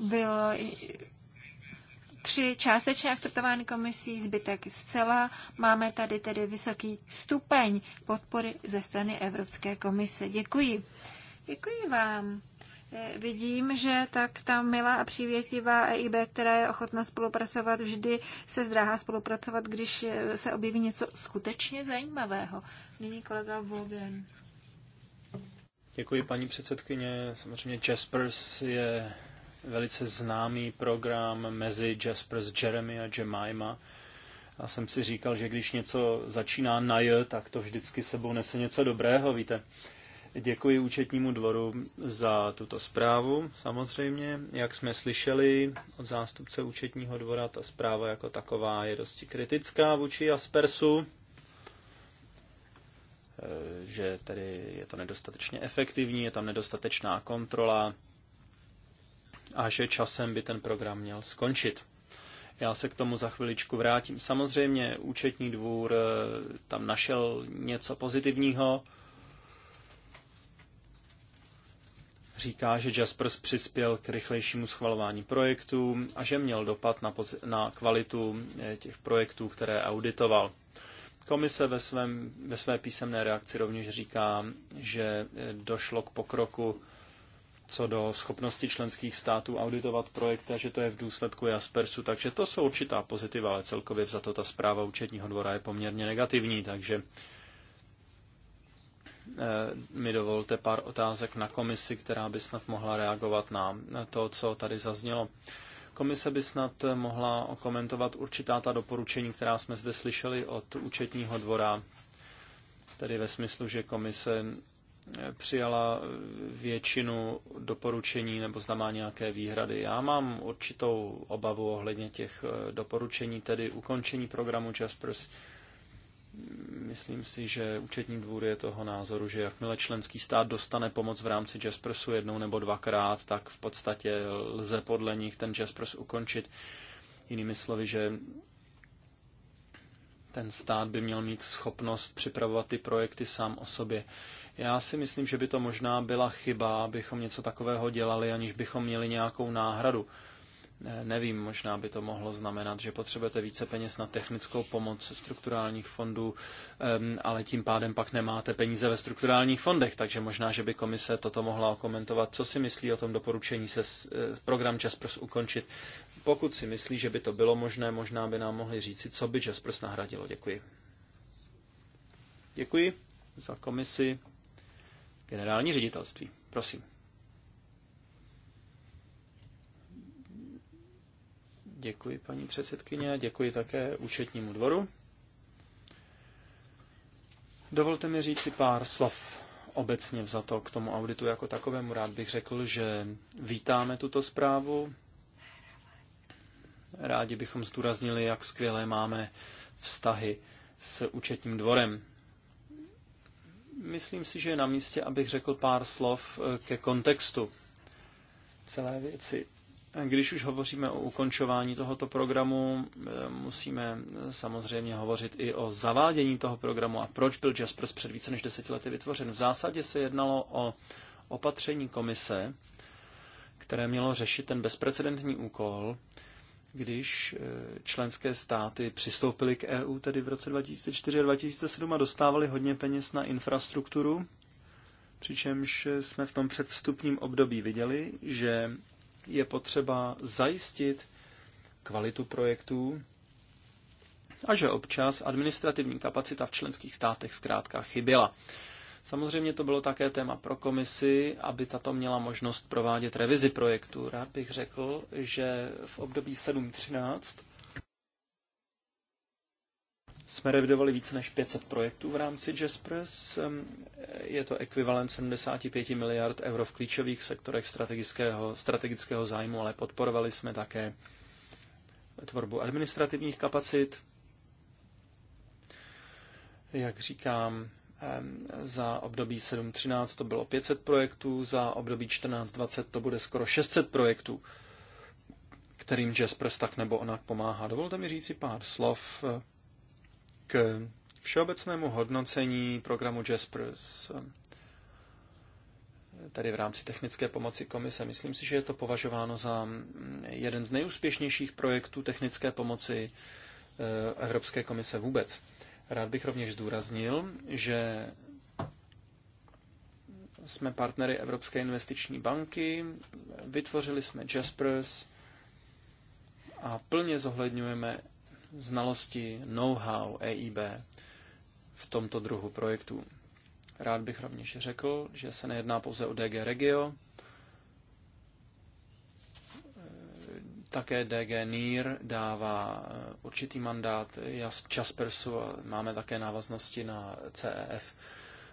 bylo tři částečně akceptovány komisí, zbytek zcela. Máme tady tedy vysoký stupeň podpory ze strany Evropské komise. Děkuji. Děkuji vám. E, vidím, že tak ta milá a přívětivá EIB, která je ochotna spolupracovat, vždy se zdráhá spolupracovat, když e, se objeví něco skutečně zajímavého. Nyní kolega Vogen. Děkuji, paní předsedkyně. Samozřejmě Jaspers je velice známý program mezi Jaspers, Jeremy a Jemima. Já jsem si říkal, že když něco začíná na J, tak to vždycky sebou nese něco dobrého, víte. Děkuji účetnímu dvoru za tuto zprávu. Samozřejmě, jak jsme slyšeli od zástupce účetního dvora, ta zpráva jako taková je dosti kritická vůči Aspersu, že tedy je to nedostatečně efektivní, je tam nedostatečná kontrola a že časem by ten program měl skončit. Já se k tomu za chviličku vrátím. Samozřejmě účetní dvůr tam našel něco pozitivního, říká, že Jaspers přispěl k rychlejšímu schvalování projektů a že měl dopad na, na kvalitu eh, těch projektů, které auditoval. Komise ve, svém, ve své písemné reakci rovněž říká, že eh, došlo k pokroku co do schopnosti členských států auditovat projekty a že to je v důsledku Jaspersu. Takže to jsou určitá pozitiva, ale celkově za to ta zpráva účetního dvora je poměrně negativní, takže Eh, mi dovolte pár otázek na komisi, která by snad mohla reagovat na to, co tady zaznělo. Komise by snad mohla okomentovat určitá ta doporučení, která jsme zde slyšeli od účetního dvora, tedy ve smyslu, že komise eh, přijala většinu doporučení nebo zda má nějaké výhrady. Já mám určitou obavu ohledně těch eh, doporučení, tedy ukončení programu Jaspers Myslím si, že účetní dvůr je toho názoru, že jakmile členský stát dostane pomoc v rámci Jaspersu jednou nebo dvakrát, tak v podstatě lze podle nich ten Jaspers ukončit. Jinými slovy, že ten stát by měl mít schopnost připravovat ty projekty sám o sobě. Já si myslím, že by to možná byla chyba, abychom něco takového dělali, aniž bychom měli nějakou náhradu. Nevím, možná by to mohlo znamenat, že potřebujete více peněz na technickou pomoc strukturálních fondů, ale tím pádem pak nemáte peníze ve strukturálních fondech, takže možná, že by komise toto mohla okomentovat. Co si myslí o tom doporučení se e, program Jaspers ukončit? Pokud si myslí, že by to bylo možné, možná by nám mohli říci, co by Jaspers nahradilo. Děkuji. Děkuji za komisi generální ředitelství. Prosím. Děkuji paní předsedkyně a děkuji také účetnímu dvoru. Dovolte mi říct si pár slov obecně vzato k tomu auditu jako takovému. Rád bych řekl, že vítáme tuto zprávu. Rádi bychom zdůraznili, jak skvělé máme vztahy s účetním dvorem. Myslím si, že je na místě, abych řekl pár slov ke kontextu celé věci. Když už hovoříme o ukončování tohoto programu, eh, musíme eh, samozřejmě hovořit i o zavádění toho programu a proč byl Jaspers před více než deseti lety vytvořen. V zásadě se jednalo o opatření komise, které mělo řešit ten bezprecedentní úkol, když eh, členské státy přistoupily k EU tedy v roce 2004 a 2007 a dostávali hodně peněz na infrastrukturu, přičemž jsme v tom předvstupním období viděli, že je potřeba zajistit kvalitu projektů a že občas administrativní kapacita v členských státech zkrátka chyběla. Samozřejmě to bylo také téma pro komisi, aby tato měla možnost provádět revizi projektu. Rád bych řekl, že v období 7.13 jsme revidovali více než 500 projektů v rámci Jaspers. Je to ekvivalent 75 miliard euro v klíčových sektorech strategického, strategického zájmu, ale podporovali jsme také tvorbu administrativních kapacit. Jak říkám, za období 7-13 to bylo 500 projektů, za období 14-20 to bude skoro 600 projektů, kterým Jaspers tak nebo onak pomáhá. Dovolte mi říci pár slov k všeobecnému hodnocení programu Jaspers, ehm, tedy v rámci technické pomoci komise. Myslím si, že je to považováno za mm, jeden z nejúspěšnějších projektů technické pomoci eh, Evropské komise vůbec. Rád bych rovněž zdůraznil, že jsme partnery Evropské investiční banky, vytvořili jsme Jaspers a plně zohledňujeme znalosti, know-how EIB v tomto druhu projektů. Rád bych rovněž řekl, že se nejedná pouze o DG Regio, také DG NIR dává určitý mandát Jas Jaspersu a máme také návaznosti na CEF.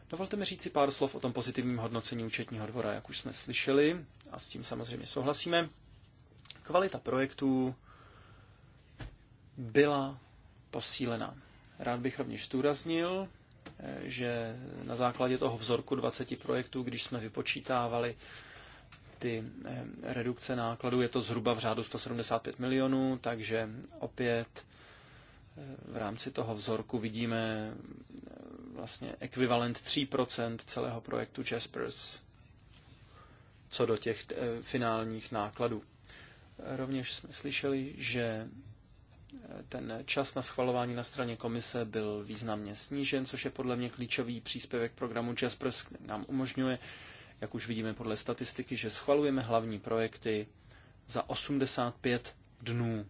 Dovolte mi říci pár slov o tom pozitivním hodnocení účetního dvora, jak už jsme slyšeli, a s tím samozřejmě souhlasíme. Kvalita projektů byla posílena. Rád bych rovněž zdůraznil, eh, že na základě toho vzorku 20 projektů, když jsme vypočítávali ty eh, redukce nákladů, je to zhruba v řádu 175 milionů, takže opět eh, v rámci toho vzorku vidíme vlastně ekvivalent 3% celého projektu Jaspers co do těch finálních nákladů. Rovněž jsme slyšeli, že ten čas na schvalování na straně komise byl významně snížen, což je podle mě klíčový příspěvek programu Jaspers, který nám umožňuje, jak už vidíme podle statistiky, že schvalujeme hlavní projekty za 85 dnů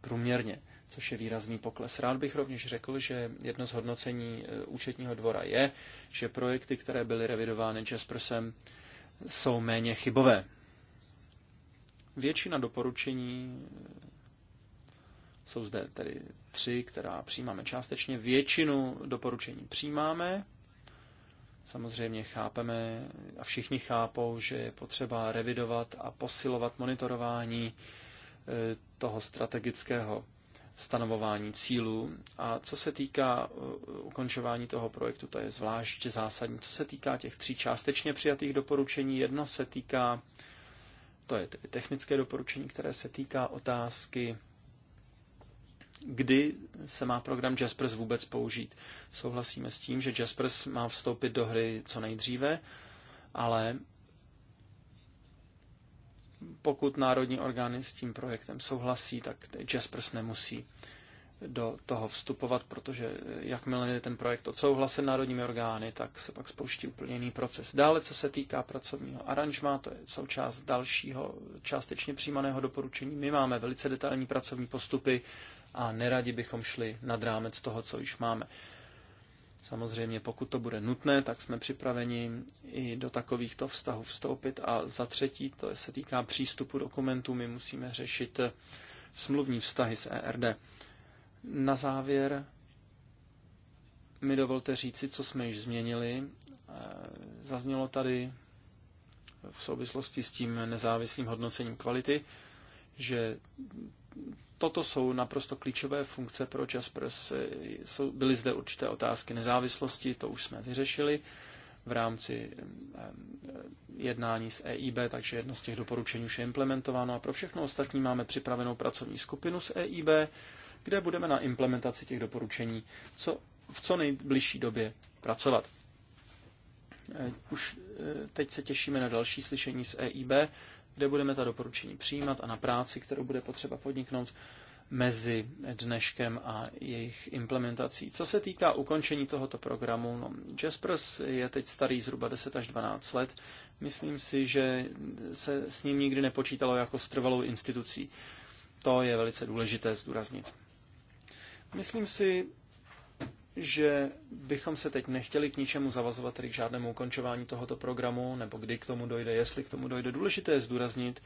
průměrně, což je výrazný pokles. Rád bych rovněž řekl, že jedno z hodnocení eh, účetního dvora je, že projekty, které byly revidovány Jaspersem, jsou méně chybové. Většina doporučení jsou zde tedy tři, která přijímáme částečně. Většinu doporučení přijímáme. Samozřejmě chápeme a všichni chápou, že je potřeba revidovat a posilovat monitorování e, toho strategického stanovování cílů. A co se týká e, ukončování toho projektu, to je zvlášť zásadní. Co se týká těch tří částečně přijatých doporučení, jedno se týká, to je tedy technické doporučení, které se týká otázky kdy se má program Jaspers vůbec použít. Souhlasíme s tím, že Jaspers má vstoupit do hry co nejdříve, ale pokud národní orgány s tím projektem souhlasí, tak Jaspers nemusí do toho vstupovat, protože jakmile je ten projekt odsouhlasen národními orgány, tak se pak spouští úplně jiný proces. Dále, co se týká pracovního aranžma, to je součást dalšího částečně přijímaného doporučení. My máme velice detailní pracovní postupy a neradi bychom šli nad rámec toho, co již máme. Samozřejmě, pokud to bude nutné, tak jsme připraveni i do takovýchto vztahů vstoupit. A za třetí, to se týká přístupu dokumentů, my musíme řešit eh, smluvní vztahy s ERD. Na závěr mi dovolte říci, co jsme již změnili. Eh, zaznělo tady v souvislosti s tím nezávislým hodnocením kvality, že toto jsou naprosto klíčové funkce pro Jaspers. Jsou, byly zde určité otázky nezávislosti, to už jsme vyřešili v rámci eh, jednání s EIB, takže jedno z těch doporučení už je implementováno a pro všechno ostatní máme připravenou pracovní skupinu s EIB, kde budeme na implementaci těch doporučení co, v co nejbližší době pracovat. Eh, už eh, teď se těšíme na další slyšení s EIB kde budeme ta doporučení přijímat a na práci, kterou bude potřeba podniknout mezi dneškem a jejich implementací. Co se týká ukončení tohoto programu, no, Jaspers je teď starý zhruba 10 až 12 let. Myslím si, že se s ním nikdy nepočítalo jako s trvalou institucí. To je velice důležité zdůraznit. Myslím si, že bychom se teď nechtěli k ničemu zavazovat, tedy k žádnému ukončování tohoto programu, nebo kdy k tomu dojde, jestli k tomu dojde. Důležité je zdůraznit,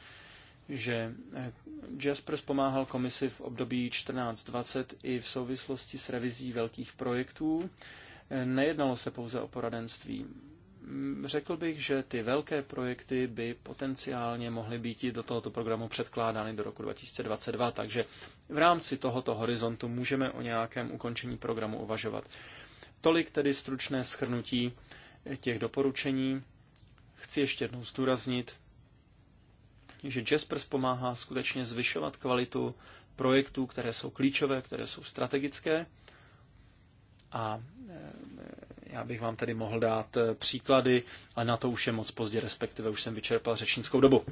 že eh, Jasper pomáhal komisi v období 1420 i v souvislosti s revizí velkých projektů. Eh, nejednalo se pouze o poradenství. Mm, řekl bych, že ty velké projekty by potenciálně mohly být do tohoto programu předkládány do roku 2022, takže v rámci tohoto horizontu můžeme o nějakém ukončení programu uvažovat. Tolik tedy stručné schrnutí těch doporučení. Chci ještě jednou zdůraznit, že Jaspers pomáhá skutečně zvyšovat kvalitu projektů, které jsou klíčové, které jsou strategické a já bych vám tedy mohl dát eh, příklady, ale na to už je moc pozdě, respektive už jsem vyčerpal řečnickou dobu.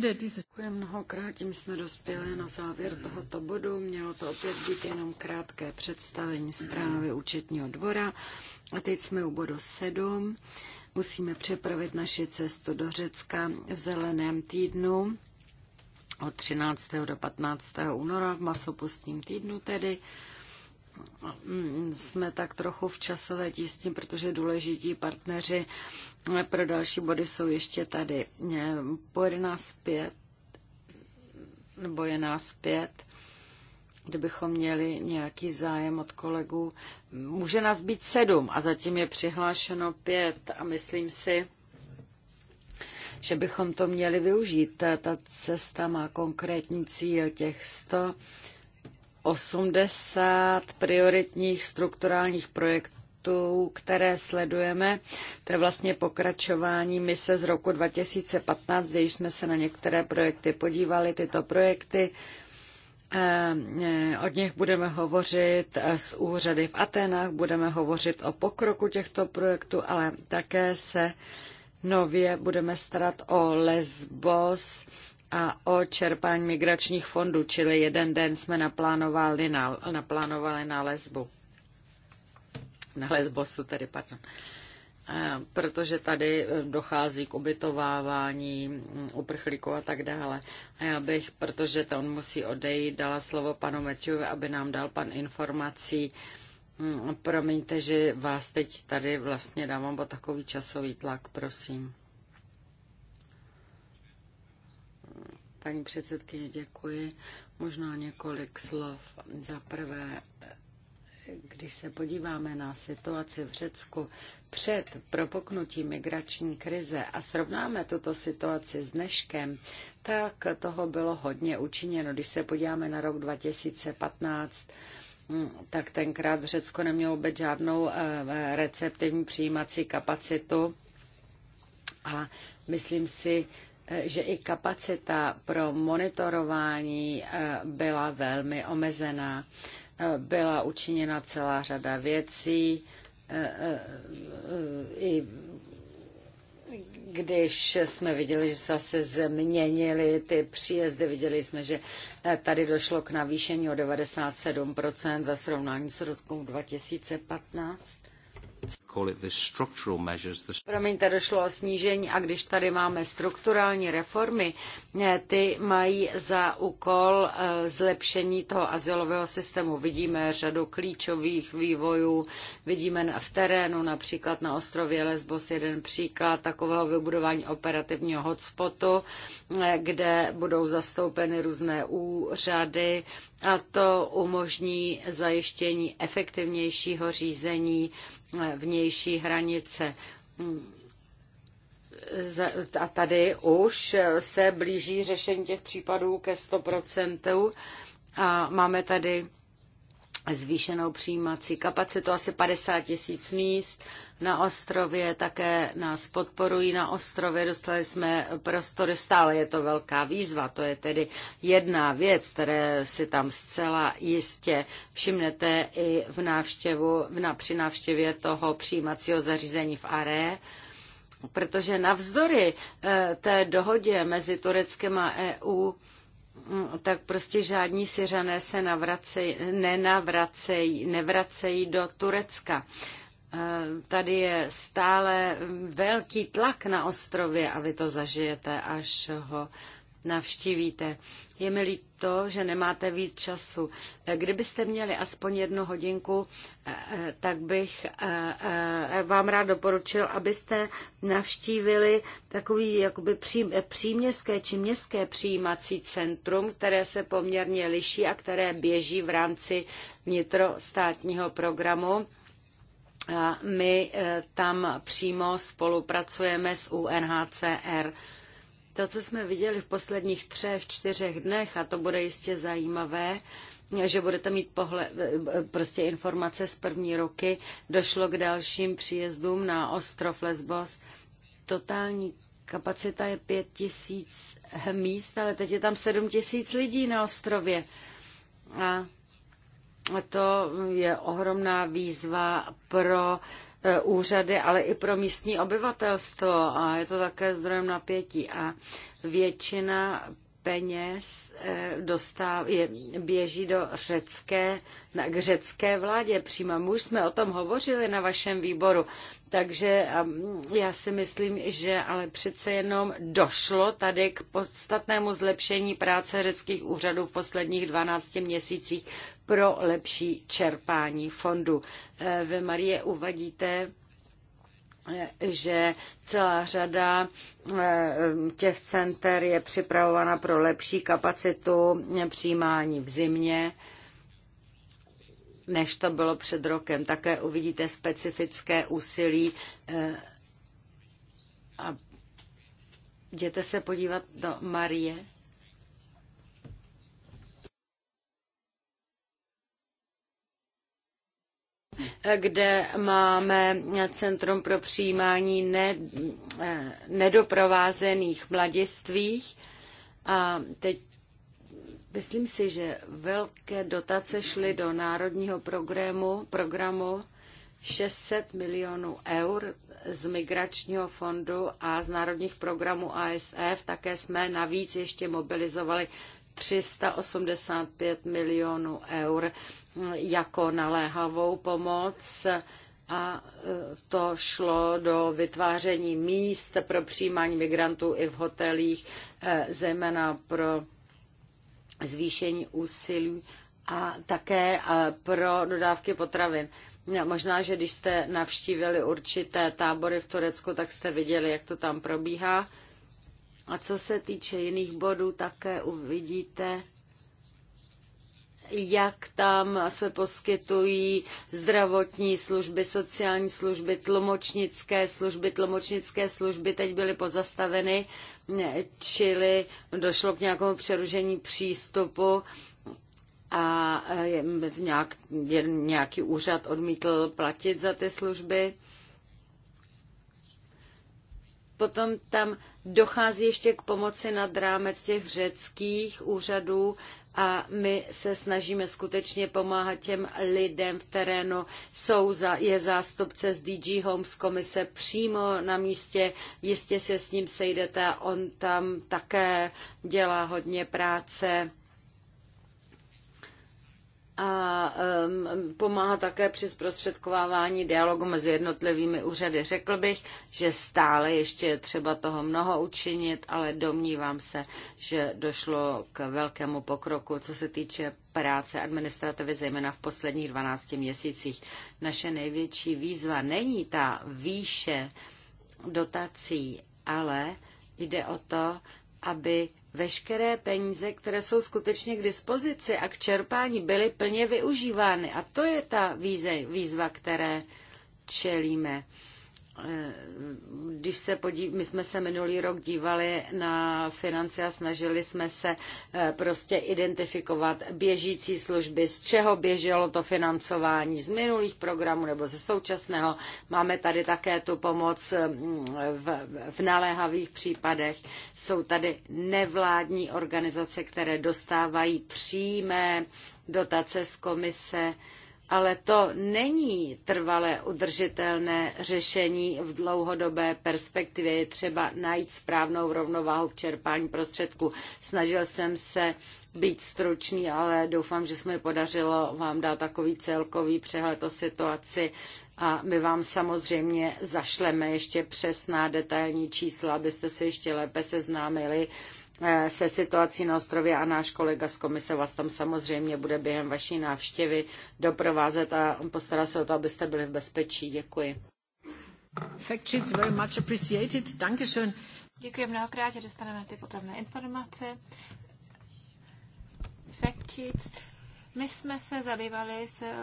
Děkuji mnohokrát, tím jsme dospěli na závěr tohoto bodu. Mělo to opět být jenom krátké představení zprávy účetního dvora. A teď jsme u bodu 7. Musíme přepravit naši cestu do Řecka v zeleném týdnu od 13. do 15. února v masopustním týdnu tedy jsme tak trochu v časové tísni, protože důležití partneři pro další body jsou ještě tady. Pojede nás pět, nebo je nás pět, kdybychom měli nějaký zájem od kolegů. Může nás být sedm a zatím je přihlášeno pět a myslím si, že bychom to měli využít. Ta cesta má konkrétní cíl těch 100 80 prioritních strukturálních projektů, které sledujeme. To je vlastně pokračování mise z roku 2015, kde jsme se na některé projekty podívali. Tyto projekty ehm, eh, od nich budeme hovořit eh, s úřady v Atenách, budeme hovořit o pokroku těchto projektů, ale také se nově budeme starat o Lesbos a o čerpání migračních fondů, čili jeden den jsme naplánovali na, naplánovali na lesbu. Na lesbosu tedy, pardon. Protože tady eh, dochází k ubytovávání mm, uprchlíků a tak dále. A já bych, protože to on musí odejít, dala slovo panu Meťu, aby nám dal pan informací. Mm, promiňte, že vás teď tady vlastně dávám po takový časový tlak, prosím. Paní předsedkyně, děkuji. Možná několik slov. Za prvé, když se podíváme na situaci v Řecku před propuknutím migrační krize a srovnáme tuto situaci s dneškem, tak toho bylo hodně učiněno. Když se podíváme na rok 2015, tak tenkrát v Řecko nemělo vůbec žádnou eh, receptivní přijímací kapacitu a myslím si, že i kapacita pro monitorování eh, byla velmi omezená. Eh, byla učiněna celá řada věcí, eh, i když jsme viděli, že se změnily ty příjezdy, viděli jsme, že tady došlo k navýšení o 97% ve srovnání s rokem 2015. Promiňte, došlo o snížení a když tady máme strukturální reformy, eh, ty mají za úkol eh, zlepšení toho asilového systému. Vidíme řadu klíčových vývojů, vidíme v terénu, například na ostrově Lesbos, jeden příklad takového vybudování operativního hotspotu, eh, kde budou zastoupeny různé úřady a to umožní zajištění efektivnějšího řízení vnější hranice. A tady už se blíží řešení těch případů ke 100%. A máme tady zvýšenou přijímací kapacitu, asi 50 tisíc míst na ostrově, také nás podporují na ostrově, dostali jsme prostory, stále je to velká výzva, to je tedy jedna věc, které si tam zcela jistě všimnete i v návštěvu, v, na, při návštěvě toho přijímacího zařízení v Are, protože navzdory eh, té dohodě mezi Tureckem a EU, Mm, tak prostě žádní Syřané se navracej, nenavracejí, nevracejí do Turecka. E, tady je stále velký tlak na ostrově a vy to zažijete, až ho navštívíte. Je mi líto, že nemáte víc času. Kdybyste měli aspoň jednu hodinku, eh, eh, tak bych eh, vám rád doporučil, abyste navštívili takový jakoby přím, příměstské či městské přijímací centrum, které se poměrně liší a které běží v rámci vnitrostátního programu. My tam přímo spolupracujeme s UNHCR to, co jsme viděli v posledních třech, čtyřech dnech, a to bude jistě zajímavé, že budete mít pohle, prostě informace z první ruky, došlo k dalším příjezdům na ostrov Lesbos. Totální kapacita je pět tisíc míst, ale teď je tam sedm tisíc lidí na ostrově. A to je ohromná výzva pro Eh, úřady, ale i pro místní obyvatelstvo a je to také zdrojem napětí. A většina peněz eh, dostáv, je, běží do řecké, na, k řecké vládě přímo. už jsme o tom hovořili na vašem výboru, takže eh, já si myslím, že ale přece jenom došlo tady k podstatnému zlepšení práce řeckých úřadů v posledních 12 měsících pro lepší čerpání fondu. Eh, Vy, Marie, uvadíte eh, že celá řada eh, těch center je připravována pro lepší kapacitu přijímání v zimě než to bylo před rokem. Také uvidíte specifické úsilí a jděte se podívat do Marie. kde máme Centrum pro přijímání ne, eh, nedoprovázených mladistvých. A teď myslím si, že velké dotace šly do národního programu, programu 600 milionů eur z migračního fondu a z národních programů ASF. Také jsme navíc ještě mobilizovali 385 milionů eur jako naléhavou pomoc a e, to šlo do vytváření míst pro přijímání migrantů i v hotelích, e, zejména pro zvýšení úsilí a také e, pro dodávky potravin. Možná, že když jste navštívili určité tábory v Turecku, tak jste viděli, jak to tam probíhá a co se týče jiných bodů, také uvidíte, jak tam se poskytují zdravotní služby, sociální služby, tlumočnické služby. Tlumočnické služby teď byly pozastaveny, čili došlo k nějakému přerušení přístupu a eh, nějak, nějaký úřad odmítl platit za ty služby. Potom tam dochází ještě k pomoci nad rámec těch řeckých úřadů a my se snažíme skutečně pomáhat těm lidem v terénu. Jsou za, je zástupce z DG Homes komise přímo na místě, jistě se s ním sejdete a on tam také dělá hodně práce a um, pomáhá také při zprostředkovávání dialogu mezi jednotlivými úřady. Řekl bych, že stále ještě je třeba toho mnoho učinit, ale domnívám se, že došlo k velkému pokroku, co se týče práce administrativy, zejména v posledních 12 měsících. Naše největší výzva není ta výše dotací, ale jde o to, aby veškeré peníze, které jsou skutečně k dispozici a k čerpání, byly plně využívány. A to je ta výzva, které čelíme. Eh, když se podí, my jsme se minulý rok dívali na finance a snažili jsme se eh, prostě identifikovat běžící služby, z čeho běželo to financování z minulých programů nebo ze současného. Máme tady také tu pomoc eh, v, v naléhavých případech. Jsou tady nevládní organizace, které dostávají přímé dotace z komise ale to není trvale udržitelné řešení v dlouhodobé perspektivě. Je třeba najít správnou rovnováhu v čerpání prostředků. Snažil jsem se být stručný, ale doufám, že se mi podařilo vám dát takový celkový přehled o situaci a my vám samozřejmě zašleme ještě přesná detailní čísla, abyste se ještě lépe seznámili Eh, se situací na ostrově a náš kolega z komise vás tam samozřejmě bude během vaší návštěvy doprovázet a postará se o to, abyste byli v bezpečí. Děkuji. very much appreciated. Děkuji mnohokrát, že dostaneme ty potřebné informace. Fact sheets. My jsme se zabývali s eh,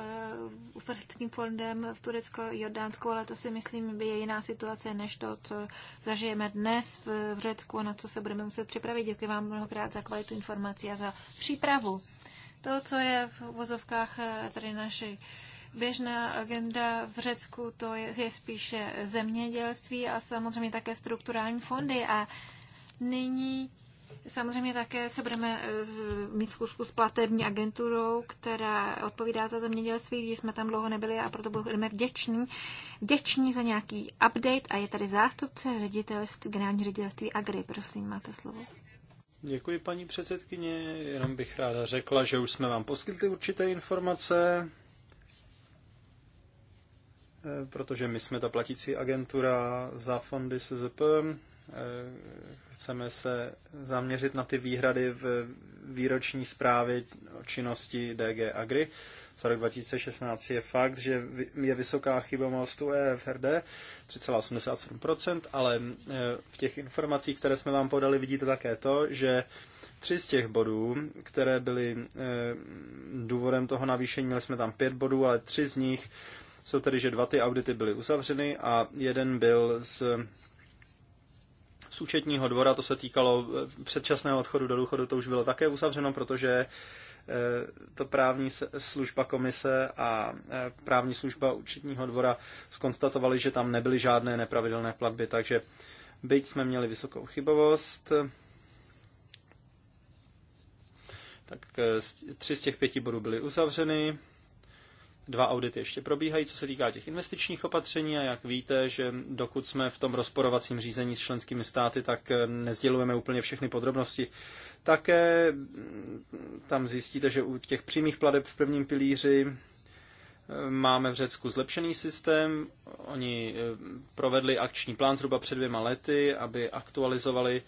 uprchlickým fondem v Turecko, Jordánsku, ale to si myslím, by je jiná situace než to, co zažijeme dnes v Řecku, na co se budeme muset připravit. Děkuji vám mnohokrát za kvalitu informací a za přípravu. To, co je v vozovkách eh, tady naši běžná agenda v Řecku, to je, je spíše zemědělství a samozřejmě také strukturální fondy. A nyní Samozřejmě také se budeme eh, mít zkusku s platební agenturou, která odpovídá za zemědělství, když jsme tam dlouho nebyli a proto budeme vděční, vděční za nějaký update a je tady zástupce ředitelství, generální ředitelství Agri. Prosím, máte slovo. Děkuji, paní předsedkyně. Jenom bych ráda řekla, že už jsme vám poskytli určité informace, eh, protože my jsme ta platící agentura za fondy SZP Eh, chceme se zaměřit na ty výhrady v výroční zprávě o činnosti DG Agri. Za rok 2016 je fakt, že je vysoká chybovost u EFRD 3,87%, ale eh, v těch informacích, které jsme vám podali, vidíte také to, že tři z těch bodů, které byly eh, důvodem toho navýšení, měli jsme tam pět bodů, ale tři z nich jsou tedy, že dva ty audity byly uzavřeny a jeden byl z z účetního dvora, to se týkalo eh, předčasného odchodu do důchodu, to už bylo také uzavřeno, protože eh, to právní služba komise a eh, právní služba účetního dvora skonstatovali, že tam nebyly žádné nepravidelné platby, takže byť jsme měli vysokou chybovost, tak tři z těch pěti bodů byly uzavřeny Dva audity ještě probíhají, co se týká těch investičních opatření a jak víte, že dokud jsme v tom rozporovacím řízení s členskými státy, tak eh, nezdělujeme úplně všechny podrobnosti. Také mm, tam zjistíte, že u těch přímých pladeb v prvním pilíři eh, Máme v Řecku zlepšený systém. Oni eh, provedli akční plán zhruba před dvěma lety, aby aktualizovali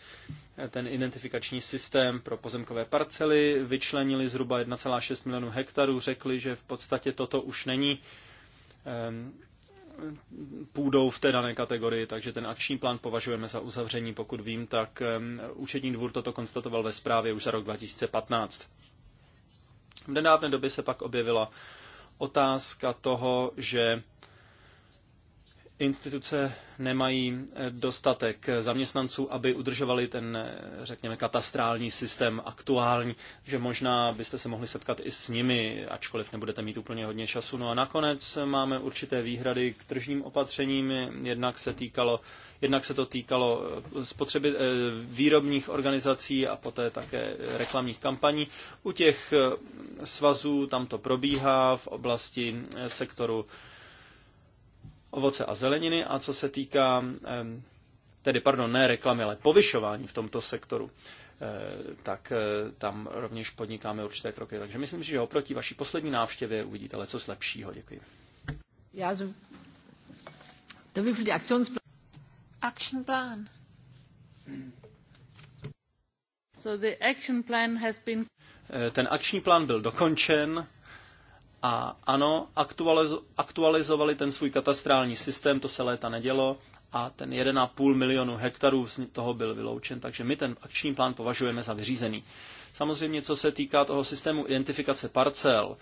ten identifikační systém pro pozemkové parcely, vyčlenili zhruba 1,6 milionů hektarů, řekli, že v podstatě toto už není ehm, půdou v té dané kategorii, takže ten akční plán považujeme za uzavření, pokud vím, tak ehm, účetní dvůr toto konstatoval ve zprávě už za rok 2015. V nedávné době se pak objevila otázka toho, že instituce nemají eh, dostatek zaměstnanců, aby udržovali ten, eh, řekněme, katastrální systém aktuální, že možná byste se mohli setkat i s nimi, ačkoliv nebudete mít úplně hodně času. No a nakonec máme určité výhrady k tržním opatřením, jednak se, týkalo, jednak se to týkalo eh, spotřeby výrobních organizací a poté také reklamních kampaní. U těch svazů tam to probíhá v oblasti sektoru ovoce a zeleniny a co se týká, tedy pardon, ne reklamy, ale povyšování v tomto sektoru, eh, tak eh, tam rovněž podnikáme určité kroky. Takže myslím si, že oproti vaší poslední návštěvě uvidíte ale co lepšího. Děkuji. Já jsem... To vyflí aktionsplan. Action plán. So the action plan has been... Eh, ten akční plán byl dokončen a ano, aktualizo- aktualizovali ten svůj katastrální systém, to se léta nedělo, a ten 1,5 milionu hektarů z toho byl vyloučen, takže my ten akční plán považujeme za vyřízený. Samozřejmě, co se týká toho systému identifikace parcel,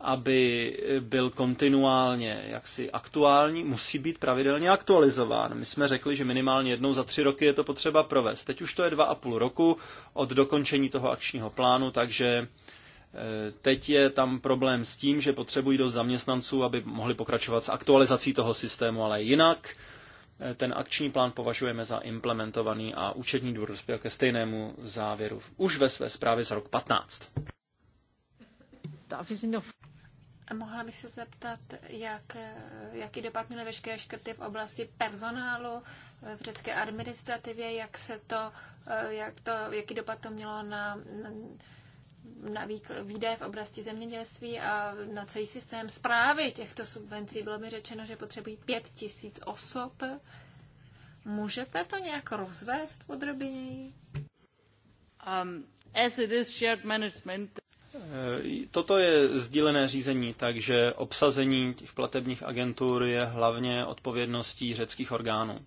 aby eh, byl kontinuálně jaksi aktuální, musí být pravidelně aktualizován. My jsme řekli, že minimálně jednou za tři roky je to potřeba provést. Teď už to je dva a půl roku od dokončení toho akčního plánu, takže Eh, teď je tam problém s tím, že potřebují dost zaměstnanců, aby mohli pokračovat s aktualizací toho systému, ale jinak eh, ten akční plán považujeme za implementovaný a účetní dvůr dospěl ke stejnému závěru už ve své zprávě za rok 15. A mohla bych se zeptat, jak, jaký dopad měly veškeré škrty v oblasti personálu eh, v řecké administrativě, jak se to, jak to, jaký dopad to mělo na, na na výdaje v oblasti zemědělství a na celý systém zprávy těchto subvencí. Bylo mi řečeno, že potřebují pět tisíc osob. Můžete to nějak rozvést podrobněji? Um, as it is shared management. Eh, toto je sdílené řízení, takže obsazení těch platebních agentur je hlavně odpovědností řeckých orgánů.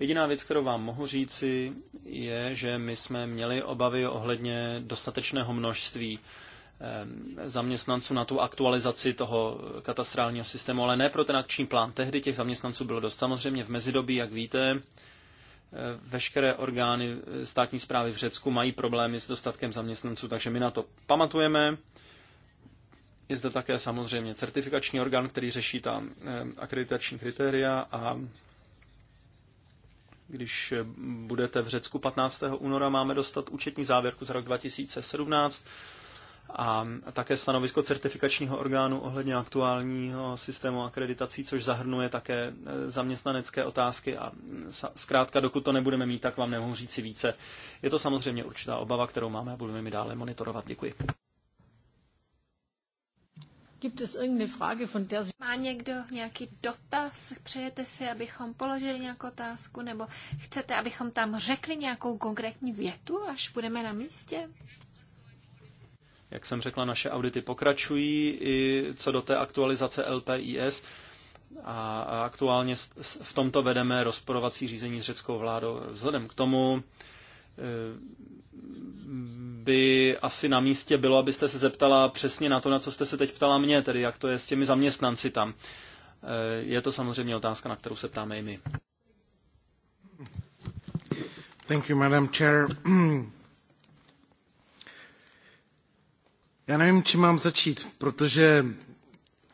Jediná věc, kterou vám mohu říci, je, že my jsme měli obavy ohledně dostatečného množství ehm, zaměstnanců na tu aktualizaci toho katastrálního systému, ale ne pro ten akční plán. Tehdy těch zaměstnanců bylo dost. Samozřejmě v mezidobí, jak víte, ehm, veškeré orgány státní zprávy v Řecku mají problémy s dostatkem zaměstnanců, takže my na to pamatujeme. Je zde také samozřejmě certifikační orgán, který řeší ta ehm, akreditační kritéria a když budete v Řecku 15. února, máme dostat účetní závěrku z rok 2017 a také stanovisko certifikačního orgánu ohledně aktuálního systému akreditací, což zahrnuje také eh, zaměstnanecké otázky a mm, zkrátka, dokud to nebudeme mít, tak vám nemohu říci více. Je to samozřejmě určitá obava, kterou máme a budeme mi dále monitorovat. Děkuji. Gibt es irgendeine Frage, von der Sie... Má někdo nějaký dotaz? Přejete si, abychom položili nějakou otázku? Nebo chcete, abychom tam řekli nějakou konkrétní větu, až budeme na místě? Jak jsem řekla, naše audity pokračují i co do té aktualizace LPIS. A aktuálně v tomto vedeme rozporovací řízení s řeckou vládou. Vzhledem k tomu eh, by asi na místě bylo, abyste se zeptala přesně na to, na co jste se teď ptala mě, tedy jak to je s těmi zaměstnanci tam. Eh, je to samozřejmě otázka, na kterou se ptáme i my. Thank you, Madam Chair. Já nevím, čím mám začít, protože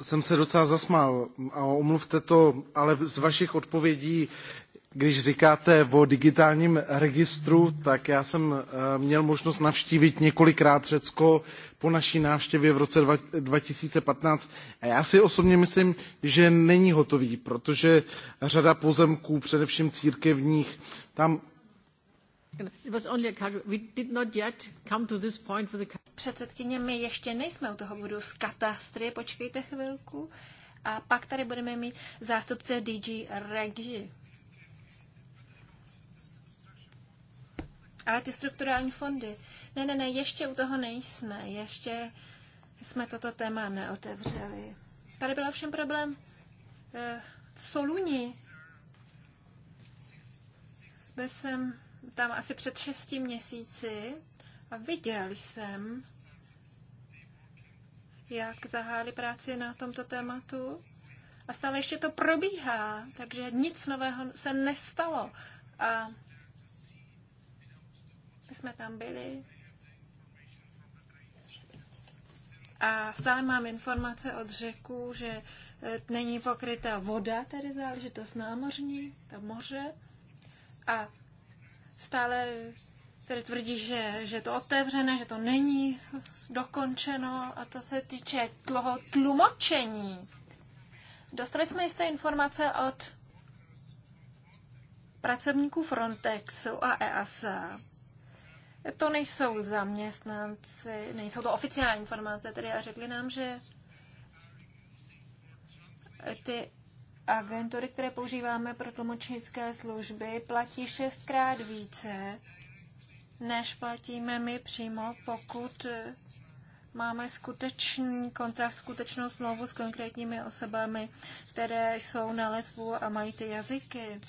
jsem se docela zasmál a omluvte to, ale z vašich odpovědí když říkáte o digitálním registru, tak já jsem eh, měl možnost navštívit několikrát Řecko po naší návštěvě v roce 2015 a já si osobně myslím, že není hotový, protože řada pozemků, především církevních, tam Předsedkyně, my ještě nejsme u toho bodu z katastry, počkejte chvilku. A pak tady budeme mít zástupce DG Regi. Ale ty strukturální fondy, ne, ne, ne, ještě u toho nejsme, ještě jsme toto téma neotevřeli. Tady byl ovšem problém eh, v Soluni. Byl jsem tam asi před šesti měsíci a viděl jsem, jak zahájili práci na tomto tématu. A stále ještě to probíhá, takže nic nového se nestalo. A jsme tam byli a stále mám informace od řeků, že e, není pokryta voda, tedy záležitost námořní, to moře. A stále tedy tvrdí, že, že to otevřené, že to není dokončeno a to se týče toho tlumočení. Dostali jsme jisté informace od pracovníků Frontexu a EASA, to nejsou zaměstnanci, nejsou to oficiální informace, tedy a řekli nám, že ty agentury, které používáme pro tlumočnické služby, platí šestkrát více, než platíme my přímo, pokud máme skutečný kontrakt, skutečnou smlouvu s konkrétními osobami, které jsou na lesbu a mají ty jazyky.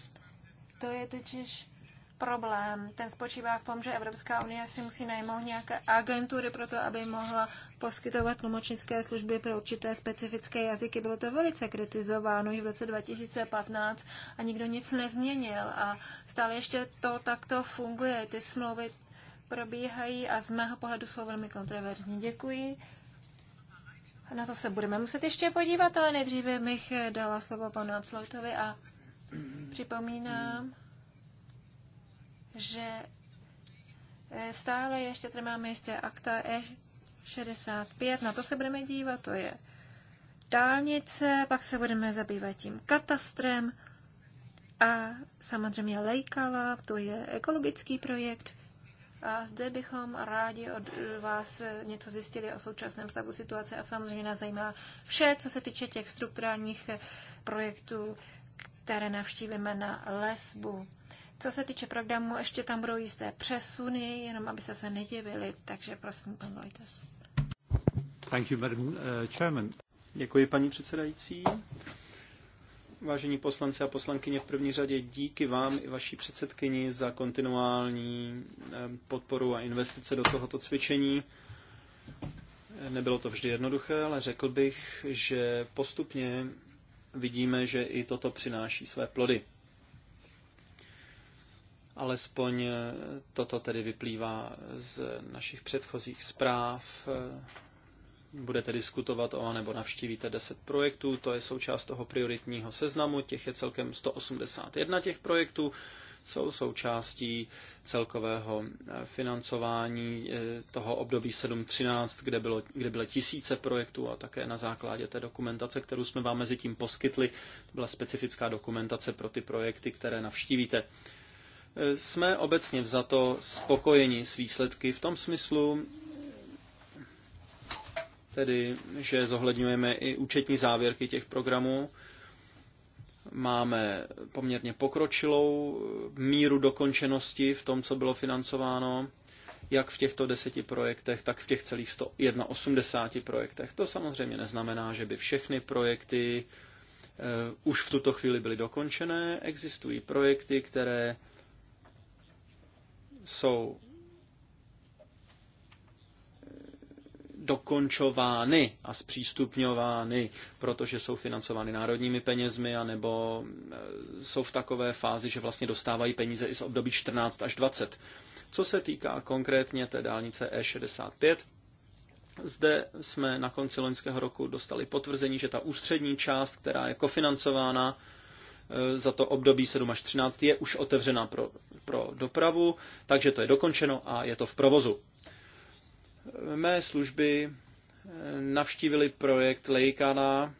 To je totiž problém. Ten spočívá v tom, že Evropská unie si musí najmout nějaké agentury pro to, aby mohla poskytovat tlumočnické služby pro určité specifické jazyky. Bylo to velice kritizováno i v roce 2015 a nikdo nic nezměnil a stále ještě to takto funguje. Ty smlouvy probíhají a z mého pohledu jsou velmi kontroverzní. Děkuji. Na to se budeme muset ještě podívat, ale nejdříve bych dala slovo panu Absolutovi a připomínám, že eh, stále ještě tady máme ještě akta E65, na to se budeme dívat, to je dálnice, pak se budeme zabývat tím katastrem a samozřejmě Lejkala, to je ekologický projekt. A zde bychom rádi od vás něco zjistili o současném stavu situace a samozřejmě nás zajímá vše, co se týče těch strukturálních projektů, které navštívíme na Lesbu. Co se týče programu, ještě tam budou jisté přesuny, jenom aby se se nedivili, takže prosím, pan Reuters. Thank you, Madam uh, Chairman. Děkuji, paní předsedající. Vážení poslanci a poslankyně, v první řadě díky vám i vaší předsedkyni za kontinuální eh, podporu a investice do tohoto cvičení. Nebylo to vždy jednoduché, ale řekl bych, že postupně vidíme, že i toto přináší své plody. Alespoň eh, toto tedy vyplývá z našich předchozích zpráv. Eh, Budete diskutovat o nebo navštívíte 10 projektů, to je součást toho prioritního seznamu, těch je celkem 181 těch projektů, jsou součástí celkového eh, financování toho období 7.13, kde, bylo, kde byly tisíce projektů a také na základě té dokumentace, kterou jsme vám mezi tím poskytli, to byla specifická dokumentace pro ty projekty, které navštívíte jsme obecně vzato spokojeni s výsledky v tom smyslu, tedy, že zohledňujeme i účetní závěrky těch programů. Máme poměrně pokročilou míru dokončenosti v tom, co bylo financováno, jak v těchto deseti projektech, tak v těch celých 181 projektech. To samozřejmě neznamená, že by všechny projekty eh, už v tuto chvíli byly dokončené. Existují projekty, které jsou eh, dokončovány a zpřístupňovány, protože jsou financovány národními penězmi, anebo eh, jsou v takové fázi, že vlastně dostávají peníze i z období 14 až 20. Co se týká konkrétně té dálnice E65, zde jsme na konci loňského roku dostali potvrzení, že ta ústřední část, která je kofinancována, Eh, za to období 7 až 13 je už otevřena pro, pro dopravu, takže to je dokončeno a je to v provozu. Eh, mé služby eh, navštívili projekt Lejkana,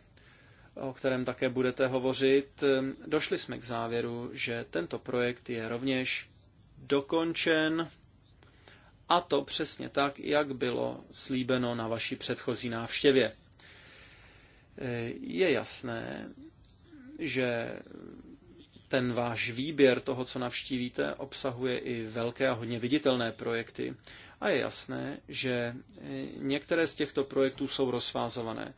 o kterém také budete hovořit. Došli jsme k závěru, že tento projekt je rovněž dokončen a to přesně tak, jak bylo slíbeno na vaší předchozí návštěvě. Je jasné, že ten váš výběr toho, co navštívíte, obsahuje i velké a hodně viditelné projekty. A je jasné, že některé z těchto projektů jsou rozfázované.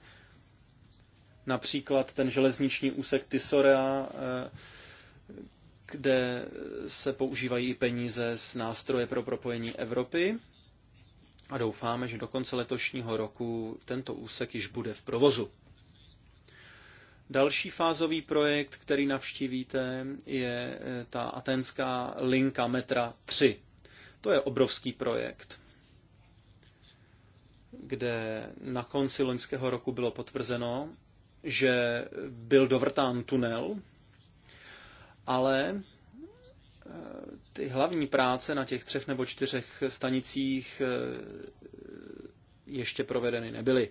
Například ten železniční úsek Tisorea, eh, kde se používají i peníze z nástroje pro propojení Evropy. A doufáme, že do konce letošního roku tento úsek již bude v provozu. Další fázový projekt, který navštívíte, je eh, ta atenská linka metra 3. To je obrovský projekt, kde na konci loňského roku bylo potvrzeno, že byl dovrtán tunel, ale eh, ty hlavní práce na těch třech nebo čtyřech stanicích eh, ještě provedeny nebyly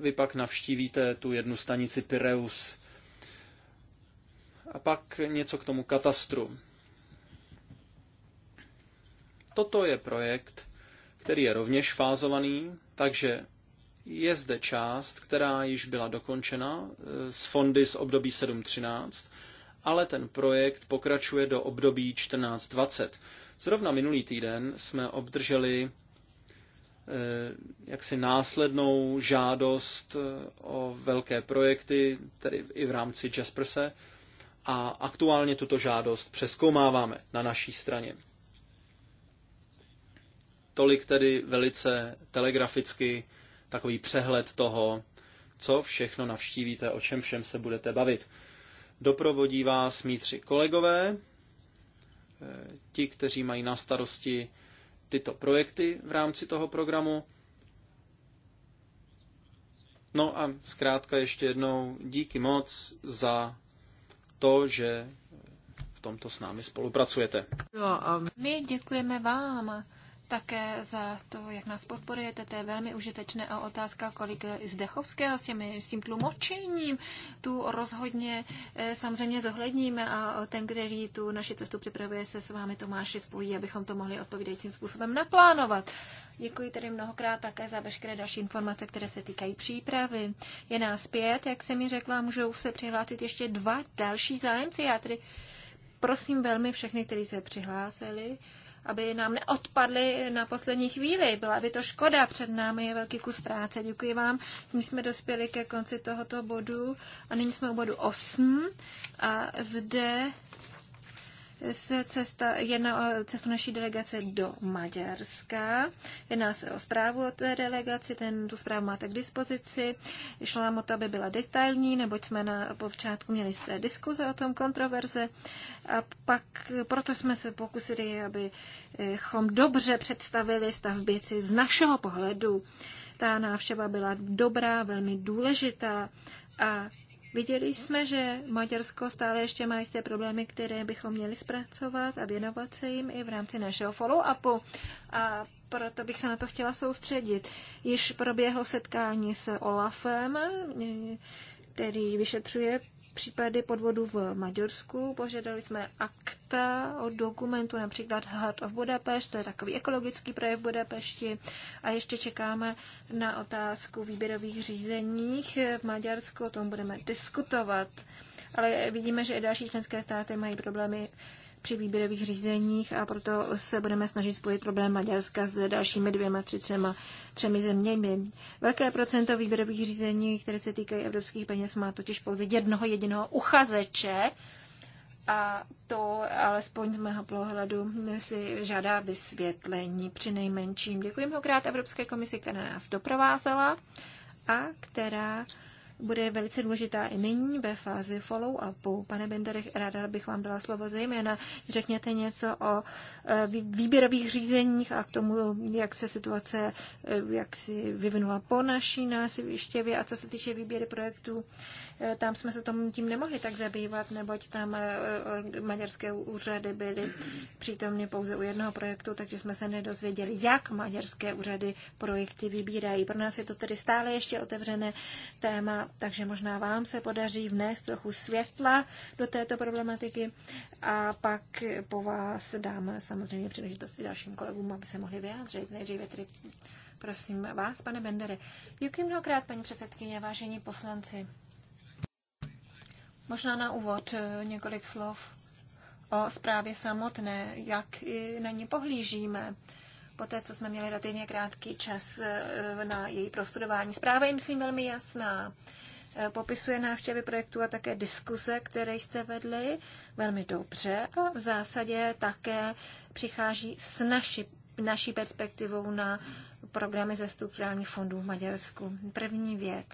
vy pak navštívíte tu jednu stanici Pireus. A pak něco k tomu katastru. Toto je projekt, který je rovněž fázovaný, takže je zde část, která již byla dokončena eh, z fondy z období 7.13, ale ten projekt pokračuje do období 14.20. Zrovna minulý týden jsme obdrželi Eh, jaksi následnou žádost eh, o velké projekty, tedy i v rámci Jasperse, a aktuálně tuto žádost přeskoumáváme na naší straně. Tolik tedy velice telegraficky takový přehled toho, co všechno navštívíte, o čem všem se budete bavit. Doprovodí vás mý tři kolegové, eh, ti, kteří mají na starosti tyto projekty v rámci toho programu. No a zkrátka ještě jednou díky moc za to, že v tomto s námi spolupracujete. a no, um, My děkujeme vám také za to, jak nás podporujete. To je velmi užitečné a otázka, kolik Zdechovského s, těmi, s tím tlumočením tu rozhodně eh, samozřejmě zohledníme a ten, který tu naši cestu připravuje, se s vámi Tomáši spojí, abychom to mohli odpovídajícím způsobem naplánovat. Děkuji tedy mnohokrát také za veškeré další informace, které se týkají přípravy. Je nás pět, jak jsem mi řekla, můžou se přihlásit ještě dva další zájemci. Já tedy prosím velmi všechny, kteří se přihlásili, aby nám neodpadly na poslední chvíli. Byla by to škoda, před námi je velký kus práce. Děkuji vám. My jsme dospěli ke konci tohoto bodu a nyní jsme u bodu 8 a zde cesta, jedna o eh, cestu naší delegace do Maďarska. Jedná se o zprávu o té delegaci, ten, tu zprávu máte k dispozici. Šlo nám o to, aby byla detailní, neboť jsme na počátku měli jste diskuze o tom, kontroverze. A pak proto jsme se pokusili, abychom eh, dobře představili stav věci z našeho pohledu. Ta návštěva byla dobrá, velmi důležitá a Viděli jsme, že Maďarsko stále ještě má jisté problémy, které bychom měli zpracovat a věnovat se jim i v rámci našeho follow-upu. A proto bych se na to chtěla soustředit. Již proběhlo setkání s Olafem, eh, který vyšetřuje případy podvodu v Maďorsku. Požadali jsme akta o dokumentu, například Heart of Budapest, to je takový ekologický projekt v Budapešti. A ještě čekáme na otázku výběrových řízeních v Maďarsku, o tom budeme diskutovat. Ale vidíme, že i další členské státy mají problémy při výběrových řízeních a proto se budeme snažit spojit problém Maďarska s dalšími dvěma, tři, třema, třemi zeměmi. Velké procento výběrových řízení, které se týkají evropských peněz, má totiž pouze jednoho jediného uchazeče, a to alespoň z mého pohledu si žádá vysvětlení při nejmenším. Děkuji mnohokrát Evropské komisi, která nás doprovázela a která bude velice důležitá i nyní ve fázi follow-upu. Pane Benderech, ráda bych vám dala slovo zejména. Řekněte něco o e, výběrových řízeních a k tomu, jak se situace e, jak si vyvinula po naší návštěvě a co se týče výběry projektů Eh, tam jsme se tomu tím nemohli tak zabývat, neboť tam eh, eh, maďarské úřady byly přítomny pouze u jednoho projektu, takže jsme se nedozvěděli, jak maďarské úřady projekty vybírají. Pro nás je to tedy stále ještě otevřené téma, takže možná vám se podaří vnést trochu světla do této problematiky a pak po vás dáme samozřejmě příležitost i dalším kolegům, aby se mohli vyjádřit. Nejdříve tedy prosím vás, pane Bendere. Děkuji mnohokrát, paní předsedkyně, vážení poslanci. Možná na úvod eh, několik slov o zprávě samotné, jak i na ní pohlížíme. po té, co jsme měli relativně krátký čas eh, na její prostudování. Zpráva je, myslím, velmi jasná. Eh, popisuje návštěvy projektu a také diskuze, které jste vedli velmi dobře a v zásadě také přichází s naši, naší perspektivou na programy ze strukturálních fondů v Maďarsku. První věc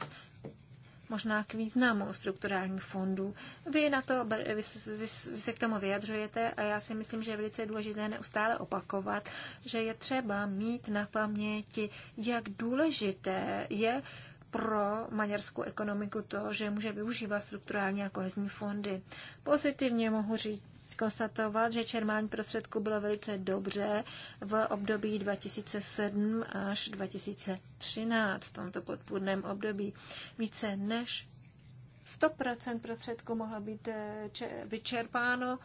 možná k významu strukturálních fondů. Vy, na to, vy, vy, vy se k tomu vyjadřujete a já si myslím, že je velice důležité neustále opakovat, že je třeba mít na paměti, jak důležité je pro maďarskou ekonomiku to, že může využívat strukturální a kohezní fondy. Pozitivně mohu říct, konstatovat, že čermání prostředků bylo velice dobře v období 2007 až 2013, v tomto podpůrném období. Více než 100% prostředků mohlo být eh, vyčerpáno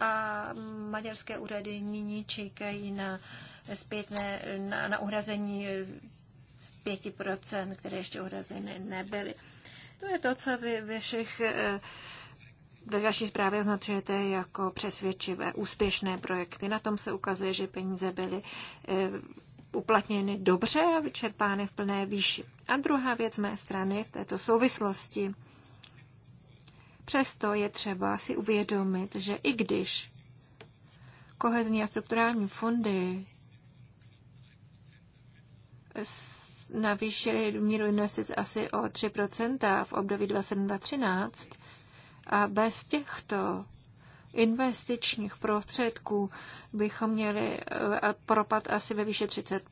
a maďarské úřady nyní čekají na zpětné, na, na uhrazení 5%, eh, které ještě uhrazeny nebyly. To je to, co ve všech eh, ve vaší zprávě označujete jako přesvědčivé, úspěšné projekty. Na tom se ukazuje, že peníze byly eh, uplatněny dobře a vyčerpány v plné výši. A druhá věc z mé strany v této souvislosti. Přesto je třeba si uvědomit, že i když kohezní a strukturální fondy navýšily míru investic asi o 3% v období 2007-2013, a bez těchto investičních prostředků bychom měli eh, propad asi ve výše 30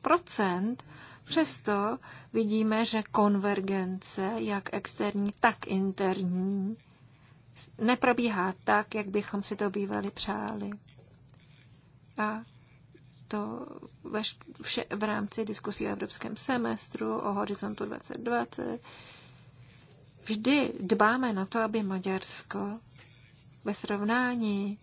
Přesto vidíme, že konvergence, jak externí, tak interní, neprobíhá tak, jak bychom si to bývali přáli. A to vše, v rámci diskusí o evropském semestru, o horizontu 2020, Vždy dbáme na to, aby Maďarsko ve srovnání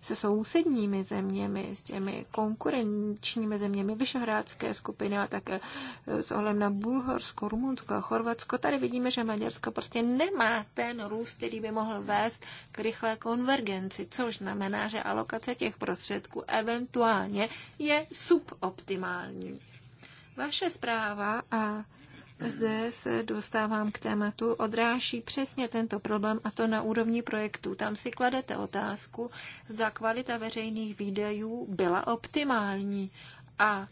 se sousedními zeměmi, s těmi konkurenčními zeměmi Vyšehrádské skupiny a také s ohledem na Bulharsko, Rumunsko a Chorvatsko. Tady vidíme, že Maďarsko prostě nemá ten růst, který by mohl vést k rychlé konvergenci, což znamená, že alokace těch prostředků eventuálně je suboptimální. Vaše zpráva a zde se dostávám k tématu, odráší přesně tento problém a to na úrovni projektů. Tam si kladete otázku, zda kvalita veřejných výdajů byla optimální a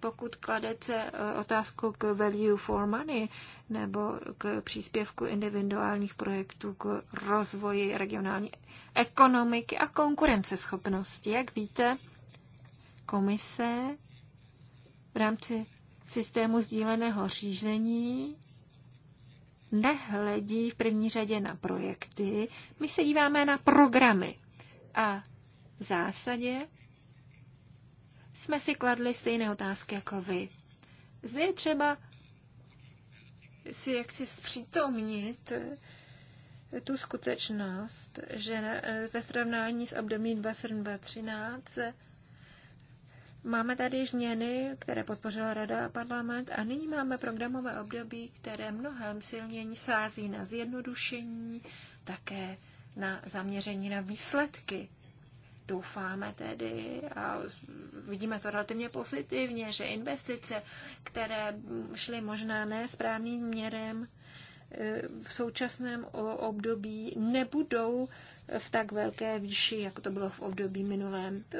pokud kladete e, otázku k value for money nebo k příspěvku individuálních projektů k rozvoji regionální ekonomiky a konkurenceschopnosti, jak víte, komise v rámci systému sdíleného řízení nehledí v první řadě na projekty, my se díváme na programy. A v zásadě jsme si kladli stejné otázky jako vy. Zde je třeba si jaksi zpřítomnit eh, tu skutečnost, že eh, ve srovnání s období 2007-2013 Máme tady změny, které podpořila Rada a parlament a nyní máme programové období, které mnohem silněji sází na zjednodušení, také na zaměření na výsledky. Doufáme tedy a vidíme to relativně pozitivně, že investice, které šly možná ne správným měrem, eh, v současném období nebudou v tak velké výši, jako to bylo v období minulém. To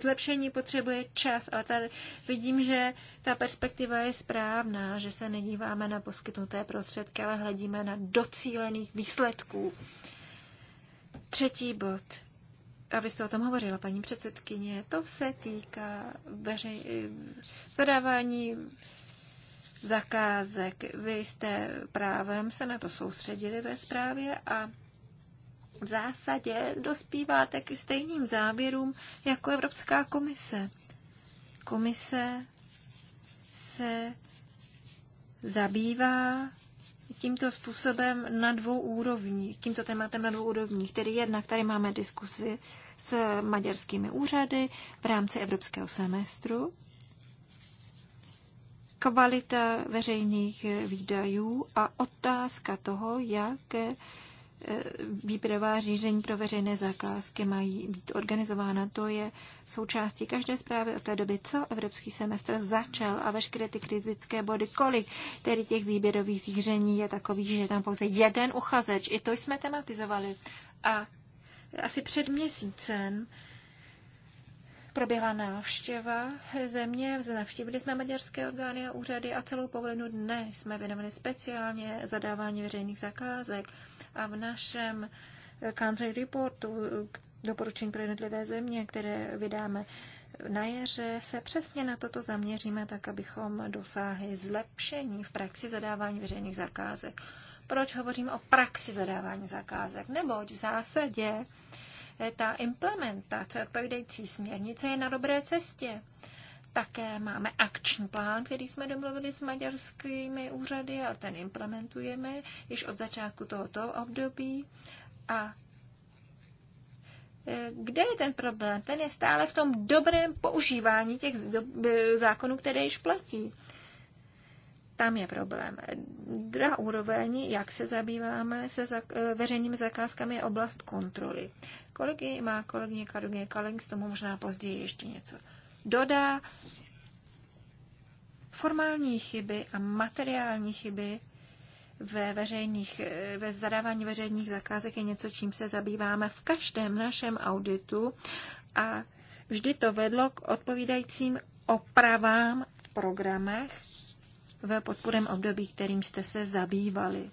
zlepšení potřebuje čas, ale tady vidím, že ta perspektiva je správná, že se nedíváme na poskytnuté prostředky, ale hledíme na docílených výsledků. Třetí bod. A vy jste o tom hovořila, paní předsedkyně. To se týká veřej... zadávání zakázek. Vy jste právem se na to soustředili ve zprávě a v zásadě dospíváte k stejným závěrům jako Evropská komise. Komise se zabývá tímto způsobem na dvou úrovních, tímto tématem na dvou úrovních, tedy jednak tady máme diskusi s maďarskými úřady v rámci evropského semestru, kvalita veřejných výdajů a otázka toho, jak výběrová řízení pro veřejné zakázky mají být organizována. To je součástí každé zprávy od té doby, co evropský semestr začal a veškeré ty kritické body, kolik tedy těch výběrových řízení je takových, že je tam pouze jeden uchazeč. I to jsme tematizovali. A asi před měsícem proběhla návštěva země, navštívili jsme maďarské orgány a úřady a celou polovinu dne jsme věnovali speciálně zadávání veřejných zakázek a v našem country reportu doporučení pro jednotlivé země, které vydáme na jaře, se přesně na toto zaměříme tak, abychom dosáhli zlepšení v praxi zadávání veřejných zakázek. Proč hovořím o praxi zadávání zakázek? Neboť v zásadě ta implementace odpovídající směrnice je na dobré cestě. Také máme akční plán, který jsme domluvili s maďarskými úřady a ten implementujeme již od začátku tohoto období. A e, kde je ten problém? Ten je stále v tom dobrém používání těch e, zákonů, které již platí. Tam je problém. Druhá úroveň, jak se zabýváme se za, eh, veřejnými zakázkami, je oblast kontroly. Kolegy má kolegyně Karuně Kalink, z tomu možná později ještě něco dodá. Formální chyby a materiální chyby ve, veřejných, eh, ve zadávání veřejných zakázek je něco, čím se zabýváme v každém našem auditu a vždy to vedlo k odpovídajícím opravám v programech v podporem období, kterým jste se zabývali.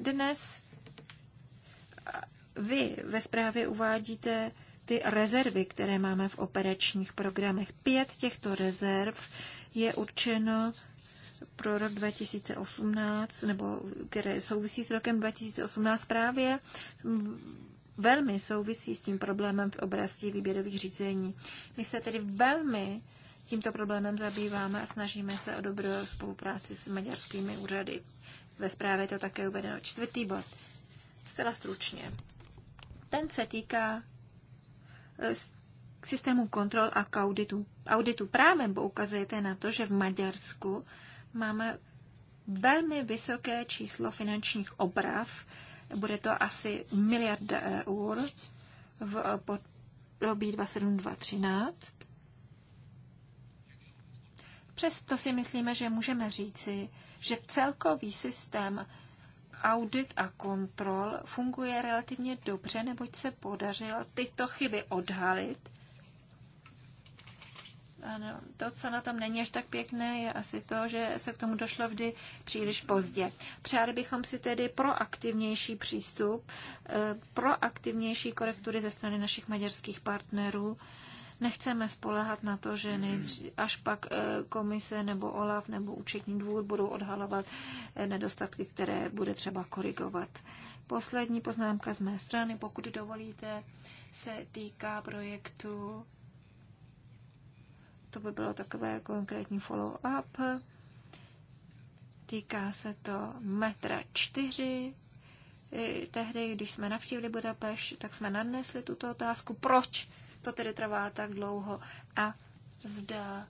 Dnes vy ve zprávě uvádíte ty rezervy, které máme v operačních programech. Pět těchto rezerv je určeno pro rok 2018, nebo které souvisí s rokem 2018 právě velmi souvisí s tím problémem v oblasti výběrových řízení. My se tedy velmi tímto problémem zabýváme a snažíme se o dobrou spolupráci s maďarskými úřady. Ve zprávě je to také uvedeno. Čtvrtý bod. Zcela stručně. Ten se týká eh, systému kontrol a k auditu. auditu. Právem poukazujete na to, že v Maďarsku máme velmi vysoké číslo finančních obrav. Bude to asi miliarda eur v eh, podrobí 27213 Přesto si myslíme, že můžeme říci, že celkový systém audit a kontrol funguje relativně dobře, neboť se podařilo tyto chyby odhalit. Ano, to, co na tom není až tak pěkné, je asi to, že se k tomu došlo vždy příliš pozdě. Přáli bychom si tedy proaktivnější přístup, eh, proaktivnější korektury ze strany našich maďarských partnerů, Nechceme spolehat na to, že nejdřív, až pak eh, komise nebo OLAF nebo účetní dvůr budou odhalovat eh, nedostatky, které bude třeba korigovat. Poslední poznámka z mé strany, pokud dovolíte, se týká projektu. To by bylo takové konkrétní follow-up. Týká se to metra 4. Eh, tehdy, když jsme navštívili Budapešť, tak jsme nadnesli tuto otázku, proč to tedy trvá tak dlouho a zda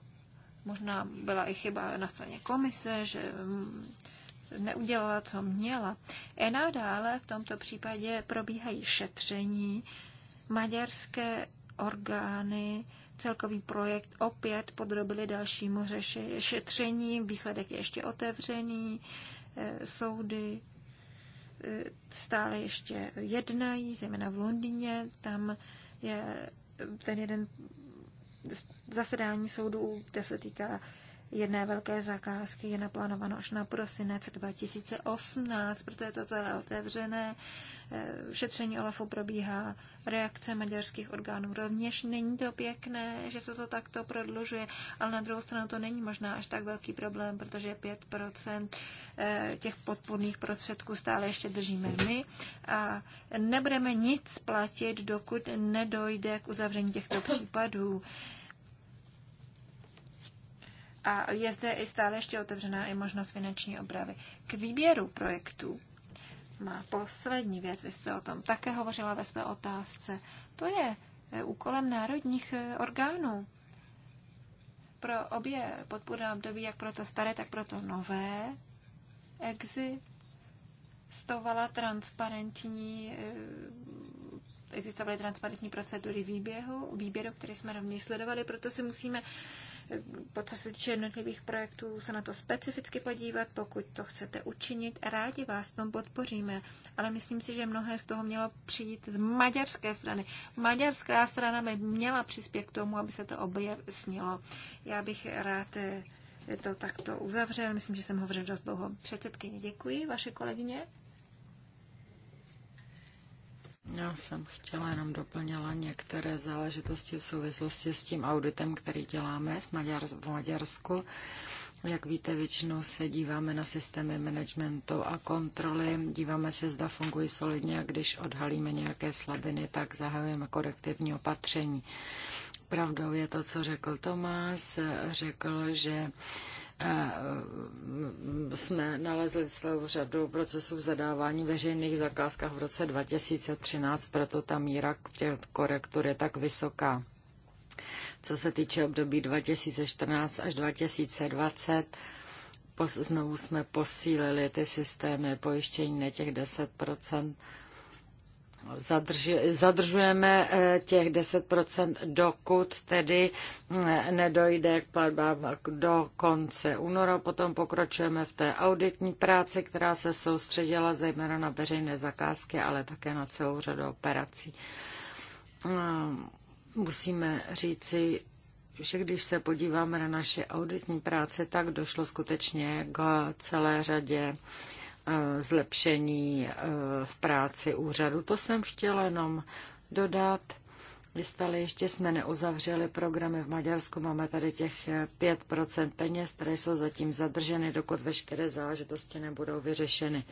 možná byla i chyba na straně komise, že mm, neudělala, co měla. I nadále v tomto případě probíhají šetření. Maďarské orgány celkový projekt opět podrobili dalšímu šetření. Výsledek je ještě otevřený. Eh, soudy eh, stále ještě jednají, zejména v Londýně. Tam je ten jeden zasedání soudu, kde se týká jedné velké zakázky, je naplánováno až na prosinec 2018, proto je to celé otevřené Eh, šetření Olafu probíhá, reakce maďarských orgánů rovněž není to pěkné, že se to takto prodlužuje, ale na druhou stranu to není možná až tak velký problém, protože 5% eh, těch podpůrných prostředků stále ještě držíme my a nebudeme nic platit, dokud nedojde k uzavření těchto případů. A je zde i stále ještě otevřená i možnost finanční opravy. K výběru projektů má poslední věc, vy jste o tom také hovořila ve své otázce, to je eh, úkolem národních eh, orgánů. Pro obě podpůrné období, jak pro to staré, tak pro to nové, existovala transparentní eh, existovaly transparentní procedury výběhu, výběru, které jsme rovněž sledovali, proto si musíme po co se týče jednotlivých projektů, se na to specificky podívat. Pokud to chcete učinit, rádi vás v tom podpoříme. Ale myslím si, že mnohé z toho mělo přijít z maďarské strany. Maďarská strana by měla přispět k tomu, aby se to objasnilo. Já bych rád eh, to takto uzavřel. Myslím, že jsem hovořil dost dlouho. Předsedkyně, děkuji. Vaše kolegyně? Já jsem chtěla jenom doplnila některé záležitosti v souvislosti s tím auditem, který děláme v Maďarsku. Jak víte, většinou se díváme na systémy managementu a kontroly, díváme se, zda fungují solidně a když odhalíme nějaké slabiny, tak zahajujeme korektivní opatření. Pravdou je to, co řekl Tomás. Řekl, že Mm, jsme nalezli celou řadu procesů v zadávání veřejných zakázkách v roce 2013, proto ta míra korektur je tak vysoká. Co se týče období 2014 až 2020, znovu jsme posílili ty systémy pojištění na těch 10 zadržujeme eh, těch 10%, dokud tedy mm, nedojde k platbám do konce února. Potom pokračujeme v té auditní práci, která se soustředila zejména na veřejné zakázky, ale také na celou řadu operací. Eh, musíme říci, že když se podíváme na naše auditní práce, tak došlo skutečně k celé řadě uh, E, zlepšení e, v práci úřadu. To jsem chtěla jenom dodat. Vy stále ještě jsme neuzavřeli programy v Maďarsku, máme tady těch 5% peněz, které jsou zatím zadrženy, dokud veškeré záležitosti nebudou vyřešeny.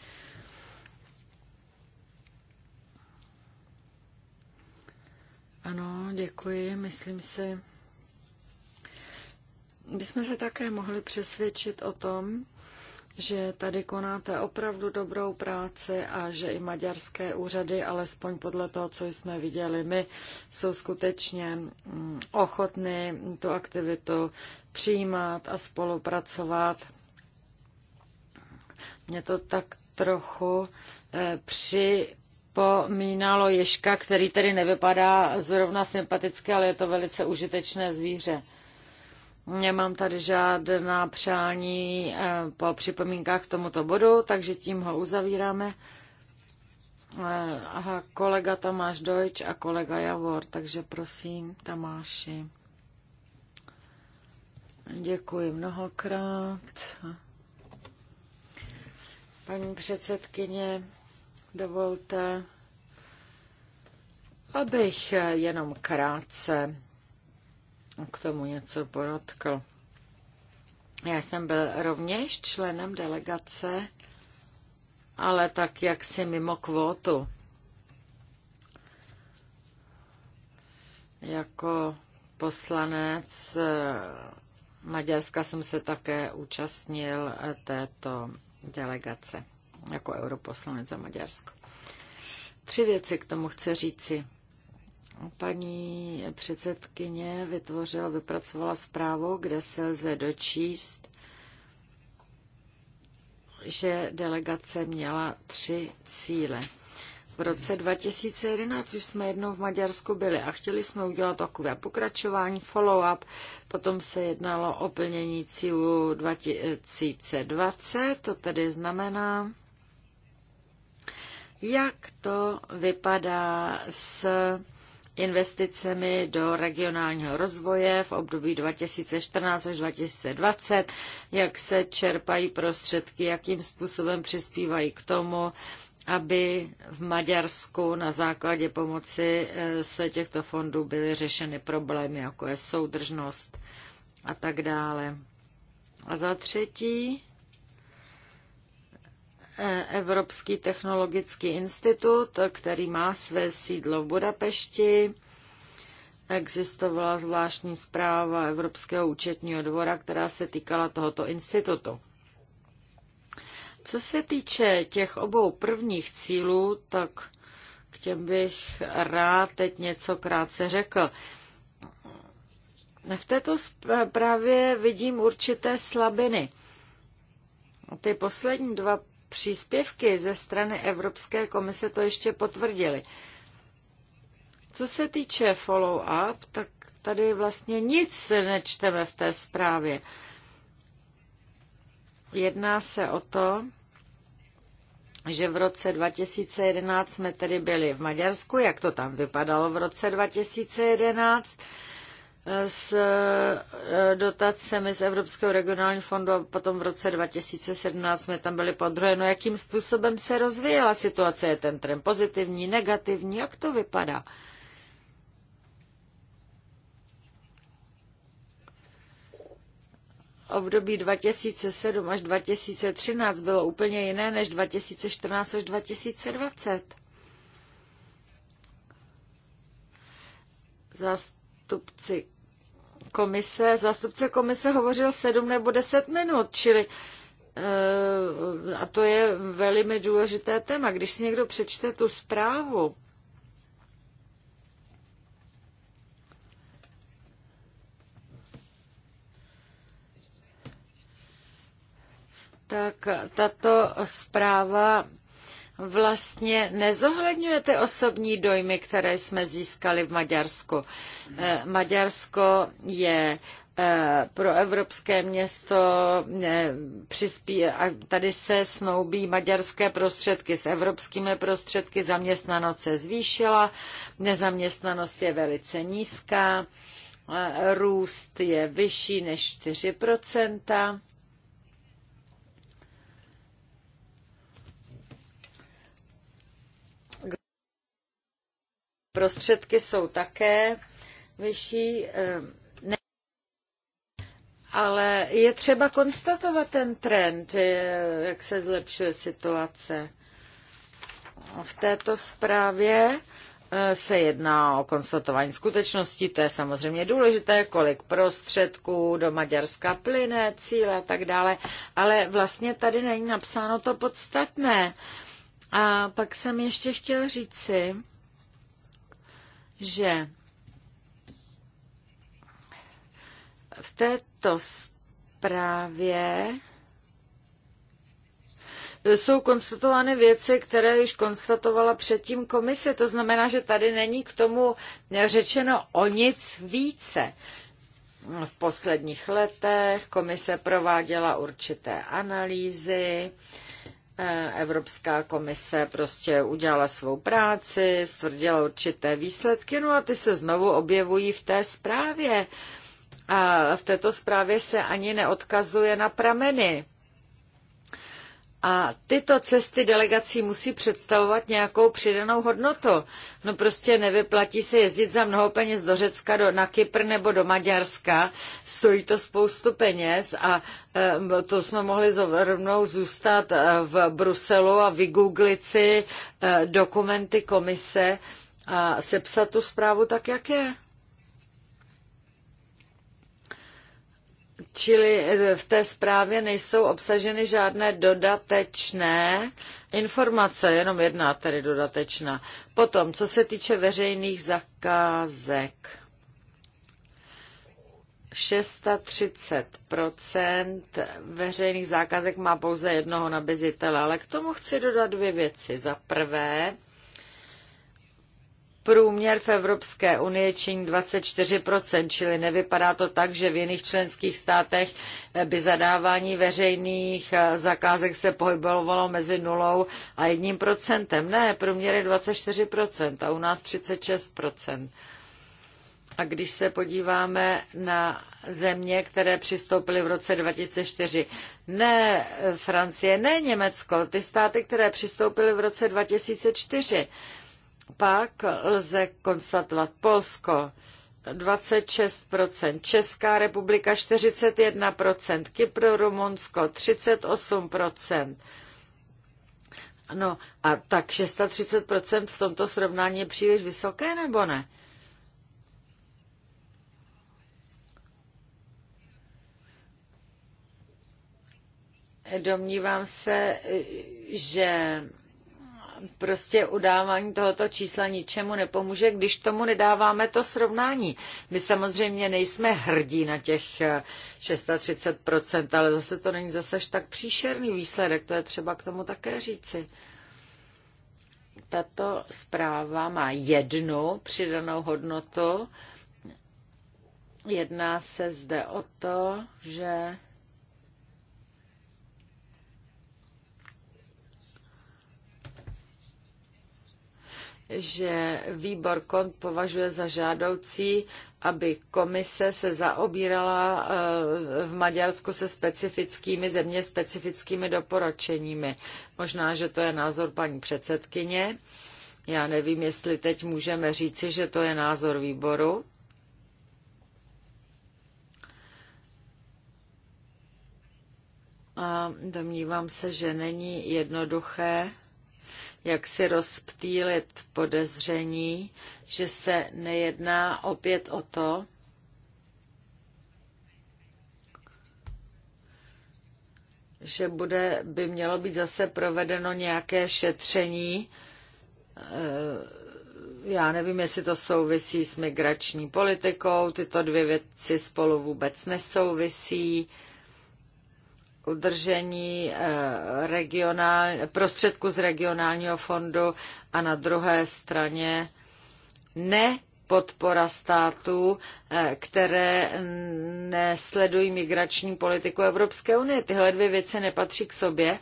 Ano, děkuji, myslím si. Bychom se také mohli přesvědčit o tom, že tady konáte opravdu dobrou práci a že i maďarské úřady, alespoň podle toho, co jsme viděli my, jsou skutečně mm, ochotny tu aktivitu přijímat a spolupracovat. Mě to tak trochu eh, při pomínalo ježka, který tedy nevypadá zrovna sympaticky, ale je to velice užitečné zvíře. Nemám tady žádná přání eh, po připomínkách k tomuto bodu, takže tím ho uzavíráme. Eh, aha, kolega Tamáš Dojč a kolega Javor, takže prosím, Tamáši. Děkuji mnohokrát. Paní předsedkyně, dovolte, abych jenom krátce k tomu něco podotkl. Já jsem byl rovněž členem delegace, ale tak jaksi mimo kvótu. Jako poslanec eh, Maďarska jsem se také účastnil eh, této delegace jako europoslanec za Maďarsko. Tři věci k tomu chci říci paní předsedkyně vytvořila, vypracovala zprávu, kde se lze dočíst, že delegace měla tři cíle. V roce 2011 už jsme jednou v Maďarsku byli a chtěli jsme udělat takové pokračování, follow-up. Potom se jednalo o plnění cílu 2020, to tedy znamená, jak to vypadá s investicemi do regionálního rozvoje v období 2014 až 2020, jak se čerpají prostředky, jakým způsobem přispívají k tomu, aby v Maďarsku na základě pomoci eh, se těchto fondů byly řešeny problémy, jako je soudržnost a tak dále. A za třetí, Evropský technologický institut, který má své sídlo v Budapešti. Existovala zvláštní zpráva Evropského účetního dvora, která se týkala tohoto institutu. Co se týče těch obou prvních cílů, tak k těm bych rád teď něco krátce řekl. V této právě vidím určité slabiny. Ty poslední dva příspěvky ze strany Evropské komise to ještě potvrdily. Co se týče follow-up, tak tady vlastně nic nečteme v té zprávě. Jedná se o to, že v roce 2011 jsme tedy byli v Maďarsku, jak to tam vypadalo v roce 2011, s e, dotacemi z Evropského regionálního fondu a potom v roce 2017 jsme tam byli podruhé. No jakým způsobem se rozvíjela situace? Je ten trend pozitivní, negativní? Jak to vypadá? Období 2007 až 2013 bylo úplně jiné než 2014 až 2020. Zastupci komise, zástupce komise hovořil sedm nebo deset minut, čili eh, a to je velmi důležité téma. Když si někdo přečte tu zprávu, tak tato zpráva vlastně nezohledňujete osobní dojmy, které jsme získali v Maďarsku. Eh, Maďarsko je eh, pro evropské město eh, přispí, a tady se snoubí maďarské prostředky s evropskými prostředky, zaměstnanost se zvýšila, nezaměstnanost je velice nízká, růst je vyšší než 4%, prostředky jsou také vyšší. Ehm, ale je třeba konstatovat ten trend, eh, jak se zlepšuje situace. V této zprávě eh, se jedná o konstatování skutečností, to je samozřejmě důležité, kolik prostředků do Maďarska plyne, cíle a tak dále, ale vlastně tady není napsáno to podstatné. A pak jsem ještě chtěl říci, si že v této zprávě jsou konstatovány věci, které již konstatovala předtím komise. To znamená, že tady není k tomu řečeno o nic více. V posledních letech komise prováděla určité analýzy, Eh, Evropská komise prostě udělala svou práci, stvrdila určité výsledky, no a ty se znovu objevují v té zprávě. A v této zprávě se ani neodkazuje na prameny. A tyto cesty delegací musí představovat nějakou přidanou hodnotu. No prostě nevyplatí se jezdit za mnoho peněz do Řecka, do, na Kypr nebo do Maďarska. Stojí to spoustu peněz a e, to jsme mohli rovnou zůstat eh, v Bruselu a vygooglit si e, dokumenty komise a sepsat tu zprávu tak, jak je. Čili eh, v té zprávě nejsou obsaženy žádné dodatečné informace, jenom jedna tedy dodatečná. Potom, co se týče veřejných zakázek. 630 veřejných zákazek má pouze jednoho nabizitele, ale k tomu chci dodat dvě věci. Za prvé, Průměr v Evropské unii činí 24%, čili nevypadá to tak, že v jiných členských státech by zadávání veřejných eh, zakázek se pohybovalo mezi nulou a jedním procentem. Ne, průměr je 24% a u nás 36%. A když se podíváme na země, které přistoupily v roce 2004, ne eh, Francie, ne Německo, ty státy, které přistoupily v roce 2004, pak lze konstatovat Polsko 26%, Česká republika 41%, Kypr, Rumunsko 38%. No a tak 630% v tomto srovnání je příliš vysoké nebo ne? Domnívám se, že prostě udávání tohoto čísla ničemu nepomůže, když tomu nedáváme to srovnání. My samozřejmě nejsme hrdí na těch 630%, eh, ale zase to není zase tak příšerný výsledek, to je třeba k tomu také říci. Tato zpráva má jednu přidanou hodnotu. Jedná se zde o to, že že výbor KONT považuje za žádoucí, aby komise se zaobírala eh, v Maďarsku se specifickými, země specifickými doporučeními. Možná, že to je názor paní předsedkyně. Já nevím, jestli teď můžeme říci, že to je názor výboru. A domnívám se, že není jednoduché jak si rozptýlit podezření, že se nejedná opět o to, že bude, by mělo být zase provedeno nějaké šetření. Eh, já nevím, jestli to souvisí s migrační politikou, tyto dvě věci spolu vůbec nesouvisí udržení eh, regionál, prostředku z regionálního fondu a na druhé straně ne podpora států, eh, které nesledují migrační politiku Evropské unie. Tyhle dvě věci nepatří k sobě,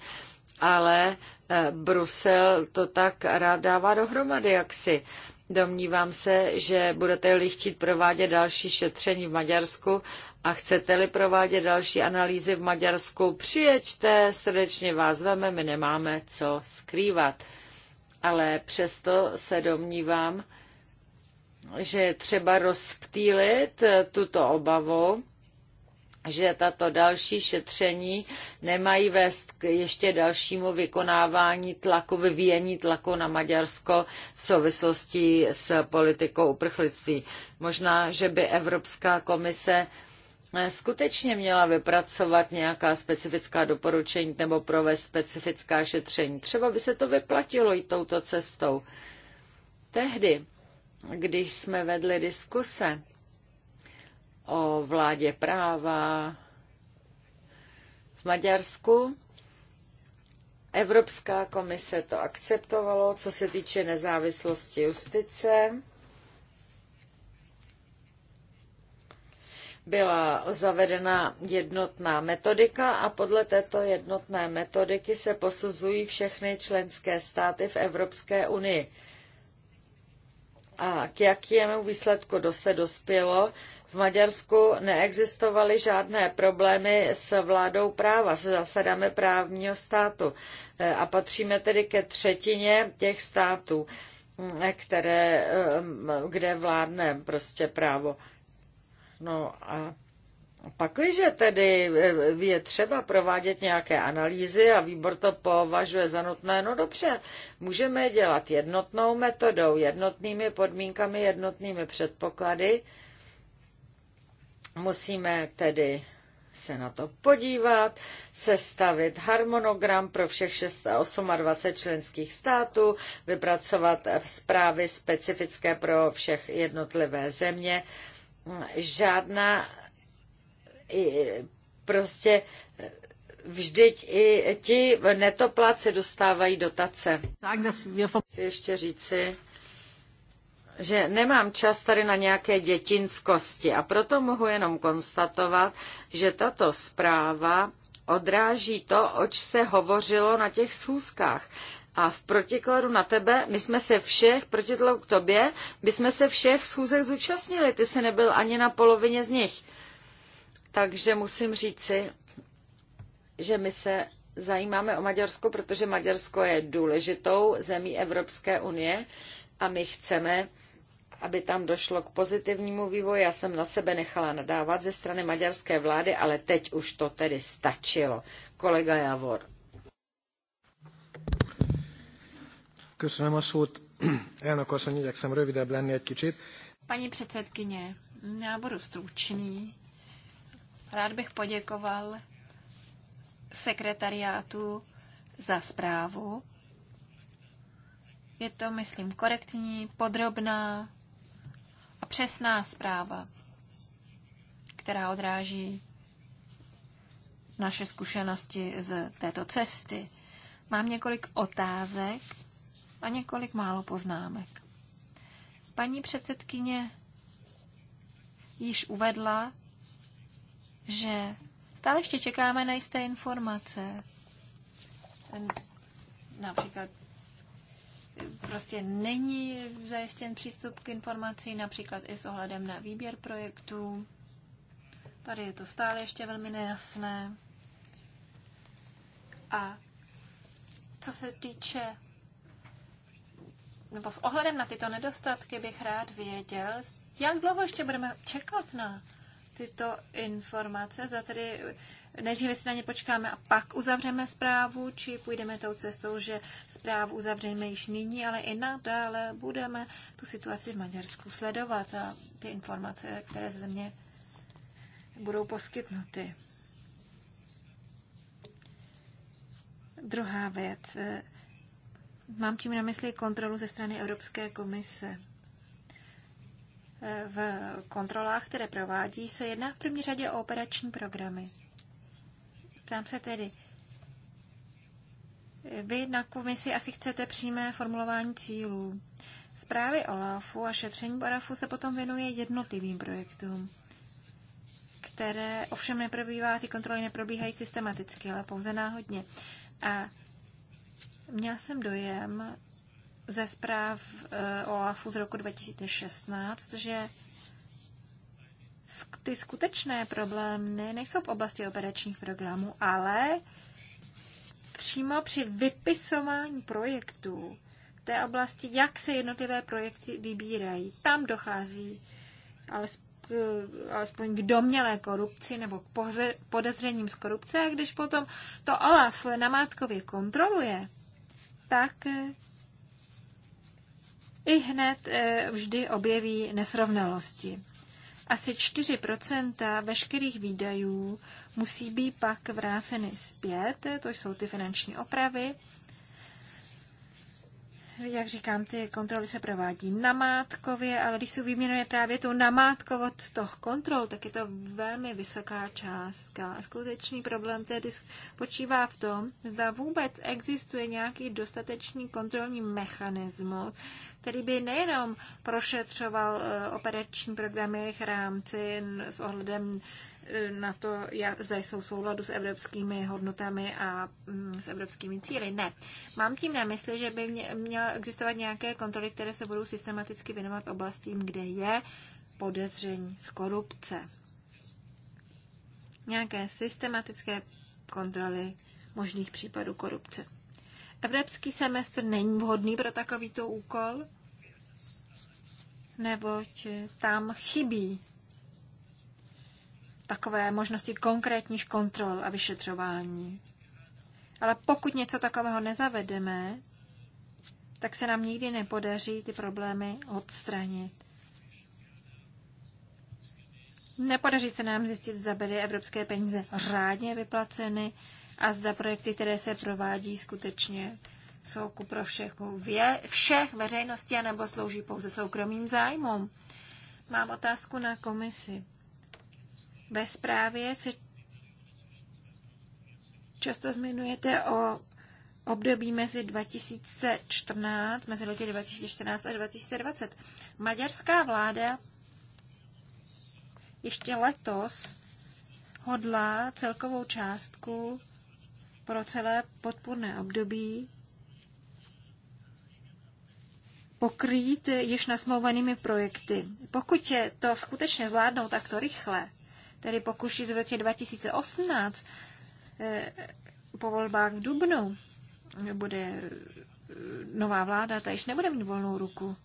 ale eh, Brusel to tak rád dává dohromady jaksi. Domnívám se, že budete-li chtít provádět další šetření v Maďarsku a chcete-li provádět další analýzy v Maďarsku, přijeďte, srdečně vás veme, my nemáme co skrývat. Ale přesto se domnívám, že je třeba rozptýlit tuto obavu že tato další šetření nemají vést k ještě dalšímu vykonávání tlaku, vyvíjení tlaku na Maďarsko v souvislosti s politikou uprchlictví. Možná, že by Evropská komise eh, skutečně měla vypracovat nějaká specifická doporučení nebo provést specifická šetření. Třeba by se to vyplatilo i touto cestou. Tehdy, když jsme vedli diskuse, o vládě práva v Maďarsku. Evropská komise to akceptovalo, co se týče nezávislosti justice. Byla zavedena jednotná metodika a podle této jednotné metodiky se posuzují všechny členské státy v Evropské unii. A k jakému výsledku se dospělo? V Maďarsku neexistovaly žádné problémy s vládou práva, s zásadami právního státu. E, a patříme tedy ke třetině těch států, které, kde vládne prostě právo. No a Pakliže tedy e, e, je třeba provádět nějaké analýzy a výbor to považuje za nutné, no dobře, můžeme je dělat jednotnou metodou, jednotnými podmínkami, jednotnými předpoklady. Musíme tedy se na to podívat, sestavit harmonogram pro všech 28 členských států, vypracovat zprávy specifické pro všech jednotlivé země. Žádná i prostě vždyť i ti netopláci dostávají dotace. Chci ještě říci, že nemám čas tady na nějaké dětinskosti a proto mohu jenom konstatovat, že tato zpráva odráží to, oč se hovořilo na těch schůzkách. A v protikladu na tebe, my jsme se všech, protikladu k tobě, my jsme se všech schůzek zúčastnili, ty jsi nebyl ani na polovině z nich. Takže musím říci, že my se zajímáme o Maďarsko, protože Maďarsko je důležitou zemí Evropské unie a my chceme, aby tam došlo k pozitivnímu vývoji. Já jsem na sebe nechala nadávat ze strany maďarské vlády, ale teď už to tedy stačilo. Kolega Javor. Köszönöm a szót. Elnök asszony, igyekszem rövidebb lenni egy kicsit. Paní předsedkyně, já budu stručný. Rád bych poděkoval sekretariátu za zprávu. Je to, myslím, korektní, podrobná a přesná zpráva, která odráží naše zkušenosti z této cesty. Mám několik otázek a několik málo poznámek. Paní předsedkyně již uvedla, že stále ještě čekáme na jisté informace. Například prostě není zajištěn přístup k informacím, například i s ohledem na výběr projektů. Tady je to stále ještě velmi nejasné. A co se týče, nebo s ohledem na tyto nedostatky bych rád věděl, jak dlouho ještě budeme čekat na tyto informace. Za tedy nejdříve si na ně počkáme a pak uzavřeme zprávu, či půjdeme tou cestou, že zprávu uzavřeme již nyní, ale i nadále budeme tu situaci v Maďarsku sledovat a ty informace, které ze mě budou poskytnuty. Druhá věc. Mám tím na mysli kontrolu ze strany Evropské komise v kontrolách, které provádí, se jedná v první řadě o operační programy. Ptám se tedy, vy na komisi asi chcete přímé formulování cílů. Zprávy OLAFu a šetření OLAFu se potom věnuje jednotlivým projektům, které ovšem neprobývá, ty kontroly neprobíhají systematicky, ale pouze náhodně. A měl jsem dojem, ze zpráv eh, OLAFu z roku 2016, že ty skutečné problémy nejsou v oblasti operačních programů, ale přímo při vypisování projektů v té oblasti, jak se jednotlivé projekty vybírají. Tam dochází eh, alespoň k domělé korupci nebo k podezřením z korupce a když potom to Olaf namátkově kontroluje, tak eh, i hned e, vždy objeví nesrovnalosti. Asi 4 veškerých výdajů musí být pak vráceny zpět, to jsou ty finanční opravy. Jak říkám, ty kontroly se provádí namátkově, ale když se vyměnuje právě tu namátkovost toho kontrol, tak je to velmi vysoká částka. A skutečný problém tedy počívá v tom, zda vůbec existuje nějaký dostatečný kontrolní mechanismus, který by nejenom prošetřoval eh, operační programy jejich rámci s ohledem eh, na to, jak zda jsou souladu s evropskými hodnotami a mm, s evropskými cíly. Ne. Mám tím na mysli, že by měla existovat nějaké kontroly, které se budou systematicky věnovat oblastím, kde je podezření z korupce. Nějaké systematické kontroly možných případů korupce. Evropský semestr není vhodný pro takovýto úkol, neboť tam chybí takové možnosti konkrétních kontrol a vyšetřování. Ale pokud něco takového nezavedeme, tak se nám nikdy nepodaří ty problémy odstranit. Nepodaří se nám zjistit, zda byly evropské peníze řádně vyplaceny a zda projekty, které se provádí, skutečně jsou ku pro všechu vě, všech veřejnosti anebo slouží pouze soukromým zájmům. Mám otázku na komisi. Ve zprávě se často zmiňujete o období mezi 2014, mezi lety 2014 a 2020. Maďarská vláda ještě letos hodlá celkovou částku pro celé podpůrné období pokrýt již nasmouvanými projekty. Pokud je to skutečně zvládnou takto rychle, tedy pokušit v roce 2018 eh, po volbách v Dubnu, bude eh, nová vláda, ta již nebude mít volnou ruku.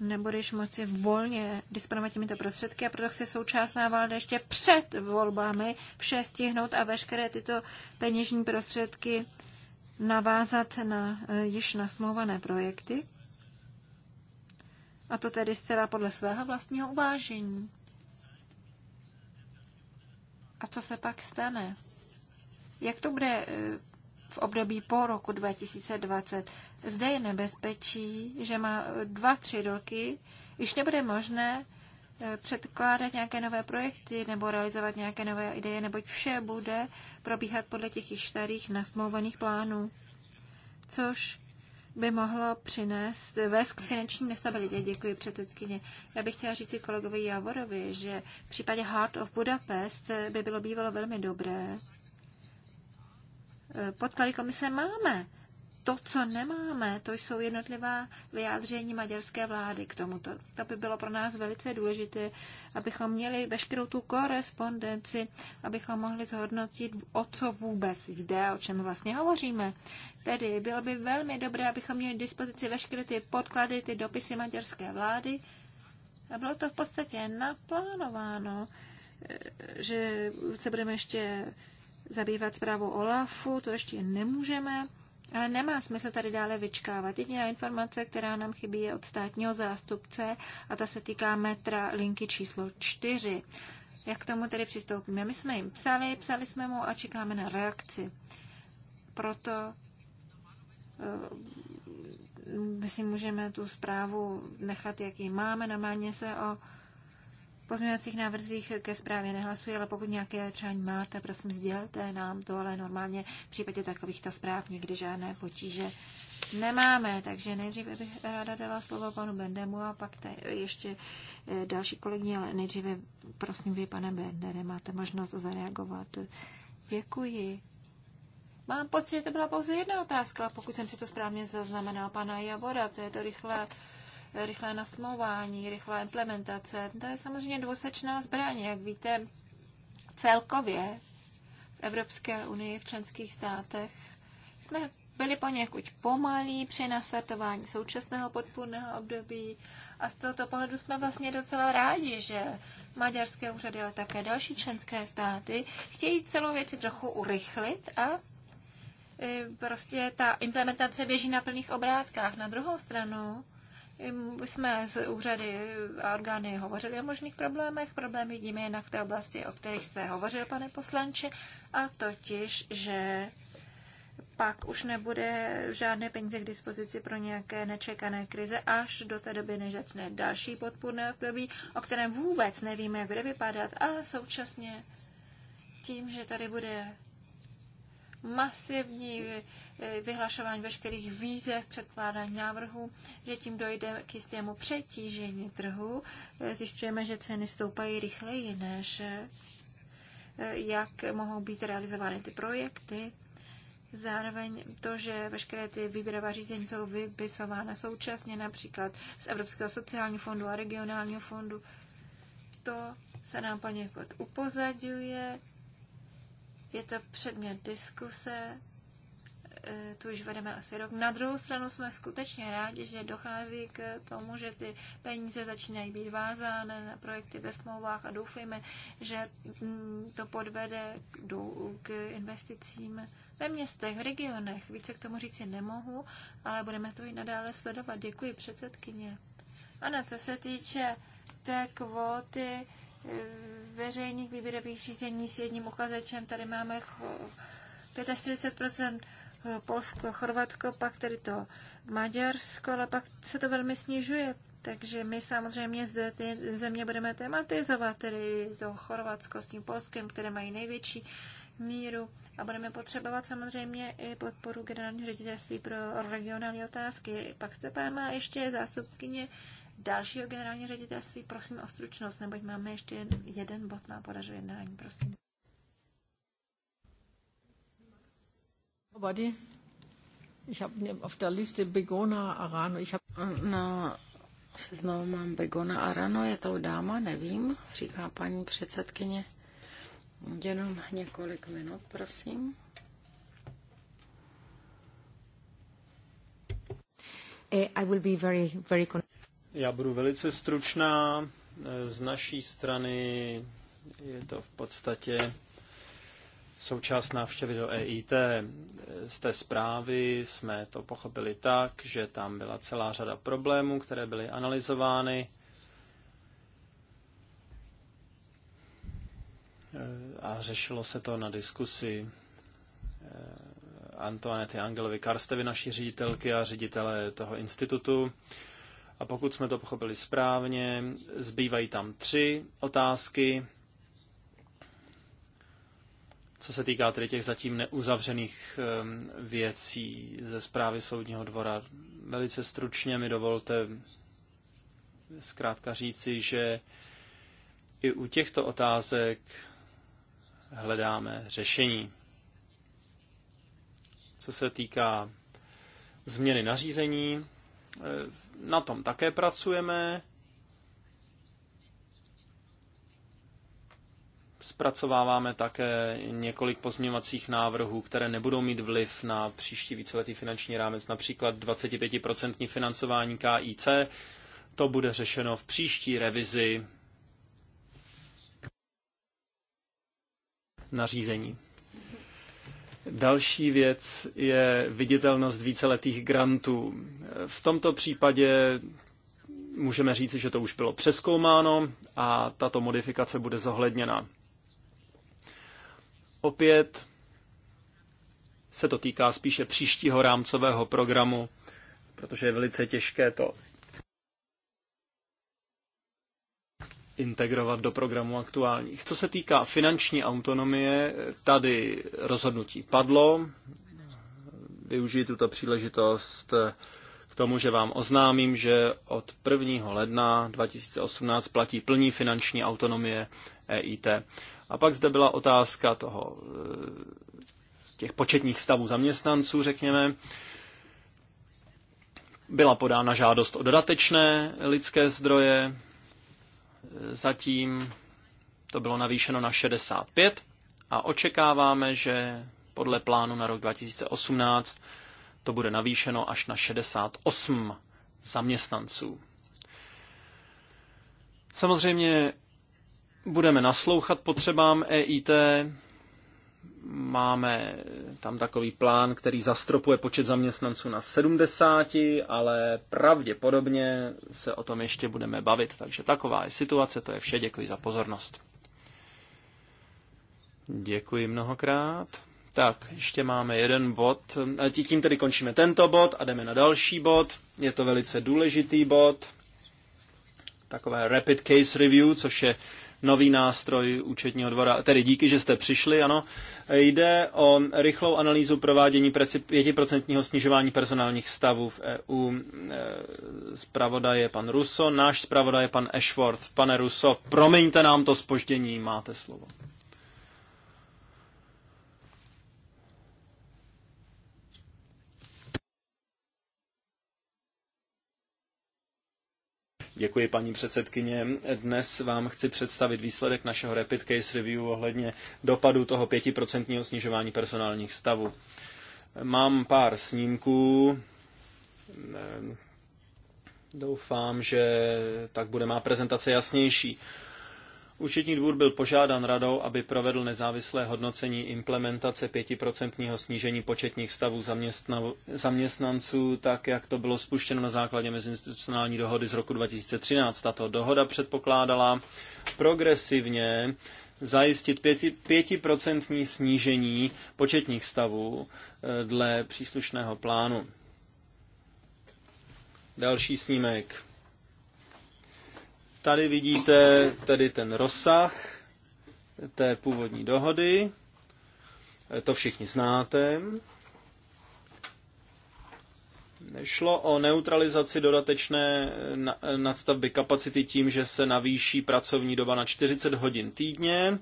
Nebudeš moci volně disponovat těmito prostředky a proto chce současná vláda ještě před volbami vše stihnout a veškeré tyto peněžní prostředky navázat na eh, již nasmluvané projekty, a to tedy zcela podle svého vlastního uvážení. A co se pak stane? Jak to bude eh, v období po roku 2020? Zde je nebezpečí, že má eh, dva, tři roky již nebude možné předkládat nějaké nové projekty nebo realizovat nějaké nové ideje, neboť vše bude probíhat podle těch již starých nasmouvaných plánů, což by mohlo přinést, vést k finanční nestabilitě. Děkuji předsedkyně. Já bych chtěla říct si kolegovi Javorovi, že v případě Heart of Budapest by bylo bývalo velmi dobré. Eh, podklady komise máme, to, co nemáme, to jsou jednotlivá vyjádření maďarské vlády k tomuto. To by bylo pro nás velice důležité, abychom měli veškerou tu korespondenci, abychom mohli zhodnotit, o co vůbec jde, o čem vlastně hovoříme. Tedy bylo by velmi dobré, abychom měli k dispozici veškeré ty podklady, ty dopisy maďarské vlády. A bylo to v podstatě naplánováno, eh, že se budeme ještě zabývat zprávou OLAFu, to ještě nemůžeme ale nemá smysl tady dále vyčkávat. Jediná informace, která nám chybí, je od státního zástupce a ta se týká metra linky číslo 4. Jak k tomu tedy přistoupíme? My jsme jim psali, psali jsme mu a čekáme na reakci. Proto eh, my si můžeme tu zprávu nechat, jak ji máme. Normálně se o pozměňovacích návrzích ke zprávě nehlasuji, ale pokud nějaké přání máte, prosím sdělte nám to, ale normálně v případě takovýchto zpráv nikdy žádné potíže nemáme. Takže nejdříve bych ráda dala slovo panu Bendemu a pak te, ještě eh, další kolegyně, ale nejdříve prosím vy, pane Bendere, máte možnost zareagovat. Děkuji. Mám pocit, že to byla pouze jedna otázka, pokud jsem si to správně zaznamenal pana Javora, to je to rychlé rychlé nasmování, rychlá implementace. To je samozřejmě dvosečná zbraň, jak víte, celkově v Evropské unii, v členských státech jsme byli poněkud pomalí při nastartování současného podpůrného období a z tohoto pohledu jsme vlastně docela rádi, že maďarské úřady, ale také další členské státy chtějí celou věci trochu urychlit a e, prostě ta implementace běží na plných obrátkách. Na druhou stranu jsme s úřady a orgány hovořili o možných problémech. Problém vidíme jinak v té oblasti, o kterých jste hovořil, pane poslanče, a totiž, že pak už nebude žádné peníze k dispozici pro nějaké nečekané krize až do té doby, než začne další podpůrné období, o kterém vůbec nevíme, jak bude vypadat a současně tím, že tady bude masivní eh, vyhlašování veškerých výzev, předkládání návrhů, že tím dojde k jistému přetížení trhu. Eh, zjišťujeme, že ceny stoupají rychleji, než eh, jak mohou být realizovány ty projekty. Zároveň to, že veškeré ty výběrová řízení jsou vypisována současně, například z Evropského sociálního fondu a regionálního fondu, to se nám poněkud upozadňuje, je to předmět diskuse, e, tu už vedeme asi rok. Na druhou stranu jsme skutečně rádi, že dochází k tomu, že ty peníze začínají být vázány na projekty ve smlouvách a doufejme, že mm, to podvede k investicím ve městech, v regionech. Více k tomu říct nemohu, ale budeme to i nadále sledovat. Děkuji předsedkyně. Ano, co se týče té kvóty veřejných výběrových řízení s jedním uchazečem. Tady máme 45 Polsko, Chorvatsko, pak tedy to Maďarsko, ale pak se to velmi snižuje. Takže my samozřejmě zde ty země budeme tematizovat, tedy to Chorvatsko s tím Polskem, které mají největší míru a budeme potřebovat samozřejmě i podporu generálního ředitelství pro regionální otázky. Pak se má ještě zástupkyně dalšího generálního ředitelství. Prosím o stručnost, neboť máme ještě jeden, bod na podařu jednání. Prosím. Body. Ich habe auf der Liste Begona Arano. Ich habe na seznamu mám Begona Arano, je to dáma, nevím, říká paní předsedkyně. Jenom několik minut, prosím. Eh, I will be very, very... Já budu velice stručná. Z naší strany je to v podstatě součást návštěvy do EIT. Z té zprávy jsme to pochopili tak, že tam byla celá řada problémů, které byly analyzovány. A řešilo se to na diskusi eh, Antoanety Angelovi Karstevy, naší ředitelky a ředitele toho institutu. A pokud jsme to pochopili správně, zbývají tam tři otázky. Co se týká tedy těch zatím neuzavřených ehm, věcí ze zprávy Soudního dvora, velice stručně mi dovolte zkrátka říci, že i u těchto otázek hledáme řešení. Co se týká změny nařízení, ehm, na tom také pracujeme. Zpracováváme také několik pozměňovacích návrhů, které nebudou mít vliv na příští víceletý finanční rámec, například 25% financování KIC. To bude řešeno v příští revizi nařízení. Další věc je viditelnost víceletých grantů. V tomto případě můžeme říci, že to už bylo přeskoumáno a tato modifikace bude zohledněna. Opět se to týká spíše příštího rámcového programu, protože je velice těžké to integrovat do programu aktuálních. Co se týká finanční autonomie, tady rozhodnutí padlo. Využiji tuto příležitost k tomu, že vám oznámím, že od 1. ledna 2018 platí plní finanční autonomie EIT. A pak zde byla otázka toho, eh, těch početních stavů zaměstnanců, řekněme. Byla podána žádost o dodatečné lidské zdroje, Zatím to bylo navýšeno na 65 a očekáváme, že podle plánu na rok 2018 to bude navýšeno až na 68 zaměstnanců. Samozřejmě budeme naslouchat potřebám EIT, Máme tam takový plán, který zastropuje počet zaměstnanců na 70, ale pravděpodobně se o tom ještě budeme bavit. Takže taková je situace, to je vše. Děkuji za pozornost. Děkuji mnohokrát. Tak, ještě máme jeden bod. E, tím tedy končíme tento bod a jdeme na další bod. Je to velice důležitý bod. Takové rapid case review, což je nový nástroj účetního dvora, tedy díky, že jste přišli, ano. Jde o rychlou analýzu provádění 5% snižování personálních stavů v EU. E, zpravodaj je pan Russo, náš zpravodaj je pan Ashworth. Pane Russo, promiňte nám to spoždění, máte slovo. Děkuji, paní předsedkyně. Dnes vám chci představit výsledek našeho Rapid Case Review ohledně dopadu toho pětiprocentního snižování personálních stavů. Mám pár snímků. Ehm, doufám, že tak bude má prezentace jasnější. Účetní dvůr byl požádán radou, aby provedl nezávislé hodnocení implementace pětiprocentního snížení početních stavů zaměstnanců, tak jak to bylo spuštěno na základě meziinstitucionální dohody z roku 2013. Tato dohoda předpokládala progresivně zajistit pětiprocentní snížení početních stavů eh, dle příslušného plánu. Další snímek. Tady vidíte tedy ten rozsah té původní dohody. To všichni znáte. Šlo o neutralizaci dodatečné nadstavby kapacity tím, že se navýší pracovní doba na 40 hodin týdně.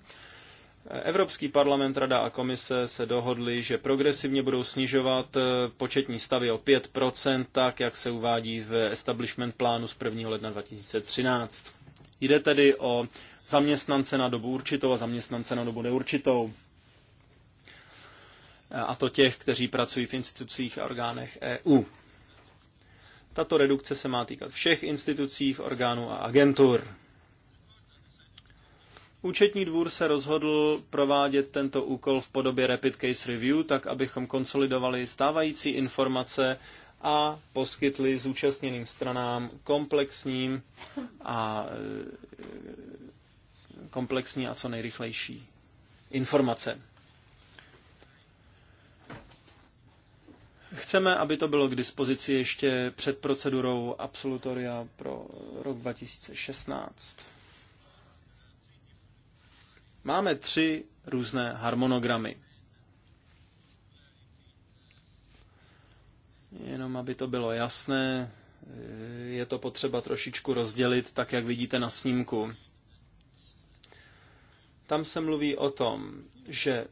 Evropský parlament, Rada a komise se dohodli, že progresivně budou snižovat eh, početní stavy o 5%, tak jak se uvádí v establishment plánu z 1. ledna 2013. Jde tedy o zaměstnance na dobu určitou a zaměstnance na dobu neurčitou. A to těch, kteří pracují v institucích a orgánech EU. Tato redukce se má týkat všech institucích, orgánů a agentur. Účetní dvůr se rozhodl provádět tento úkol v podobě Rapid Case Review, tak abychom konsolidovali stávající informace a poskytli zúčastněným stranám komplexním a e, komplexní a co nejrychlejší informace. Chceme, aby to bylo k dispozici ještě před procedurou absolutoria pro rok 2016. Máme tři různé harmonogramy. Jenom aby to bylo jasné, je to potřeba trošičku rozdělit, tak jak vidíte na snímku. Tam se mluví o tom, že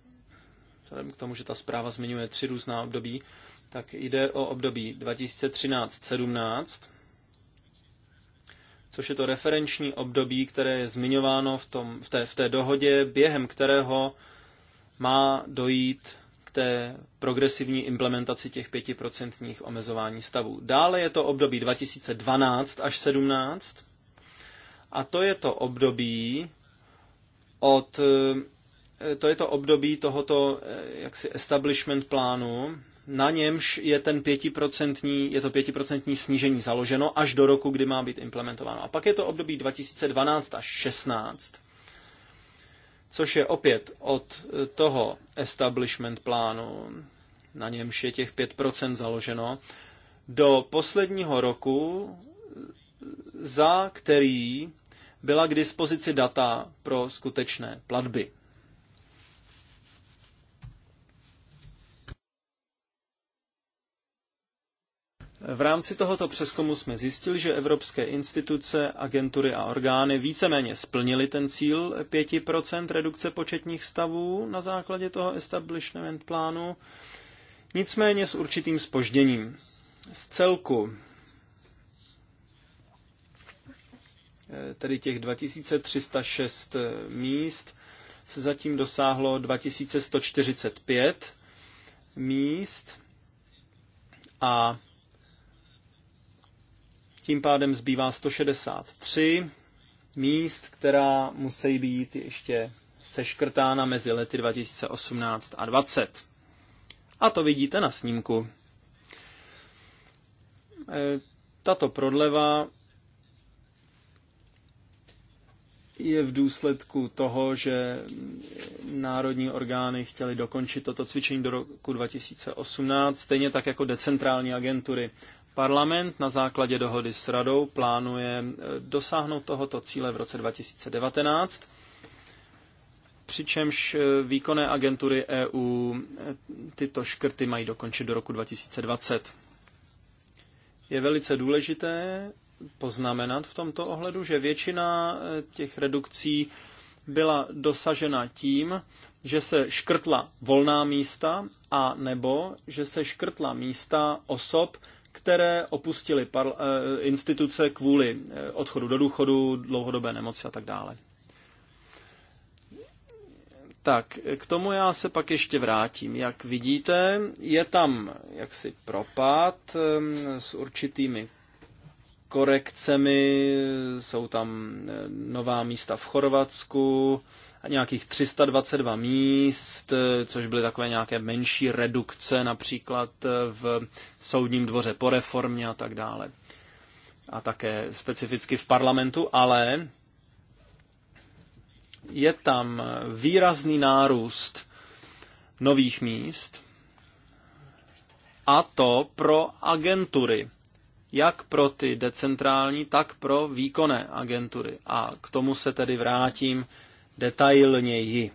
vzhledem k tomu, že ta zpráva zmiňuje tři různá období, tak jde o období 2013-17, což je to referenční období, které je zmiňováno v, tom, v, té, v té dohodě, během kterého má dojít té progresivní implementaci těch pětiprocentních omezování stavů. Dále je to období 2012 až 17 a to je to období od eh, to je to období tohoto eh, jaksi establishment plánu, na němž je ten 5%, je to pětiprocentní snížení založeno až do roku, kdy má být implementováno. A pak je to období 2012 až 16 což je opět od eh, toho establishment plánu, na němž je těch 5% založeno, do posledního roku, eh, za který byla k dispozici data pro skutečné platby. V rámci tohoto přeskumu jsme zjistili, že evropské instituce, agentury a orgány víceméně splnily ten cíl 5% redukce početních stavů na základě toho establishment plánu, nicméně s určitým spožděním. Z celku eh, tedy těch 2306 eh, míst se zatím dosáhlo 2145 míst a tím pádem zbývá 163 míst, která musí být ještě seškrtána mezi lety 2018 a 20. A to vidíte na snímku. E, tato prodleva je v důsledku toho, že národní orgány chtěly dokončit toto cvičení do roku 2018, stejně tak jako decentrální agentury. Parlament na základě dohody s radou plánuje eh, dosáhnout tohoto cíle v roce 2019, přičemž eh, výkonné agentury EU eh, tyto škrty mají dokončit do roku 2020. Je velice důležité poznamenat v tomto ohledu, že většina těch redukcí byla dosažena tím, že se škrtla volná místa a nebo že se škrtla místa osob, které opustili eh, instituce kvůli eh, odchodu do důchodu, dlouhodobé nemoci a tak dále. Tak, k tomu já se pak ještě vrátím. Jak vidíte, je tam jaksi propad ehm, s určitými korekcemi, jsou tam eh, nová místa v Chorvatsku, a nějakých 322 míst, eh, což byly takové nějaké menší redukce například eh, v soudním dvoře po reformě a tak dále. A také specificky v parlamentu, ale je tam výrazný nárůst nových míst, a to pro agentury jak pro ty decentrální, tak pro výkonné agentury. A k tomu se tedy vrátím detailněji.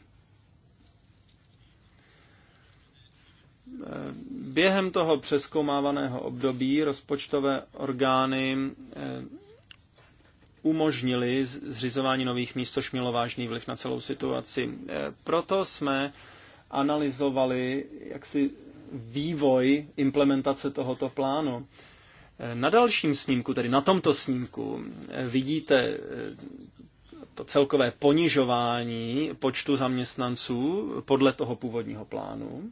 Během toho přeskoumávaného období rozpočtové orgány eh, umožnili zřizování nových míst, což mělo vážný vliv na celou situaci. Eh, proto jsme analyzovali jaksi vývoj implementace tohoto plánu. Na dalším snímku, tedy na tomto snímku, vidíte eh, to celkové ponižování počtu zaměstnanců podle toho původního plánu.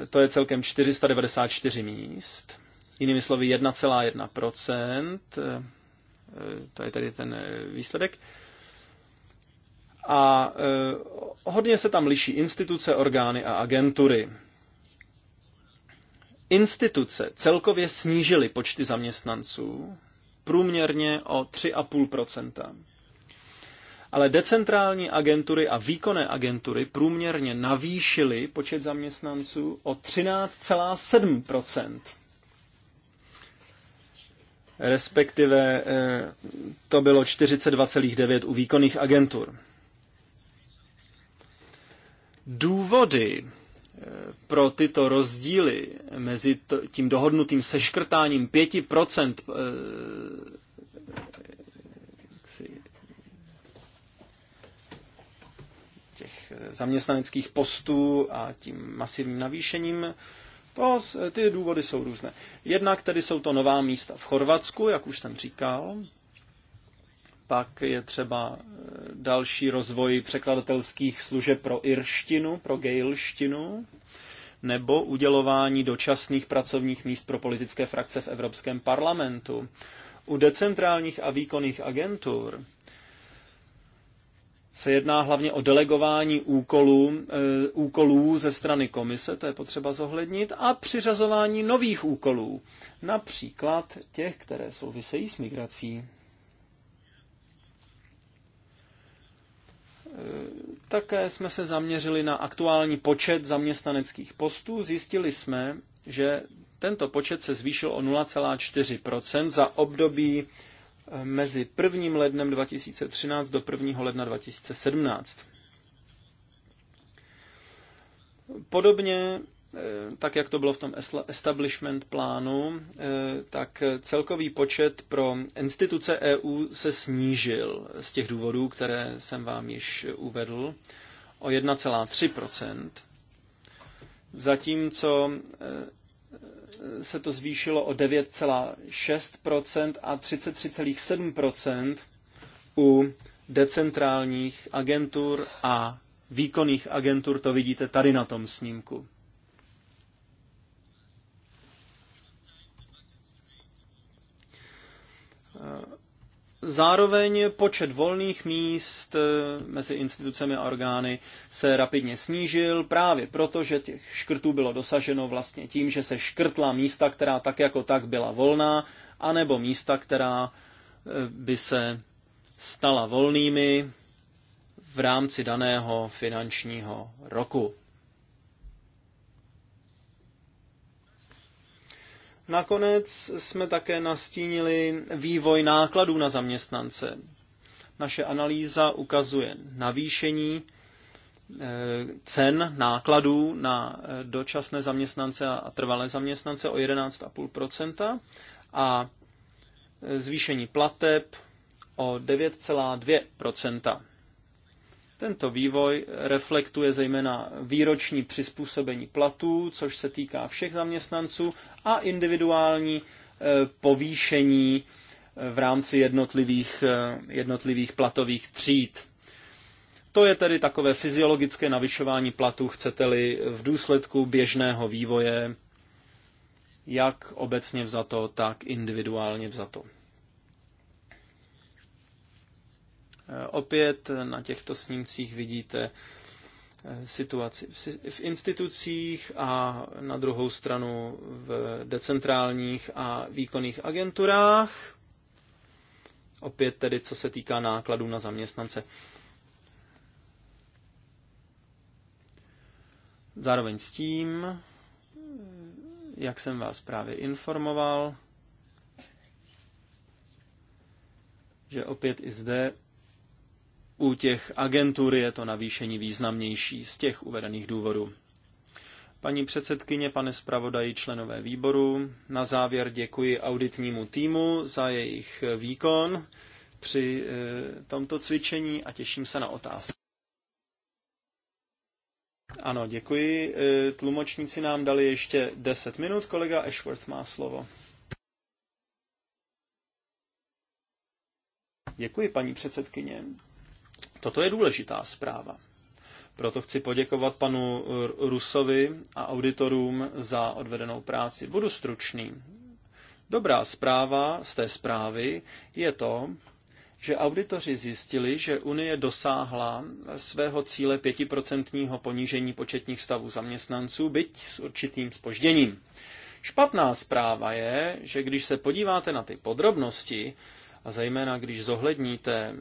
Eh, to je celkem 494 míst, jinými slovy 1,1%, eh, to je tedy ten výsledek. A hodně se tam liší instituce, orgány a agentury. Instituce celkově snížily počty zaměstnanců průměrně o 3,5 ale decentrální agentury a výkonné agentury průměrně navýšily počet zaměstnanců o 13,7 respektive eh, to bylo 42,9 u výkonných agentur. Důvody pro tyto rozdíly mezi tím dohodnutým seškrtáním 5% eh, těch eh, zaměstnaneckých postů a tím masivním navýšením, to, ty důvody jsou různé. Jednak tedy jsou to nová místa v Chorvatsku, jak už jsem říkal, pak je třeba eh, další rozvoj překladatelských služeb pro irštinu, pro gejlštinu, nebo udělování dočasných pracovních míst pro politické frakce v Evropském parlamentu. U decentrálních a výkonných agentur se jedná hlavně o delegování úkolů, eh, úkolů ze strany komise, to je potřeba zohlednit, a přiřazování nových úkolů, například těch, které souvisejí s migrací. Také jsme se zaměřili na aktuální počet zaměstnaneckých postů. Zjistili jsme, že tento počet se zvýšil o 0,4 za období eh, mezi 1. lednem 2013 do 1. ledna 2017. Podobně Eh, tak jak to bylo v tom establishment plánu, eh, tak celkový počet pro instituce EU se snížil z těch důvodů, které jsem vám již uvedl, o 1,3%, zatímco eh, se to zvýšilo o 9,6% a 33,7% u decentrálních agentur a výkonných agentur, to vidíte tady na tom snímku. Zároveň počet volných míst eh, mezi institucemi a orgány se rapidně snížil právě proto, že těch škrtů bylo dosaženo vlastně tím, že se škrtla místa, která tak jako tak byla volná, anebo místa, která eh, by se stala volnými v rámci daného finančního roku. Nakonec jsme také nastínili vývoj nákladů na zaměstnance. Naše analýza ukazuje navýšení eh, cen nákladů na eh, dočasné zaměstnance a trvalé zaměstnance o 11,5 a eh, zvýšení plateb o 9,2 tento vývoj reflektuje zejména výroční přizpůsobení platů, což se týká všech zaměstnanců, a individuální eh, povýšení eh, v rámci jednotlivých, eh, jednotlivých platových tříd. To je tedy takové fyziologické navyšování platů, chcete-li, v důsledku běžného vývoje, jak obecně vzato, tak individuálně vzato. Eh, opět na těchto snímcích vidíte eh, situaci v institucích a na druhou stranu v decentrálních a výkonných agenturách. Opět tedy, co se týká nákladů na zaměstnance. Zároveň s tím, eh, jak jsem vás právě informoval, že opět i zde u těch agentur je to navýšení významnější z těch uvedených důvodů. Paní předsedkyně, pane zpravodaji, členové výboru, na závěr děkuji auditnímu týmu za jejich výkon při eh, tomto cvičení a těším se na otázky. Ano, děkuji. Eh, tlumočníci nám dali ještě 10 minut. Kolega Ashworth má slovo. Děkuji, paní předsedkyně. Toto je důležitá zpráva. Proto chci poděkovat panu Rusovi a auditorům za odvedenou práci. Budu stručný. Dobrá zpráva z té zprávy je to, že auditoři zjistili, že Unie dosáhla svého cíle 5% ponížení početních stavů zaměstnanců, byť s určitým spožděním. Špatná zpráva je, že když se podíváte na ty podrobnosti, a zejména když zohledníte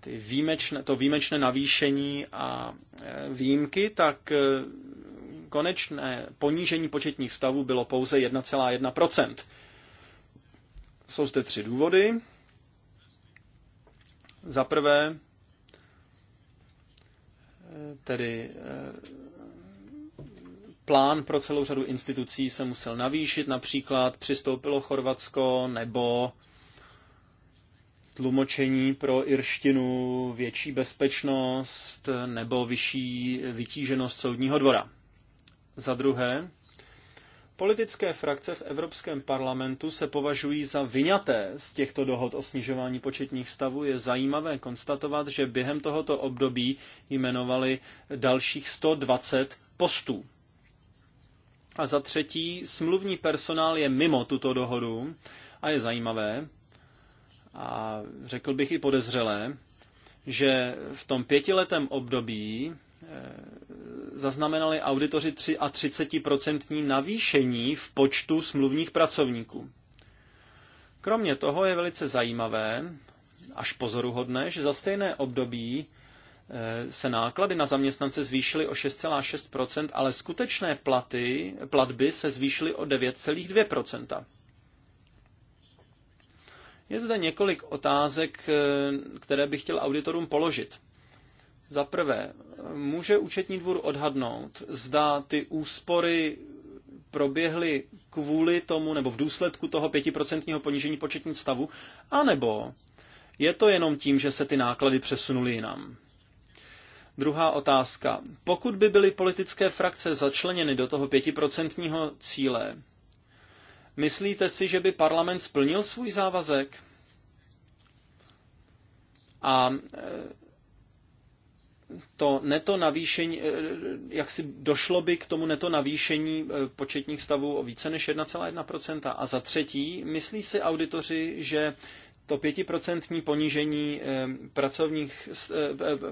ty výjimečné, to výjimečné navýšení a e, výjimky, tak e, konečné ponížení početních stavů bylo pouze 1,1%. Jsou zde tři důvody. Za prvé, e, tedy plán pro celou řadu institucí se musel navýšit, například přistoupilo Chorvatsko nebo tlumočení pro irštinu, větší bezpečnost nebo vyšší vytíženost soudního dvora. Za druhé, politické frakce v Evropském parlamentu se považují za vyňaté z těchto dohod o snižování početních stavů. Je zajímavé konstatovat, že během tohoto období jmenovali dalších 120 postů. A za třetí, smluvní personál je mimo tuto dohodu a je zajímavé, a řekl bych i podezřelé, že v tom pětiletém období eh, zaznamenali auditoři 33% navýšení v počtu smluvních pracovníků. Kromě toho je velice zajímavé, až pozoruhodné, že za stejné období eh, se náklady na zaměstnance zvýšily o 6,6%, ale skutečné platy, platby se zvýšily o 9,2%. Je zde několik otázek, eh, které bych chtěl auditorům položit. Za prvé, může účetní dvůr odhadnout, zda ty úspory proběhly kvůli tomu nebo v důsledku toho pětiprocentního ponížení početních stavu, anebo je to jenom tím, že se ty náklady přesunuly jinam. Druhá otázka. Pokud by byly politické frakce začleněny do toho pětiprocentního cíle, Myslíte si, že by parlament splnil svůj závazek? A e, to neto navýšení, e, jak si došlo by k tomu neto navýšení e, početních stavů o více než 1,1%. A za třetí, myslí si auditoři, že to pětiprocentní ponížení pracovních,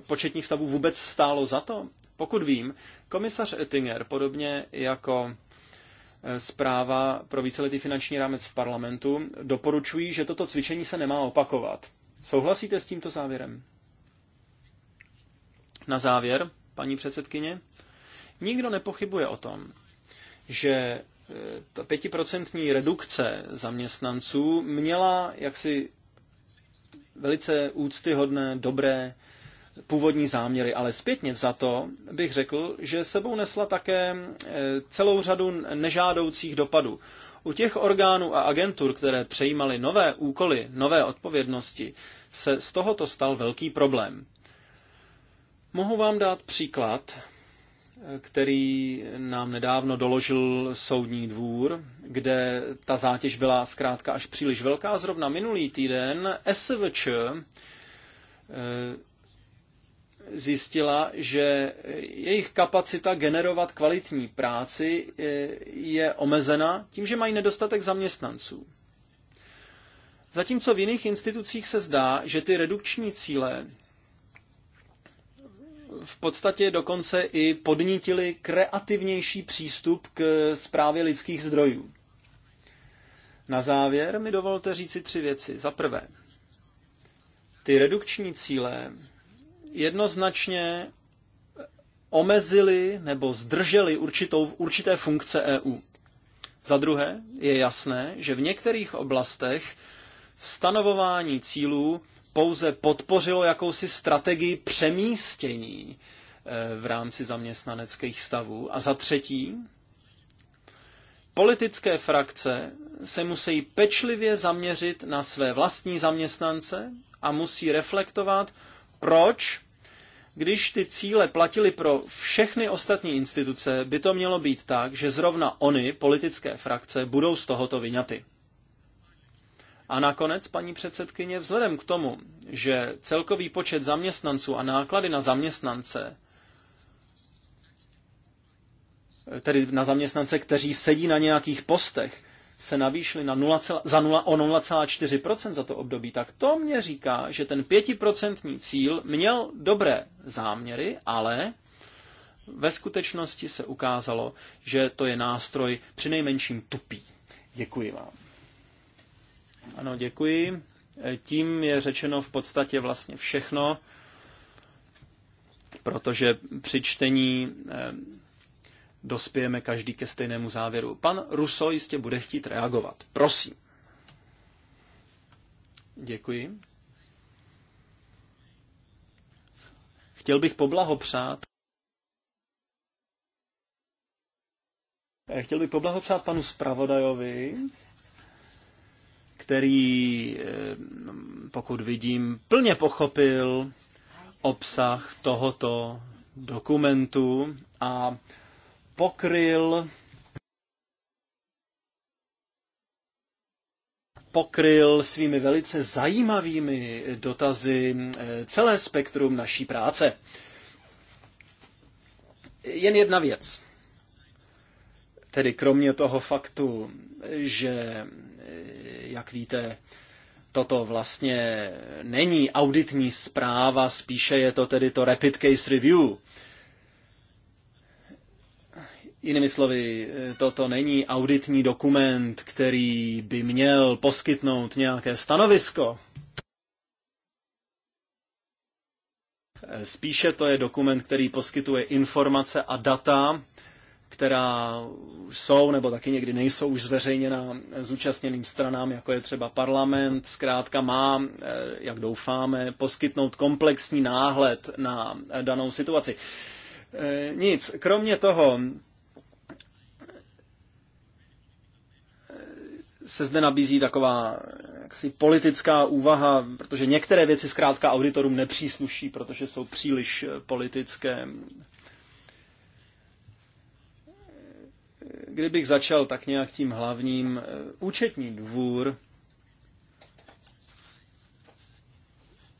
početních stavů vůbec stálo za to? Pokud vím, komisař Ettinger, podobně jako zpráva pro víceletý finanční rámec v parlamentu, doporučují, že toto cvičení se nemá opakovat. Souhlasíte s tímto závěrem? Na závěr, paní předsedkyně, nikdo nepochybuje o tom, že eh, ta pětiprocentní redukce zaměstnanců měla jaksi velice úctyhodné, dobré původní záměry, ale zpětně to bych řekl, že sebou nesla také eh, celou řadu nežádoucích dopadů. U těch orgánů a agentur, které přejímaly nové úkoly, nové odpovědnosti, se z tohoto stal velký problém. Mohu vám dát příklad, eh, který nám nedávno doložil soudní dvůr, kde ta zátěž byla zkrátka až příliš velká. Zrovna minulý týden SVČ eh, zjistila, že jejich kapacita generovat kvalitní práci eh, je omezena tím, že mají nedostatek zaměstnanců. Zatímco v jiných institucích se zdá, že ty redukční cíle v podstatě dokonce i podnítili kreativnější přístup k zprávě lidských zdrojů. Na závěr mi dovolte říci tři věci. Za prvé, ty redukční cíle jednoznačně omezili nebo zdrželi určitou, určité funkce EU. Za druhé je jasné, že v některých oblastech stanovování cílů pouze podpořilo jakousi strategii přemístění e, v rámci zaměstnaneckých stavů. A za třetí, politické frakce se musí pečlivě zaměřit na své vlastní zaměstnance a musí reflektovat, proč když ty cíle platily pro všechny ostatní instituce, by to mělo být tak, že zrovna oni, politické frakce, budou z tohoto vyňaty. A nakonec, paní předsedkyně, vzhledem k tomu, že celkový počet zaměstnanců a náklady na zaměstnance, tedy na zaměstnance, kteří sedí na nějakých postech, se navýšily na 0, za 0, o 0,4% za to období, tak to mě říká, že ten 5% cíl měl dobré záměry, ale ve skutečnosti se ukázalo, že to je nástroj přinejmenším tupý. Děkuji vám. Ano, děkuji. Tím je řečeno v podstatě vlastně všechno, protože při čtení eh, dospějeme každý ke stejnému závěru. Pan Ruso jistě bude chtít reagovat. Prosím. Děkuji. Chtěl bych poblahopřát Chtěl bych poblahopřát panu Spravodajovi, který, eh, pokud vidím, plně pochopil obsah tohoto dokumentu a pokryl pokryl svými velice zajímavými dotazy eh, celé spektrum naší práce. Jen jedna věc. Tedy kromě toho faktu, že, eh, jak víte, toto vlastně není auditní zpráva, spíše je to tedy to rapid case review, Jinými slovy, eh, toto není auditní dokument, který by měl poskytnout nějaké stanovisko. Spíše to je dokument, který poskytuje informace a data, která jsou nebo taky někdy nejsou už zveřejněna zúčastněným stranám, jako je třeba parlament, zkrátka má, eh, jak doufáme, poskytnout komplexní náhled na danou situaci. Eh, nic, kromě toho, se zde nabízí taková jaksi politická úvaha, protože některé věci zkrátka auditorům nepřísluší, protože jsou příliš eh, politické. Kdybych začal tak nějak tím hlavním, eh, účetní dvůr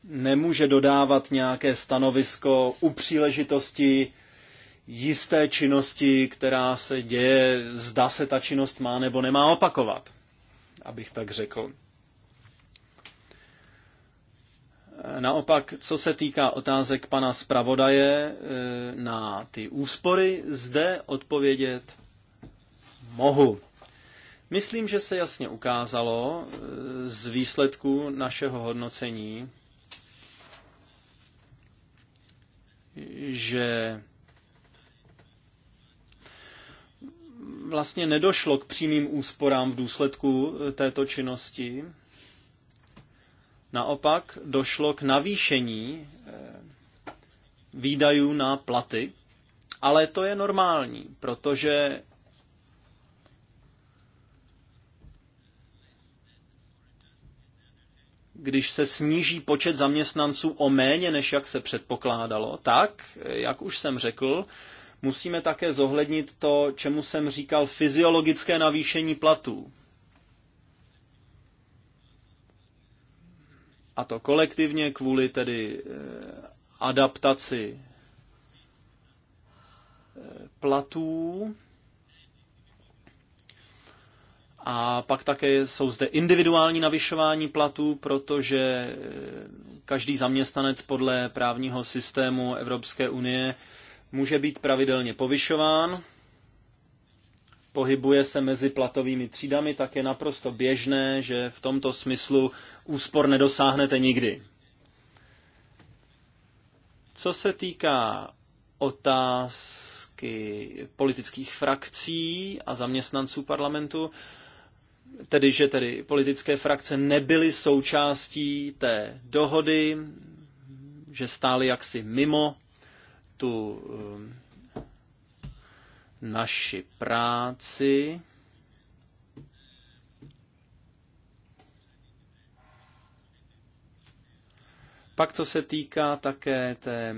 nemůže dodávat nějaké stanovisko u příležitosti jisté činnosti, která se děje, zda se ta činnost má nebo nemá opakovat abych tak řekl. Naopak, co se týká otázek pana zpravodaje e, na ty úspory, zde odpovědět mohu. Myslím, že se jasně ukázalo e, z výsledku našeho hodnocení, že vlastně nedošlo k přímým úsporám v důsledku eh, této činnosti. Naopak došlo k navýšení eh, výdajů na platy, ale to je normální, protože když se sníží počet zaměstnanců o méně, než jak se předpokládalo, tak, eh, jak už jsem řekl, musíme také zohlednit to, čemu jsem říkal, fyziologické navýšení platů. A to kolektivně kvůli tedy eh, adaptaci eh, platů. A pak také jsou zde individuální navyšování platů, protože eh, každý zaměstnanec podle právního systému Evropské unie může být pravidelně povyšován, pohybuje se mezi platovými třídami, tak je naprosto běžné, že v tomto smyslu úspor nedosáhnete nikdy. Co se týká otázky politických frakcí a zaměstnanců parlamentu, tedy že tedy politické frakce nebyly součástí té dohody, že stály jaksi mimo tu um, naši práci. Pak, co se týká také té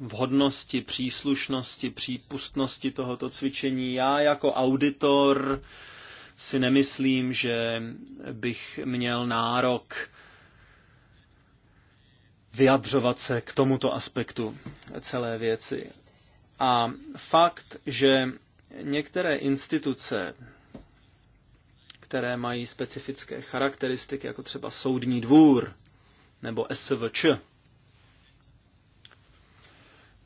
vhodnosti, příslušnosti, přípustnosti tohoto cvičení, já jako auditor si nemyslím, že bych měl nárok vyjadřovat se k tomuto aspektu celé věci. A fakt, že některé instituce, které mají specifické charakteristiky, jako třeba Soudní dvůr nebo SVČ,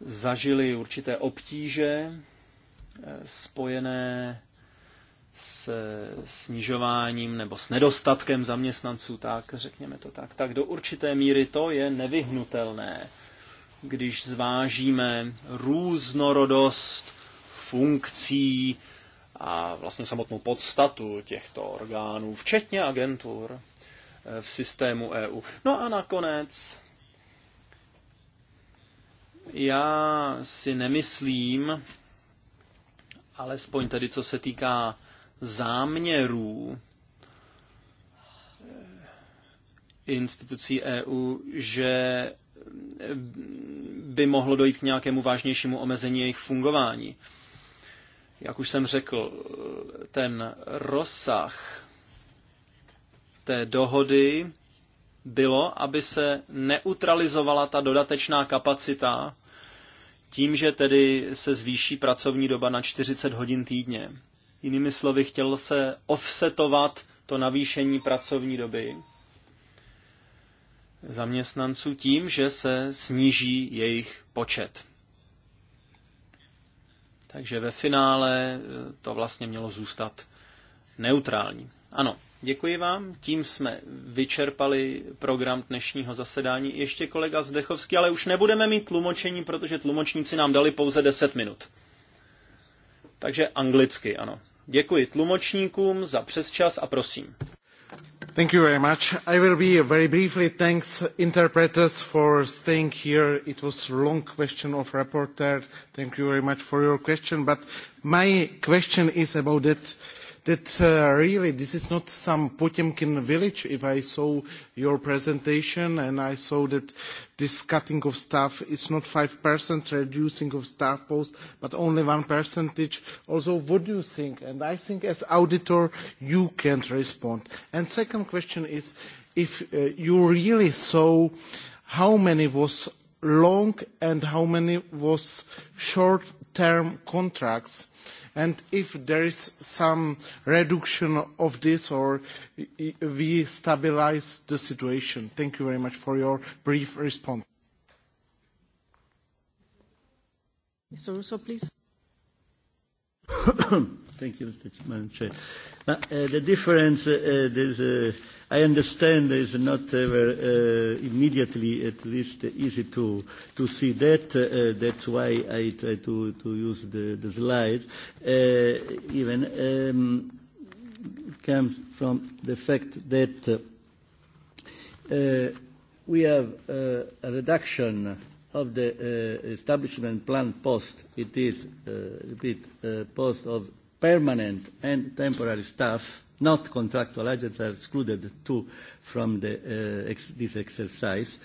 zažili určité obtíže eh, spojené s snižováním nebo s nedostatkem zaměstnanců, tak řekněme to tak, tak do určité míry to je nevyhnutelné, když zvážíme různorodost funkcí a vlastně samotnou podstatu těchto orgánů, včetně agentur eh, v systému EU. No a nakonec já si nemyslím, alespoň tedy co se týká záměrů eh, institucí EU, že eh, by mohlo dojít k nějakému vážnějšímu omezení jejich fungování. Jak už jsem řekl, eh, ten rozsah té dohody bylo, aby se neutralizovala ta dodatečná kapacita tím, že tedy se zvýší pracovní doba na 40 hodin týdně. Jinými slovy, chtěl se offsetovat to navýšení pracovní doby zaměstnanců tím, že se sníží jejich počet. Takže ve finále eh, to vlastně mělo zůstat neutrální. Ano, děkuji vám. Tím jsme vyčerpali program dnešního zasedání. Ještě kolega Zdechovský, ale už nebudeme mít tlumočení, protože tlumočníci nám dali pouze 10 minut. Takže anglicky, ano. Děkuji tlumočníkům za přesčas a prosím. Thank you very much. I will be very briefly thanks interpreters for staying here. It was long question of reporter. Thank you very much for your question, but my question is about that that uh, really this is not some Potemkin village. If I saw your presentation and I saw that this cutting of staff is not five percent reducing of staff posts, but only one percentage. Also, what do you think? And I think as auditor, you can respond. And second question is, if uh, you really saw how many was long and how many was short-term contracts, uh, and if there is some reduction of this or we stabilize the situation? Thank you very much for your brief response. Mr. Russo, please. Thank you, Mr. Manche. Uh, uh, the difference, uh, is, uh, I understand is not ever, uh, immediately, at least, easy to, to see that. Uh, that's why I try to, to use the, the slide. Uh, even um, it comes from the fact that uh, we have uh, a reduction of the uh, establishment plan post, it is uh, repeat, uh, post of permanent and temporary staff, not contractual agents are excluded too from the, uh, ex- this exercise,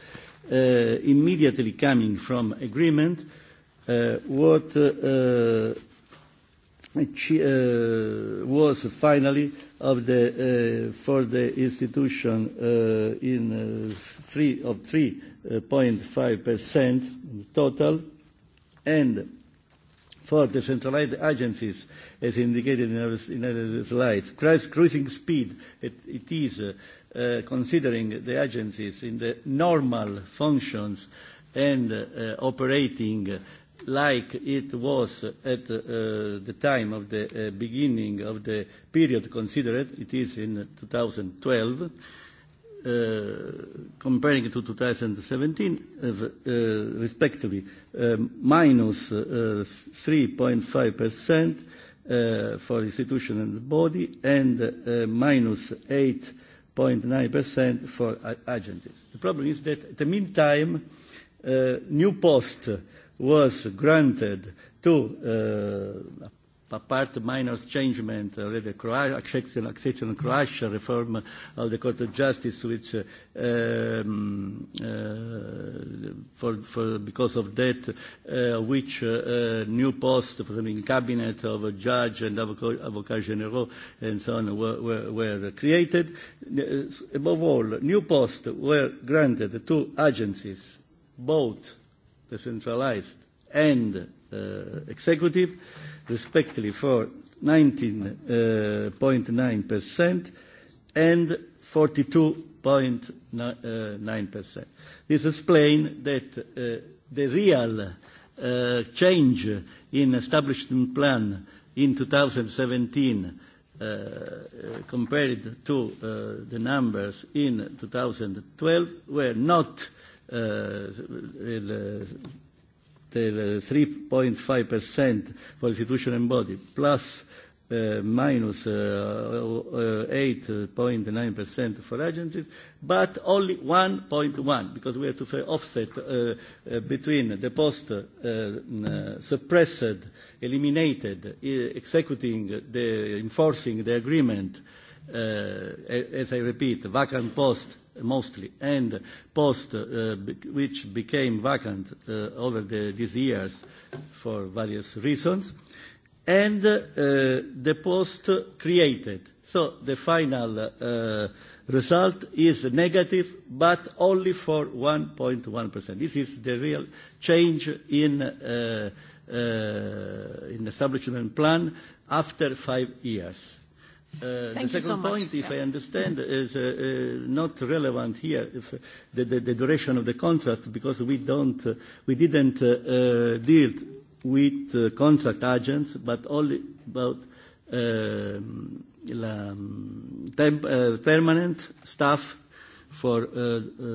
uh, immediately coming from agreement, uh, what uh, uh, uh was finally of the, uh, for the institution uh, in uh, three of three 0.5% total, and for the centralized agencies, as indicated in other slides. Cruising speed, it, is, uh, considering the agencies in the normal functions and uh, operating like it was at uh, the time of the beginning of the period considered, it is in 2012, uh, comparing to 2017, uh, uh, respectively, uh, minus uh, 3.5% uh, for institution and body and uh, minus 8.9% for agencies. The problem is that in the meantime, uh, new post was granted to uh, apart minor changement, uh, the accession, accession of Croatia reform of the Court of Justice, which uh, um, uh, for, for, because of that, uh, which uh, uh, new post for the cabinet of a judge and avocat general and so on were, were, were created. Uh, above all, new posts were granted to agencies, both decentralized and uh, executive. Uh, respectively for 19.9% uh, and 42.9%. Uh, This explains that uh, the real change in establishment plan in 2017 Uh, compared to uh, the numbers in 2012 were not uh, Uh, the 3.5% for institution and body, plus Uh, minus uh, uh, 8.9% for agencies, but only 1.1, because we have to offset uh, uh, between the post mm, suppressed, eliminated, executing the enforcing the agreement, as I repeat, vacant post mostly, and post, uh, which became vacant uh, over the, these years for various reasons, and uh, the post created. So the final uh, result is negative, but only for 1.1%. This is the real change in, uh, uh, in establishment plan after five years. Uh, Thank the second so point, much. if yeah. I understand, is uh, uh, not relevant here, if uh, the, the, the duration of the contract, because we don't, uh, we didn't uh, uh, deal with uh, contract agents, but only about uh, la, temp, uh, permanent staff for uh, uh,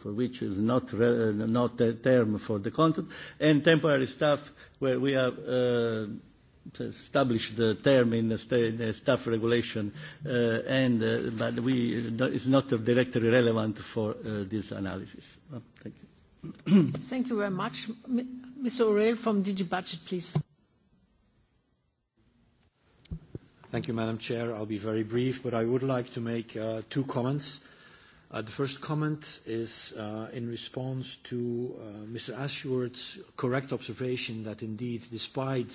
for which is not re, uh, not a term for the contract, and temporary staff where we have. Uh, establish the term in the, the staff regulation, uh, and uh, but we no, it's not directly relevant for uh, this analysis. thank you. thank you very much, Mr. O'Reilly from DG Budget, please. Thank you, Madam Chair. I'll be very brief, but I would like to make uh, two comments. Uh, the first comment is uh, in response to uh, Mr. Ashworth's correct observation that indeed, despite uh,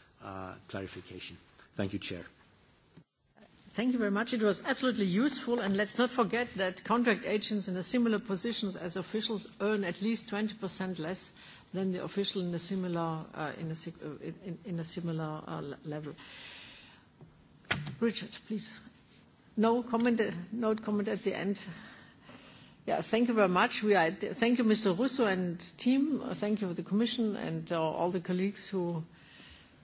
uh, clarification. Thank you, Chair. Thank you very much. It was absolutely useful. And let's not forget that contract agents in a similar positions as officials earn at least 20% less than the official in a similar, uh, in a, uh, in, in a similar uh, level. Richard, please. No comment, uh, no comment at the end. Yeah, thank you very much. We are, thank you, Mr. Russo and team. Thank you, the Commission and uh, all the colleagues who